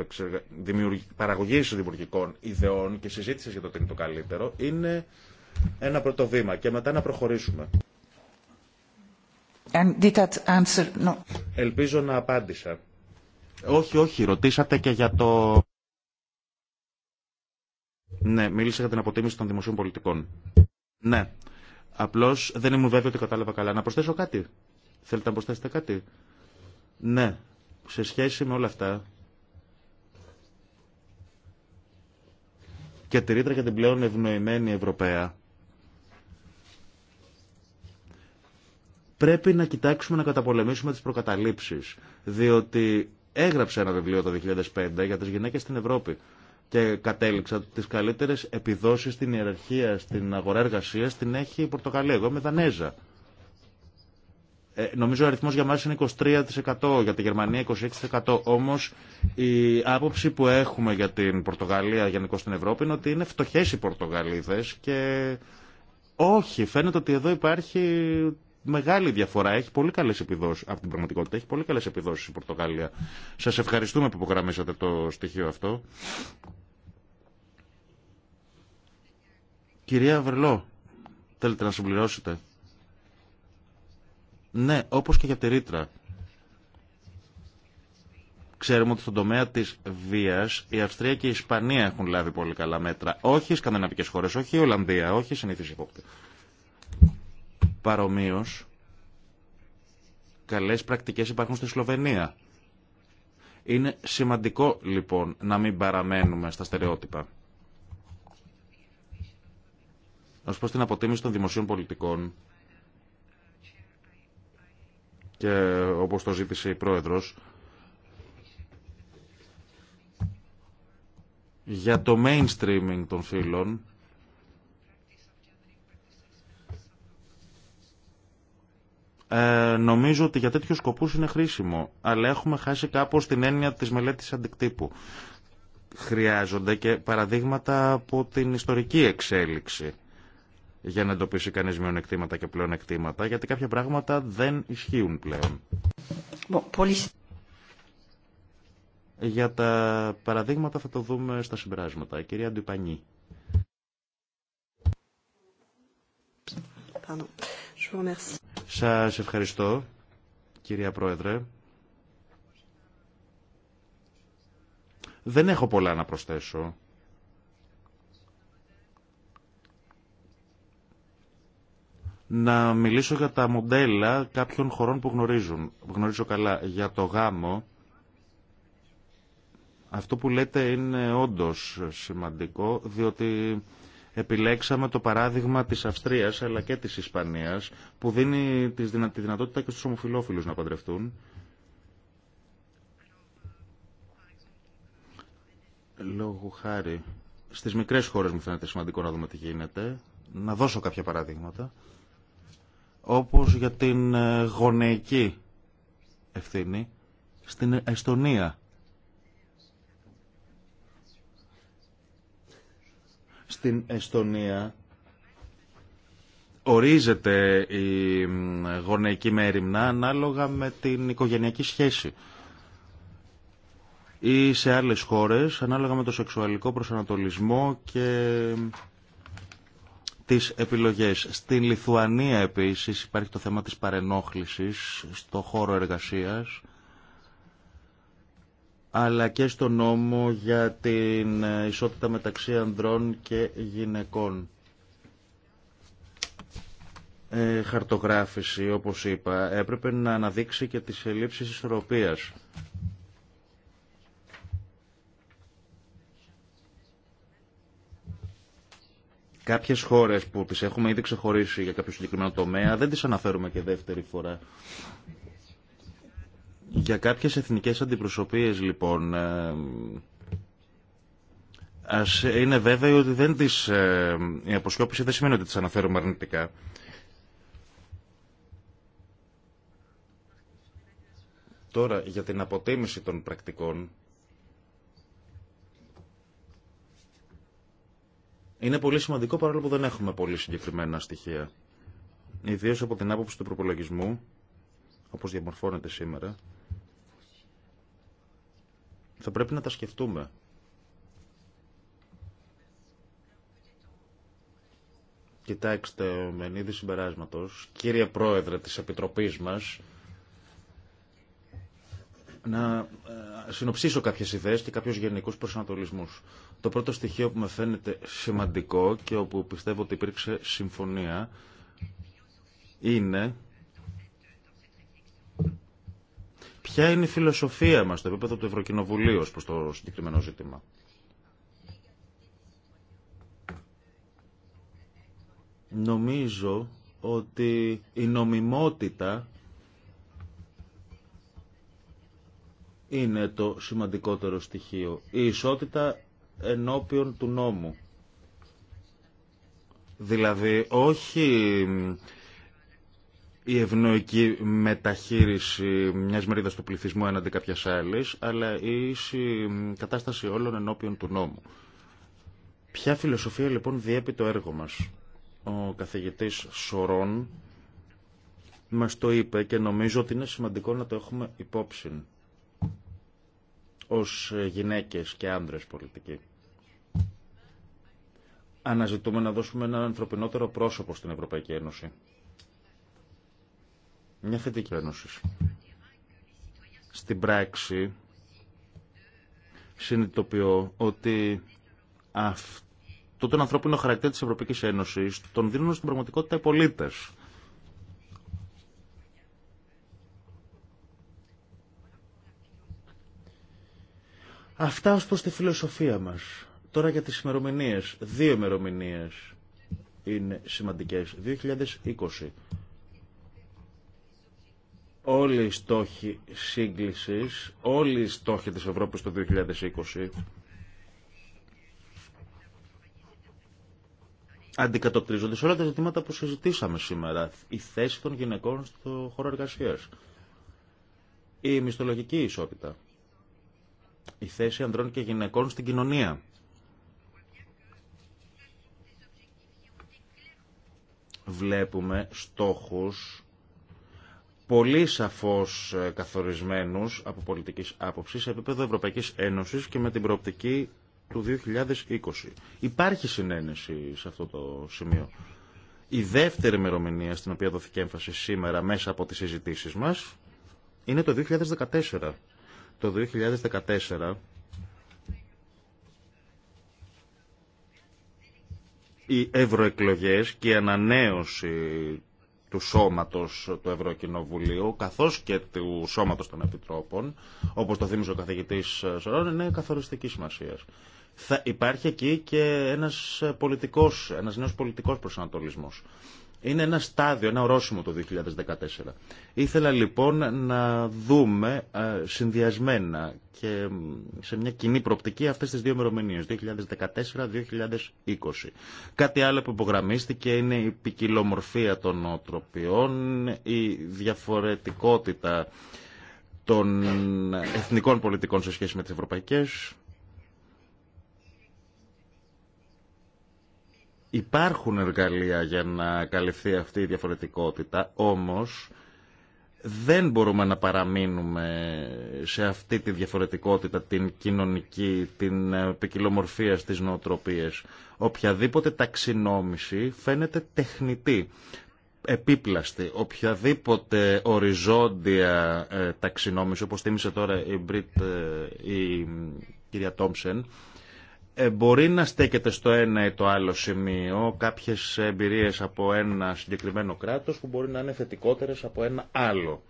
παραγωγή δημιουργικών ιδεών και συζήτηση για το τι είναι το καλύτερο, είναι ένα πρώτο βήμα και μετά να προχωρήσουμε. Ελπίζω να απάντησα. Όχι, όχι, ρωτήσατε και για το. Ναι, μίλησα για την αποτίμηση των δημοσίων πολιτικών. Ναι. Απλώ δεν ήμουν βέβαιο ότι κατάλαβα καλά. Να προσθέσω κάτι. Θέλετε να προσθέσετε κάτι. Ναι. Σε σχέση με όλα αυτά. Και τη ρήτρα για την πλέον ευνοημένη Ευρωπαία. Πρέπει να κοιτάξουμε να καταπολεμήσουμε τις προκαταλήψεις. Διότι έγραψε ένα βιβλίο το 2005 για τις γυναίκες στην Ευρώπη και κατέληξα ότι τις καλύτερες επιδόσεις στην ιεραρχία, στην αγορά εργασία την έχει η Πορτογαλία. Εγώ είμαι Δανέζα. Ε, νομίζω ο αριθμό για μα είναι 23%, για τη Γερμανία 26%. Όμω, η άποψη που έχουμε για την Πορτογαλία γενικώ στην Ευρώπη είναι ότι είναι φτωχέ οι Πορτογαλίδες και όχι, φαίνεται ότι εδώ υπάρχει μεγάλη διαφορά. Έχει πολύ καλέ επιδόσει από την πραγματικότητα. Έχει πολύ καλέ επιδόσει η Πορτογαλία. Σα ευχαριστούμε που υπογραμμίσατε το στοιχείο αυτό. Κυρία Βερλό, θέλετε να συμπληρώσετε. Ναι, όπως και για τη ρήτρα. Ξέρουμε ότι στον τομέα της βίας η Αυστρία και η Ισπανία έχουν λάβει πολύ καλά μέτρα. Όχι οι σκανδιναβικές χώρες, όχι η Ολλανδία, όχι η συνήθιση υπόπτη. Παρομοίως, καλές πρακτικές υπάρχουν στη Σλοβενία. Είναι σημαντικό λοιπόν να μην παραμένουμε στα στερεότυπα. ως προς την αποτίμηση των δημοσίων πολιτικών και όπως το ζήτησε η Πρόεδρος, για το mainstreaming των φίλων ε, νομίζω ότι για τέτοιους σκοπούς είναι χρήσιμο αλλά έχουμε χάσει κάπως την έννοια της μελέτης αντικτύπου χρειάζονται και παραδείγματα από την ιστορική εξέλιξη για να εντοπίσει κανείς μειονεκτήματα και πλεονεκτήματα, γιατί κάποια πράγματα δεν ισχύουν πλέον. Για τα παραδείγματα θα το δούμε στα συμπεράσματα. Κυρία Ντουπανή. Σας ευχαριστώ, κυρία Πρόεδρε. Δεν έχω πολλά να προσθέσω. να μιλήσω για τα μοντέλα κάποιων χωρών που γνωρίζουν, γνωρίζω καλά. Για το γάμο, αυτό που λέτε είναι όντως σημαντικό, διότι επιλέξαμε το παράδειγμα της Αυστρίας αλλά και της Ισπανίας, που δίνει τη δυνατότητα και στους ομοφιλόφιλους να παντρευτούν. Λόγω χάρη, στις μικρές χώρες μου φαίνεται σημαντικό να δούμε τι γίνεται. Να δώσω κάποια παραδείγματα όπως για την ε, γονεϊκή ευθύνη στην Εστονία. Στην Εστονία ορίζεται η γονεϊκή μέρημνα ανάλογα με την οικογενειακή σχέση ή σε άλλες χώρες ανάλογα με το σεξουαλικό προσανατολισμό και επιλογές. Στην Λιθουανία επίσης υπάρχει το θέμα της παρενόχλησης στο χώρο εργασίας αλλά και στο νόμο για την ε, ισότητα μεταξύ ανδρών και γυναικών. Ε, χαρτογράφηση, όπως είπα, έπρεπε να αναδείξει και τις ελλείψεις ισορροπίας Κάποιες χώρες που τι έχουμε ήδη ξεχωρίσει για κάποιο συγκεκριμένο τομέα δεν τι αναφέρουμε και δεύτερη φορά. Για κάποιες εθνικές αντιπροσωπείες λοιπόν ε, ας είναι βέβαιο ότι δεν τις, ε, η αποσκόπηση δεν σημαίνει ότι τις αναφέρουμε αρνητικά. Τώρα για την αποτίμηση των πρακτικών Είναι πολύ σημαντικό παρόλο που δεν έχουμε πολύ συγκεκριμένα στοιχεία. Ιδίω από την άποψη του προπολογισμού, όπω διαμορφώνεται σήμερα, θα πρέπει να τα σκεφτούμε. Κοιτάξτε, με είδη συμπεράσματο, κύριε Πρόεδρε τη Επιτροπή μα, να ε, συνοψίσω κάποιε ιδέε και κάποιου γενικού προσανατολισμού. Το πρώτο στοιχείο που με φαίνεται σημαντικό και όπου πιστεύω ότι υπήρξε συμφωνία είναι ποια είναι η φιλοσοφία μας στο επίπεδο του Ευρωκοινοβουλίου προς το συγκεκριμένο ζήτημα. Νομίζω ότι η νομιμότητα είναι το σημαντικότερο στοιχείο. Η ισότητα ενώπιον του νόμου. Δηλαδή όχι η ευνοϊκή μεταχείριση μιας μερίδας του πληθυσμού έναντι κάποιας άλλης, αλλά η ίση κατάσταση όλων ενώπιον του νόμου. Ποια φιλοσοφία λοιπόν διέπει το έργο μας. Ο καθηγητής Σορών μας το είπε και νομίζω ότι είναι σημαντικό να το έχουμε υπόψη ως γυναίκες και άνδρες πολιτικοί αναζητούμε να δώσουμε ένα ανθρωπινότερο πρόσωπο στην Ευρωπαϊκή Ένωση. Μια θετική ένωση. Στην πράξη συνειδητοποιώ ότι αυτό τον ανθρώπινο χαρακτήρα της Ευρωπαϊκής Ένωσης τον δίνουν στην πραγματικότητα οι πολίτες. Αυτά ως προς τη φιλοσοφία μας. Τώρα για τις ημερομηνίε. Δύο ημερομηνίε είναι σημαντικές. 2020. Όλοι οι στόχοι σύγκλησης, όλοι οι στόχοι της Ευρώπης το 2020 αντικατοπτρίζονται σε όλα τα ζητήματα που συζητήσαμε σήμερα. Η θέση των γυναικών στο χώρο εργασία. Η μισθολογική ισότητα. Η θέση ανδρών και γυναικών στην κοινωνία. βλέπουμε στόχους πολύ σαφώς ε, καθορισμένους από πολιτικής άποψης σε επίπεδο Ευρωπαϊκής Ένωσης και με την προοπτική του 2020. Υπάρχει συνένεση σε αυτό το σημείο. Η δεύτερη ημερομηνία στην οποία δοθήκε έμφαση σήμερα μέσα από τις συζητήσεις μας είναι το 2014. Το 2014 οι ευρωεκλογές και η ανανέωση του σώματος του Ευρωκοινοβουλίου καθώς και του σώματος των Επιτρόπων όπως το θύμισε ο καθηγητής Σωρών είναι καθοριστική σημασία. Θα υπάρχει εκεί και ένας, πολιτικός, ένας νέος πολιτικός προσανατολισμός. Είναι ένα στάδιο, ένα ορόσημο το 2014. Ήθελα λοιπόν να δούμε ε, συνδυασμένα και σε μια κοινή προοπτική αυτές τις δύο ημερομηνίες, 2014-2020. Κάτι άλλο που υπογραμμίστηκε είναι η ποικιλομορφία των νοοτροπιών, η διαφορετικότητα των εθνικών πολιτικών σε σχέση με τις ευρωπαϊκές, Υπάρχουν εργαλεία για να καλυφθεί αυτή η διαφορετικότητα, όμως δεν μπορούμε να παραμείνουμε σε αυτή τη διαφορετικότητα, την κοινωνική, την ε, ποικιλομορφία στις νοοτροπίες. Οποιαδήποτε ταξινόμηση φαίνεται τεχνητή, επίπλαστη. Οποιαδήποτε οριζόντια ε, ταξινόμηση, όπως θύμισε τώρα η, ε, η κυρία Τόμψεν, ε, μπορεί να στέκεται στο ένα ή το άλλο σημείο κάποιες εμπειρίες από ένα συγκεκριμένο κράτος που μπορεί να είναι θετικότερες από ένα άλλο.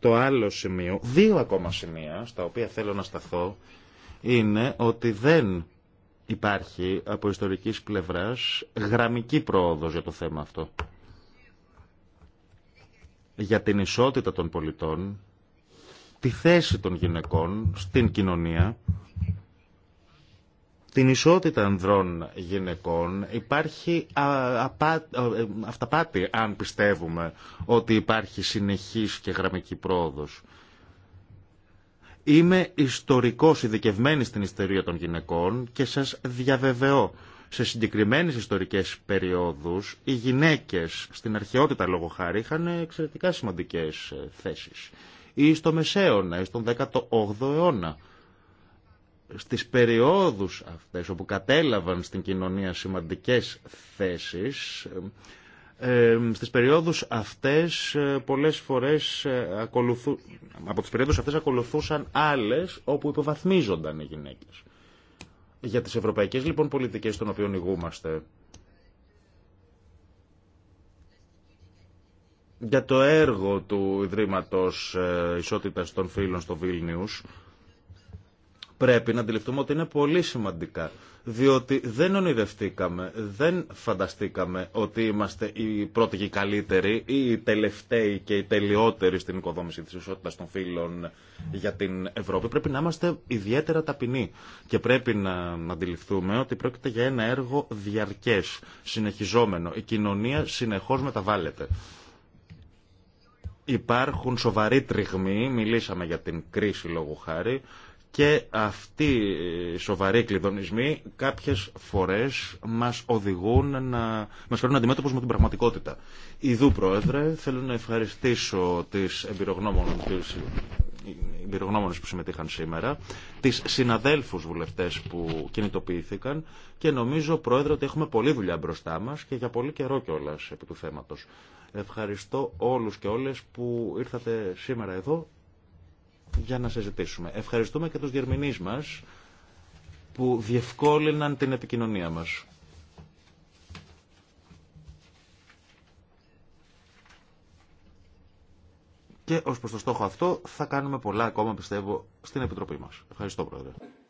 Το άλλο σημείο, δύο ακόμα σημεία στα οποία θέλω να σταθώ, είναι ότι δεν υπάρχει από ιστορικής πλευράς γραμμική πρόοδος για το θέμα αυτό. Για την ισότητα των πολιτών τη θέση των γυναικών στην κοινωνία, την ισότητα ανδρών γυναικών υπάρχει ε, αυταπάτη αν πιστεύουμε ότι υπάρχει συνεχής και γραμμική πρόοδος. Είμαι ιστορικός ειδικευμένη στην ιστορία των γυναικών και σας διαβεβαιώ. Σε συγκεκριμένες ιστορικές περιόδους οι γυναίκες στην αρχαιότητα λόγω χάρη είχαν εξαιρετικά σημαντικές ε, θέσεις ή στο Μεσαίωνα ή στον 18ο αιώνα. Στις περιόδους αυτές όπου κατέλαβαν στην κοινωνία σημαντικές θέσεις, ε, ε, στις περιόδους αυτές ε, πολλές φορές ακολουθού, από τις περιόδους αυτές ακολουθούσαν άλλες όπου υποβαθμίζονταν οι γυναίκες. Για τις ευρωπαϊκές λοιπόν πολιτικές των οποίων ηγούμαστε για το έργο του Ιδρύματος ε, Ισότητας των Φίλων στο Βίλνιους πρέπει να αντιληφθούμε ότι είναι πολύ σημαντικά. Διότι δεν ονειρευτήκαμε, δεν φανταστήκαμε ότι είμαστε οι πρώτοι και οι καλύτεροι ή οι τελευταίοι και οι τελειότεροι στην οικοδόμηση της ισότητας των φύλων για την Ευρώπη. Πρέπει να είμαστε ιδιαίτερα ταπεινοί και πρέπει να αντιληφθούμε ότι πρόκειται για ένα έργο διαρκές, συνεχιζόμενο. Η κοινωνία συνεχώς μεταβάλλεται υπάρχουν σοβαροί τριγμοί, μιλήσαμε για την κρίση λόγου χάρη, και αυτοί οι σοβαροί κλειδονισμοί κάποιες φορές μας οδηγούν να μας φέρουν αντιμέτωπους με την πραγματικότητα. Ιδού Πρόεδρε, θέλω να ευχαριστήσω τις τις εμπειρογνώμονες που συμμετείχαν σήμερα, τις συναδέλφους βουλευτές που κινητοποιήθηκαν και νομίζω Πρόεδρε ότι έχουμε πολλή δουλειά μπροστά μας και για πολύ καιρό κιόλας επί του θέματος. Ευχαριστώ όλους και όλες που ήρθατε σήμερα εδώ για να συζητήσουμε. Ευχαριστούμε και τους διερμηνείς μας που διευκόλυναν την επικοινωνία μας. Και ως προς το στόχο αυτό θα κάνουμε πολλά ακόμα πιστεύω στην Επιτροπή μας. Ευχαριστώ Πρόεδρε.